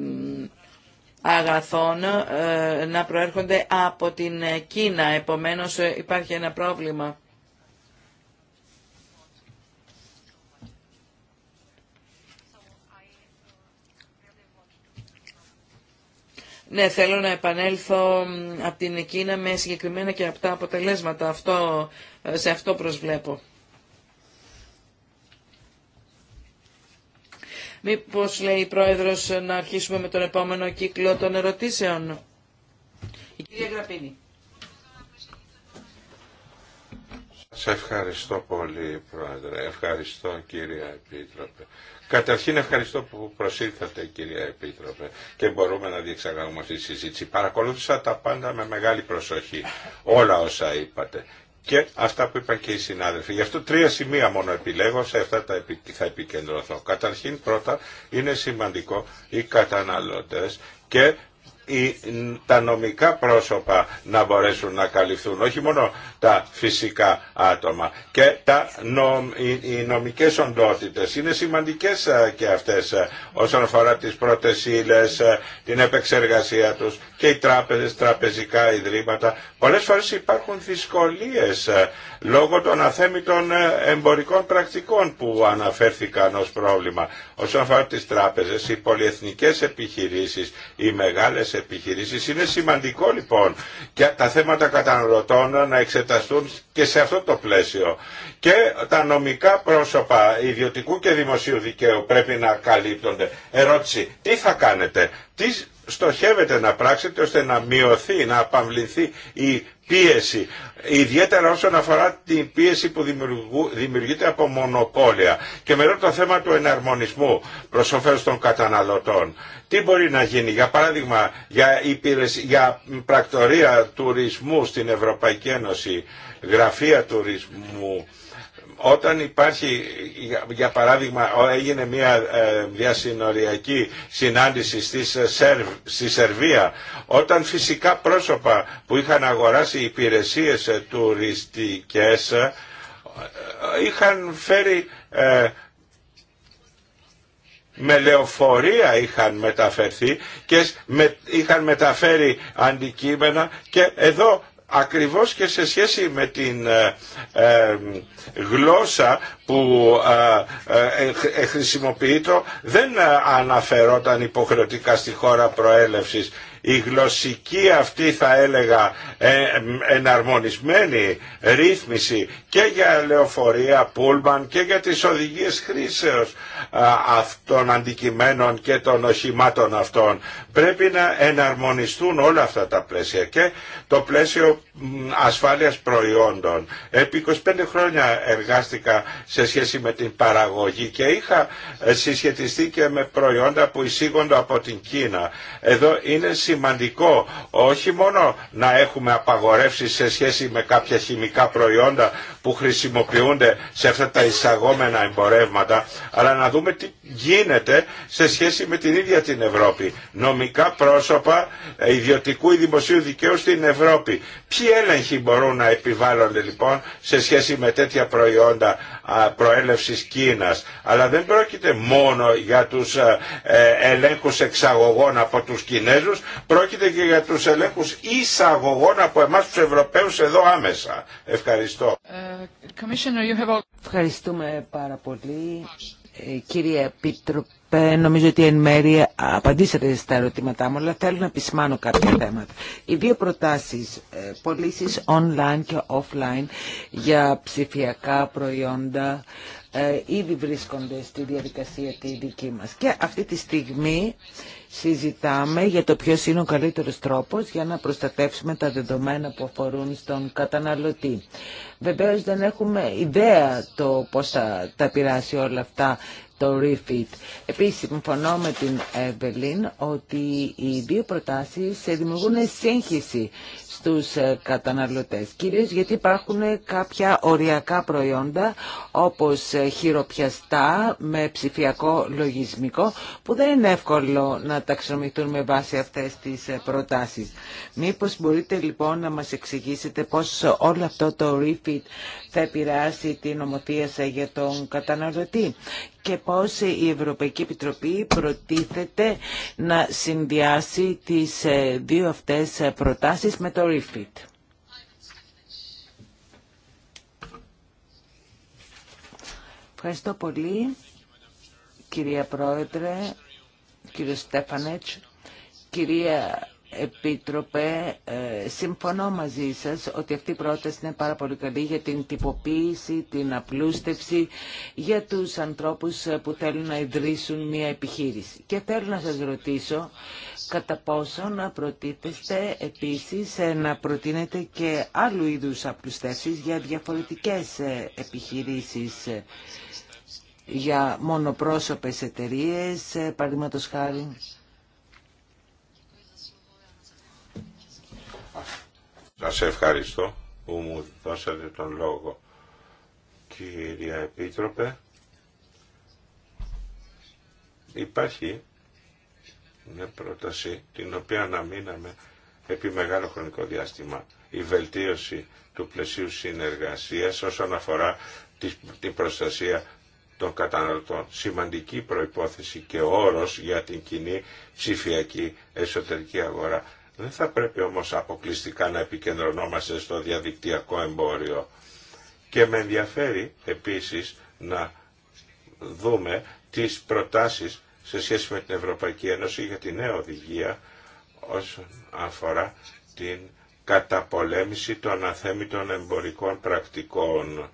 [SPEAKER 2] αγαθών ε, να προέρχονται από την Κίνα. Επομένως υπάρχει ένα πρόβλημα. Ναι, θέλω να επανέλθω από την Κίνα με συγκεκριμένα και αυτά αποτελέσματα. Αυτό, ε, σε αυτό προσβλέπω. Μήπως, λέει η Πρόεδρος, να αρχίσουμε με τον επόμενο κύκλο των ερωτήσεων. Η κυρία Γραπίνη.
[SPEAKER 3] Σε ευχαριστώ πολύ, Πρόεδρε. Ευχαριστώ, κύρια Επίτροπε. Καταρχήν ευχαριστώ που προσήλθατε, κυρία Επίτροπε, και μπορούμε να διεξαγάγουμε αυτή τη συζήτηση. Παρακολούθησα τα πάντα με μεγάλη προσοχή, όλα όσα είπατε και αυτά που είπαν και οι συνάδελφοι. Γι' αυτό τρία σημεία μόνο επιλέγω, σε αυτά τα θα επικεντρωθώ. Καταρχήν πρώτα είναι σημαντικό οι καταναλωτές και τα νομικά πρόσωπα να μπορέσουν να καλυφθούν, όχι μόνο τα φυσικά άτομα. Και τα οι, οι νομικές οντότητες είναι σημαντικές ε, και αυτές ε, όσον αφορά τις πρώτες ύλες, ε, την επεξεργασία τους και οι τράπεζες, τραπεζικά ιδρύματα. Πολλές φορές υπάρχουν δυσκολίες λόγω των αθέμητων εμπορικών πρακτικών που αναφέρθηκαν ως πρόβλημα. Όσον αφορά τις τράπεζες, οι πολυεθνικές επιχειρήσεις, οι μεγάλες επιχειρήσεις. Είναι σημαντικό λοιπόν και τα θέματα καταναλωτών να εξεταστούν και σε αυτό το πλαίσιο. Και τα νομικά πρόσωπα ιδιωτικού και δημοσίου δικαίου πρέπει να καλύπτονται. Ερώτηση, τι θα κάνετε, Στοχεύεται να πράξετε ώστε να μειωθεί, να απαμβληθεί η πίεση, ιδιαίτερα όσον αφορά την πίεση που δημιουργείται από μονοπόλια και με το θέμα του εναρμονισμού προς όφελος των καταναλωτών. Τι μπορεί να γίνει, για παράδειγμα, για, για πρακτορία τουρισμού στην Ευρωπαϊκή Ένωση, γραφεία τουρισμού, όταν υπάρχει, για παράδειγμα, έγινε μια ε, διασυνοριακή συνάντηση ε, στη Σερβία, όταν φυσικά πρόσωπα που είχαν αγοράσει υπηρεσίες ε, τουριστικές είχαν φέρει με λεωφορεία είχαν μεταφερθεί και είχαν μεταφέρει αντικείμενα και εδώ ακριβώς και σε σχέση με την ε, ε, γλώσσα που ε, ε δεν αναφερόταν υποχρεωτικά στη χώρα προέλευσης η γλωσσική αυτή θα έλεγα ε, εναρμονισμένη ρύθμιση και για λεωφορεία, πούλμαν και για τις οδηγίες χρήσεως αυτών αντικειμένων και των οχημάτων αυτών. Πρέπει να εναρμονιστούν όλα αυτά τα πλαίσια και το πλαίσιο ασφάλειας προϊόντων. Επί 25 χρόνια εργάστηκα σε σχέση με την παραγωγή και είχα ε, συσχετιστεί και με προϊόντα που εισήγονται από την Κίνα. Εδώ είναι σημαντικό όχι μόνο να έχουμε απαγορεύσει σε σχέση με κάποια χημικά προϊόντα που χρησιμοποιούνται σε αυτά τα εισαγόμενα εμπορεύματα, αλλά να δούμε τι γίνεται σε σχέση με την ίδια την Ευρώπη. Νομικά πρόσωπα ε, ιδιωτικού ή δημοσίου δικαίου στην Ευρώπη. Ποιοι έλεγχοι μπορούν να επιβάλλονται λοιπόν σε σχέση με τέτοια προϊόντα προέλευσης Κίνας. Αλλά δεν πρόκειται μόνο για τους ε, ε, ελέγχους εξαγωγών από τους Κινέζους, πρόκειται και για τους ελέγχους εισαγωγών από εμάς τους Ευρωπαίους εδώ άμεσα. Ευχαριστώ.
[SPEAKER 1] Ευχαριστούμε πάρα πολύ. Ε, κύριε Επίτροπε, νομίζω ότι εν μέρει απαντήσατε στα ερωτήματά μου, αλλά θέλω να επισημάνω κάποια θέματα. Οι δύο προτάσεις, ε, πωλήσει online και offline για ψηφιακά προϊόντα, ε, ήδη βρίσκονται στη διαδικασία τη δική μας. Και αυτή τη στιγμή συζητάμε για το ποιος είναι ο καλύτερος τρόπος για να προστατεύσουμε τα δεδομένα που αφορούν στον καταναλωτή. Βεβαίως δεν έχουμε ιδέα το πώς θα τα πειράσει όλα αυτά το refit. Επίσης, συμφωνώ με την Εβελίν ότι οι δύο προτάσεις δημιουργούν σύγχυση στους ε, καταναλωτές. Κυρίως γιατί υπάρχουν κάποια οριακά προϊόντα όπως ε, χειροπιαστά με ψηφιακό λογισμικό που δεν είναι εύκολο να ταξινομηθούν με βάση αυτές τις ε, προτάσεις. Μήπως μπορείτε λοιπόν να μας εξηγήσετε πώς όλο αυτό το refit θα επηρεάσει την σα για τον καταναλωτή και πώς η Ευρωπαϊκή Επιτροπή προτίθεται να συνδυάσει τις ε, δύο αυτές ε, προτάσεις με το refit. Ευχαριστώ πολύ, κυρία Πρόεδρε, κύριο Στέφανετς, κυρία Επίτροπε, ε, συμφωνώ μαζί σας ότι αυτή η πρόταση είναι πάρα πολύ καλή για την τυποποίηση, την απλούστευση για τους ανθρώπους που θέλουν να ιδρύσουν μια επιχείρηση. Και θέλω να σας ρωτήσω κατά πόσο να προτίθεστε επίσης ε, να προτείνετε και άλλου είδους απλουστεύσεις για διαφορετικές ε, επιχειρήσεις για μονοπρόσωπες εταιρείες, παραδείγματος χάρη
[SPEAKER 3] Σα ευχαριστώ που μου δώσατε τον λόγο. Κυρία Επίτροπε, υπάρχει μια πρόταση την οποία αναμείναμε επί μεγάλο χρονικό διάστημα. Η βελτίωση του πλαισίου συνεργασίας όσον αφορά την προστασία των καταναλωτών. Σημαντική προϋπόθεση και όρος για την κοινή ψηφιακή εσωτερική αγορά. Δεν θα πρέπει όμως αποκλειστικά να επικεντρωνόμαστε στο διαδικτυακό εμπόριο. Και με ενδιαφέρει επίσης να δούμε τις προτάσεις σε σχέση με την Ευρωπαϊκή Ένωση για τη νέα οδηγία όσον αφορά την καταπολέμηση των αθέμητων εμπορικών πρακτικών.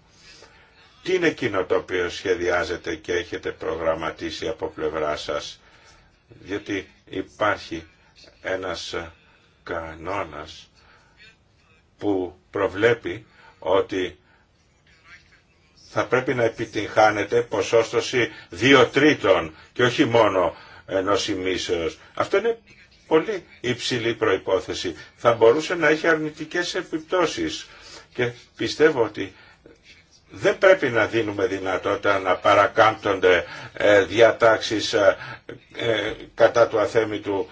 [SPEAKER 3] Τι είναι εκείνο το οποίο σχεδιάζετε και έχετε προγραμματίσει από πλευρά σας, διότι υπάρχει ένας κανόνας που προβλέπει ότι θα πρέπει να επιτυγχάνεται ποσόστοση δύο τρίτων και όχι μόνο ενός ημίσεως. Αυτό είναι πολύ υψηλή προϋπόθεση. Θα μπορούσε να έχει αρνητικές επιπτώσεις και πιστεύω ότι δεν πρέπει να δίνουμε δυνατότητα να παρακάμπτονται ε, διατάξεις ε, ε, κατά του αθέμητου,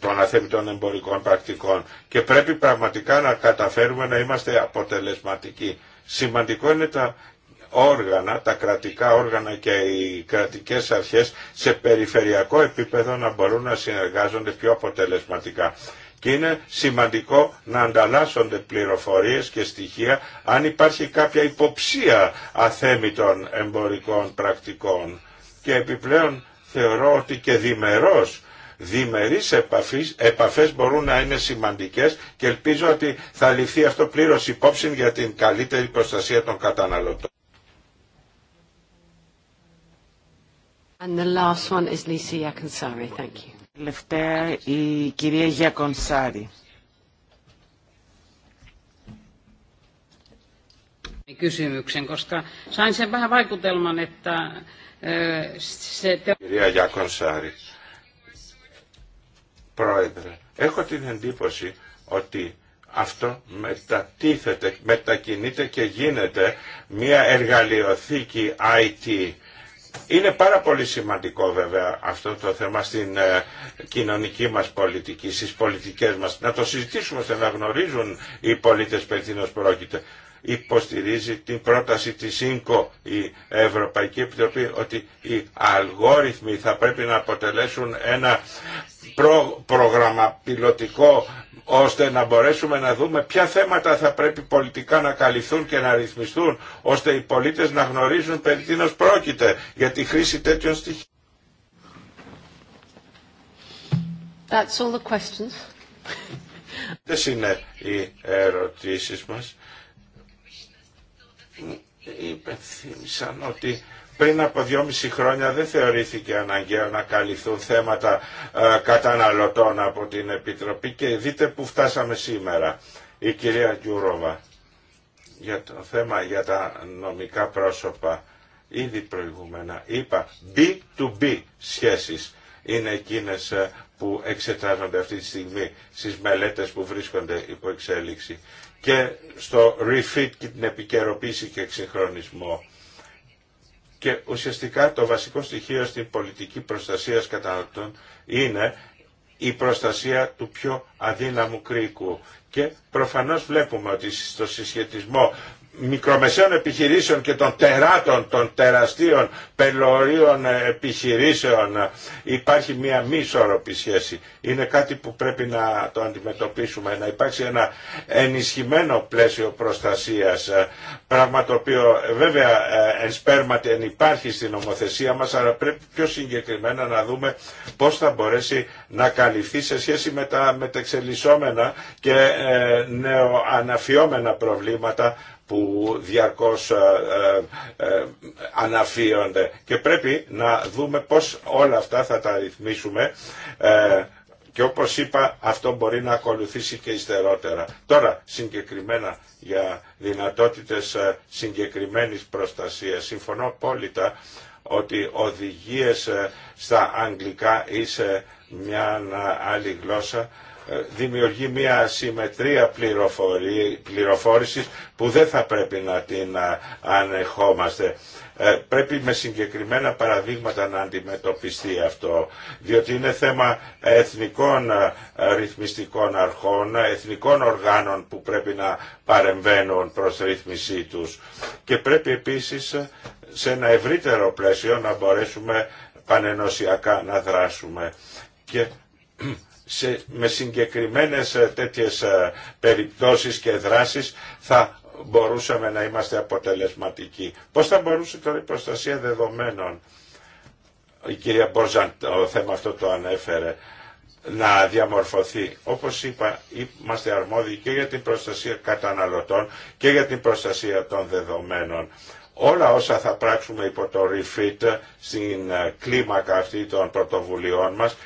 [SPEAKER 3] των αθέμητων εμπορικών πρακτικών και πρέπει πραγματικά να καταφέρουμε να είμαστε αποτελεσματικοί. Σημαντικό είναι τα όργανα, τα κρατικά όργανα και οι κρατικές αρχές σε περιφερειακό επίπεδο να μπορούν να συνεργάζονται πιο αποτελεσματικά και είναι σημαντικό να ανταλλάσσονται πληροφορίες και στοιχεία αν υπάρχει κάποια υποψία αθέμητων εμπορικών πρακτικών. Και επιπλέον θεωρώ ότι και διμερός διμερείς επαφής, επαφές μπορούν να είναι σημαντικές και ελπίζω ότι θα ληφθεί αυτό πλήρως υπόψη για την καλύτερη προστασία των καταναλωτών.
[SPEAKER 1] And the last one is Thank you. Τελευταία η κυρία Γιακονσάρη.
[SPEAKER 3] Ε, κυρία Γιακονσάρη, πρόεδρε, έχω την εντύπωση ότι αυτό μετατίθεται, μετακινείται και γίνεται μια εργαλειοθήκη IT είναι πάρα πολύ σημαντικό βέβαια αυτό το θέμα στην ε, κοινωνική μας πολιτική, στις πολιτικές μας. Να το συζητήσουμε ώστε να γνωρίζουν οι πολίτες περί πρόκειται υποστηρίζει την πρόταση της ΙΝΚΟ η Ευρωπαϊκή Επιτροπή ότι οι αλγόριθμοι θα πρέπει να αποτελέσουν ένα προ, πρόγραμμα πιλωτικό ώστε να μπορέσουμε να δούμε ποια θέματα θα πρέπει πολιτικά να καλυφθούν και να ρυθμιστούν ώστε οι πολίτες να γνωρίζουν περί τίνος πρόκειται για τη χρήση τέτοιων στοιχείων. That's είναι οι ερωτήσεις μας υπενθύμησαν ότι πριν από δυόμιση χρόνια δεν θεωρήθηκε αναγκαίο να καλυφθούν θέματα ε, καταναλωτών από την Επιτροπή και δείτε που φτάσαμε σήμερα. Η κυρία Γιούροβα για το θέμα για τα νομικά πρόσωπα ήδη προηγούμενα είπα B2B σχέσεις είναι εκείνες ε, που εξετάζονται αυτή τη στιγμή στις μελέτες που βρίσκονται υπό εξέλιξη και στο refit και την επικαιροποίηση και εξυγχρονισμό. Και ουσιαστικά το βασικό στοιχείο στην πολιτική προστασίας καταναλωτών είναι η προστασία του πιο αδύναμου κρίκου. Και προφανώς βλέπουμε ότι στο συσχετισμό μικρομεσαίων επιχειρήσεων και των τεράτων των τεραστίων πελωρίων επιχειρήσεων υπάρχει μια μη ισορροπή σχέση. Είναι κάτι που πρέπει να το αντιμετωπίσουμε, να υπάρξει ένα ενισχυμένο πλαίσιο προστασίας, ε, πράγμα το οποίο ε, βέβαια ε, εν σπέρματι εν υπάρχει στην νομοθεσία μας, αλλά πρέπει πιο συγκεκριμένα να δούμε πώς θα μπορέσει να καλυφθεί σε σχέση με τα μετεξελισσόμενα και νεοαναφιόμενα προβλήματα που διαρκώς ε, ε, ε, αναφύονται και πρέπει να δούμε πώς όλα αυτά θα τα ρυθμίσουμε και όπως είπα αυτό μπορεί να ακολουθήσει και ιστερότερα. Τώρα συγκεκριμένα για δυνατότητες συγκεκριμένης προστασίας. Συμφωνώ απόλυτα ότι οδηγίες στα αγγλικά ή σε μια άλλη γλώσσα δημιουργεί μια συμμετρία πληροφόρησης που δεν θα πρέπει να την ανεχόμαστε. Ε, πρέπει με συγκεκριμένα παραδείγματα να αντιμετωπιστεί αυτό, διότι είναι θέμα εθνικών ρυθμιστικών αρχών, εθνικών οργάνων που πρέπει να παρεμβαίνουν προς ρύθμισή τους. Και πρέπει επίσης σε ένα ευρύτερο πλαίσιο να μπορέσουμε πανενοσιακά να δράσουμε. Και σε, με συγκεκριμένες ε, τέτοιες ε, περιπτώσεις και δράσεις θα μπορούσαμε να είμαστε αποτελεσματικοί. Πώς θα μπορούσε τώρα η προστασία δεδομένων, η κυρία Μπόρζαν το θέμα αυτό το ανέφερε, να διαμορφωθεί. Όπως είπα, είμαστε αρμόδιοι και για την προστασία καταναλωτών και για την προστασία των δεδομένων. Όλα όσα θα πράξουμε υπό το refit στην ε, κλίμακα αυτή των πρωτοβουλειών μας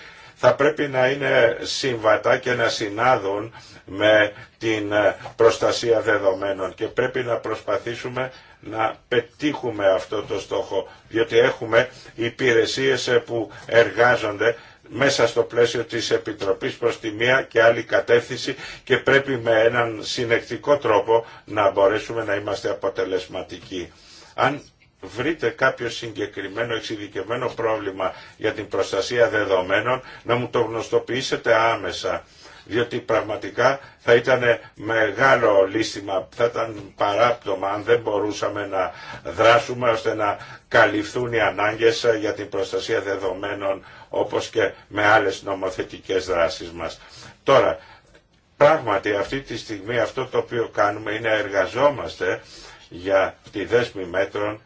[SPEAKER 3] θα πρέπει να είναι συμβατά και να συνάδουν με την προστασία δεδομένων και πρέπει να προσπαθήσουμε να πετύχουμε αυτό το στόχο, διότι έχουμε υπηρεσίες που εργάζονται μέσα στο πλαίσιο της Επιτροπής προς τη μία και άλλη κατεύθυνση και πρέπει με έναν συνεκτικό τρόπο να μπορέσουμε να είμαστε αποτελεσματικοί βρείτε κάποιο συγκεκριμένο εξειδικευμένο πρόβλημα για την προστασία δεδομένων, να μου το γνωστοποιήσετε άμεσα διότι πραγματικά θα ήταν μεγάλο λύστημα, θα ήταν παράπτωμα αν δεν μπορούσαμε να δράσουμε ώστε να καλυφθούν οι ανάγκες για την προστασία δεδομένων όπως και με άλλες νομοθετικές δράσεις μας. Τώρα, πράγματι αυτή τη στιγμή αυτό το οποίο κάνουμε είναι εργαζόμαστε για τη δέσμη μέτρων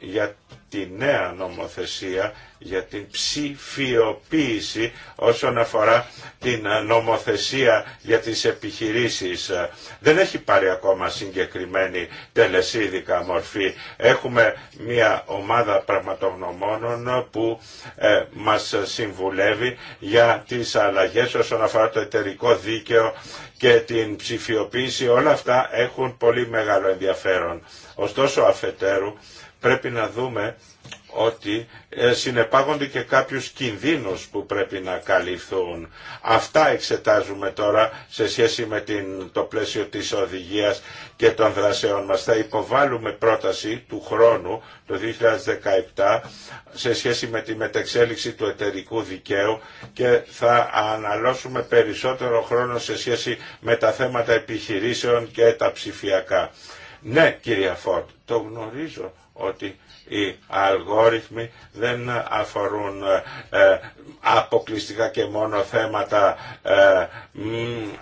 [SPEAKER 3] για τη νέα νομοθεσία για την ψηφιοποίηση όσον αφορά την ε, νομοθεσία για τις επιχειρήσεις. Δεν έχει πάρει ακόμα συγκεκριμένη τελεσίδικα μορφή. Έχουμε μια ομάδα πραγματογνωμόνων που ε, μας συμβουλεύει για τις αλλαγές όσον αφορά το εταιρικό δίκαιο και την ψηφιοποίηση. Όλα αυτά έχουν πολύ μεγάλο ενδιαφέρον. Ωστόσο αφετέρου πρέπει να δούμε ότι ε, συνεπάγονται και κάποιους κινδύνους που πρέπει να καλυφθούν. Αυτά εξετάζουμε τώρα σε σχέση με την, το πλαίσιο της οδηγίας και των δρασεών μας. Θα υποβάλουμε πρόταση του χρόνου το 2017 σε σχέση με τη μετεξέλιξη του εταιρικού δικαίου και θα αναλώσουμε περισσότερο χρόνο σε σχέση με τα θέματα επιχειρήσεων και τα ψηφιακά. Ναι, κύριε Φόρτ, το γνωρίζω ότι οι αλγόριθμοι δεν αφορούν ε, ε, αποκλειστικά και μόνο θέματα ε, μ,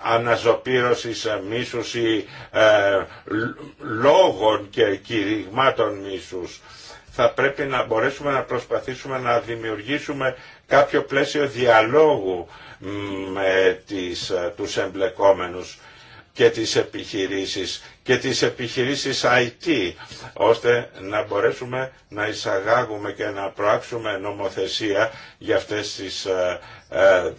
[SPEAKER 3] αναζωπήρωσης ε, μίσους ή λόγων και κηρυγμάτων μίσους. Θα πρέπει να μπορέσουμε να προσπαθήσουμε να δημιουργήσουμε κάποιο πλαίσιο διαλόγου με τις, τους εμπλεκόμενους και τις επιχειρήσεις και τις επιχειρήσεις IT, ώστε να μπορέσουμε να εισαγάγουμε και να πράξουμε νομοθεσία για αυτές τις ε, ε, ε,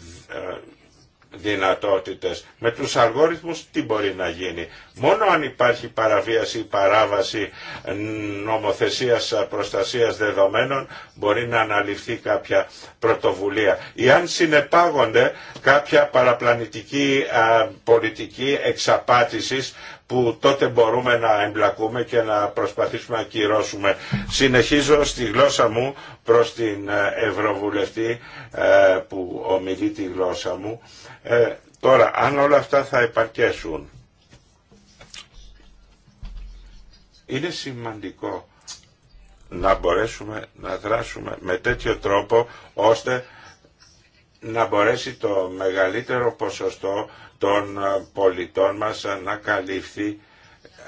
[SPEAKER 3] δυνατότητες. Με τους αλγόριθμους τι μπορεί να γίνει. Μόνο αν υπάρχει παραβίαση ή παράβαση νομοθεσίας προστασίας δεδομένων μπορεί να αναλυφθεί κάποια πρωτοβουλία. Ή αν συνεπάγονται κάποια παραπλανητική πολιτική εξαπάτησης που τότε μπορούμε να εμπλακούμε και να προσπαθήσουμε να κυρώσουμε. Συνεχίζω στη γλώσσα μου προς την ε, Ευρωβουλευτή ε, που ομιλεί τη γλώσσα μου. Ε, τώρα, αν όλα αυτά θα επαρκέσουν, είναι σημαντικό να μπορέσουμε να δράσουμε με τέτοιο τρόπο ώστε να μπορέσει το μεγαλύτερο ποσοστό των ε, πολιτών μας ε, να καλύφθει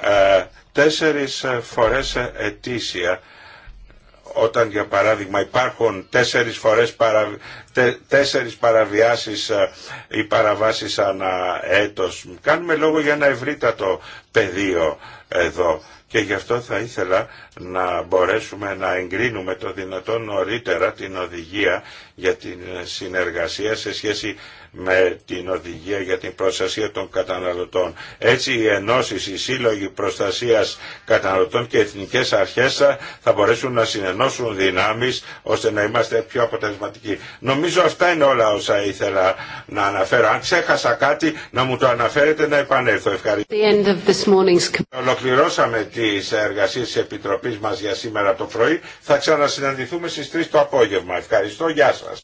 [SPEAKER 3] ε, τέσσερις φορές ετήσια όταν για παράδειγμα υπάρχουν τέσσερις φορές παρα, τέσσερις παραβιάσεις ή παραβάσεις ανά έτος. Κάνουμε λόγο για ένα ευρύτατο πεδίο εδώ και γι' αυτό θα ήθελα να μπορέσουμε να εγκρίνουμε το δυνατόν νωρίτερα την οδηγία για την συνεργασία σε σχέση με την οδηγία για την προστασία των καταναλωτών. Έτσι οι ενώσεις, οι σύλλογοι προστασίας καταναλωτών και εθνικές αρχές θα μπορέσουν να συνενώσουν δυνάμεις ώστε να είμαστε πιο αποτελεσματικοί. Νομίζω αυτά είναι όλα όσα ήθελα να αναφέρω. Αν ξέχασα κάτι να μου το αναφέρετε να επανέλθω. Ευχαριστώ. Ολοκληρώσαμε τις εργασίες της Επιτροπής μας για σήμερα το πρωί. Θα ξανασυναντηθούμε στις 3 το απόγευμα. Ευχαριστώ. Γεια σας.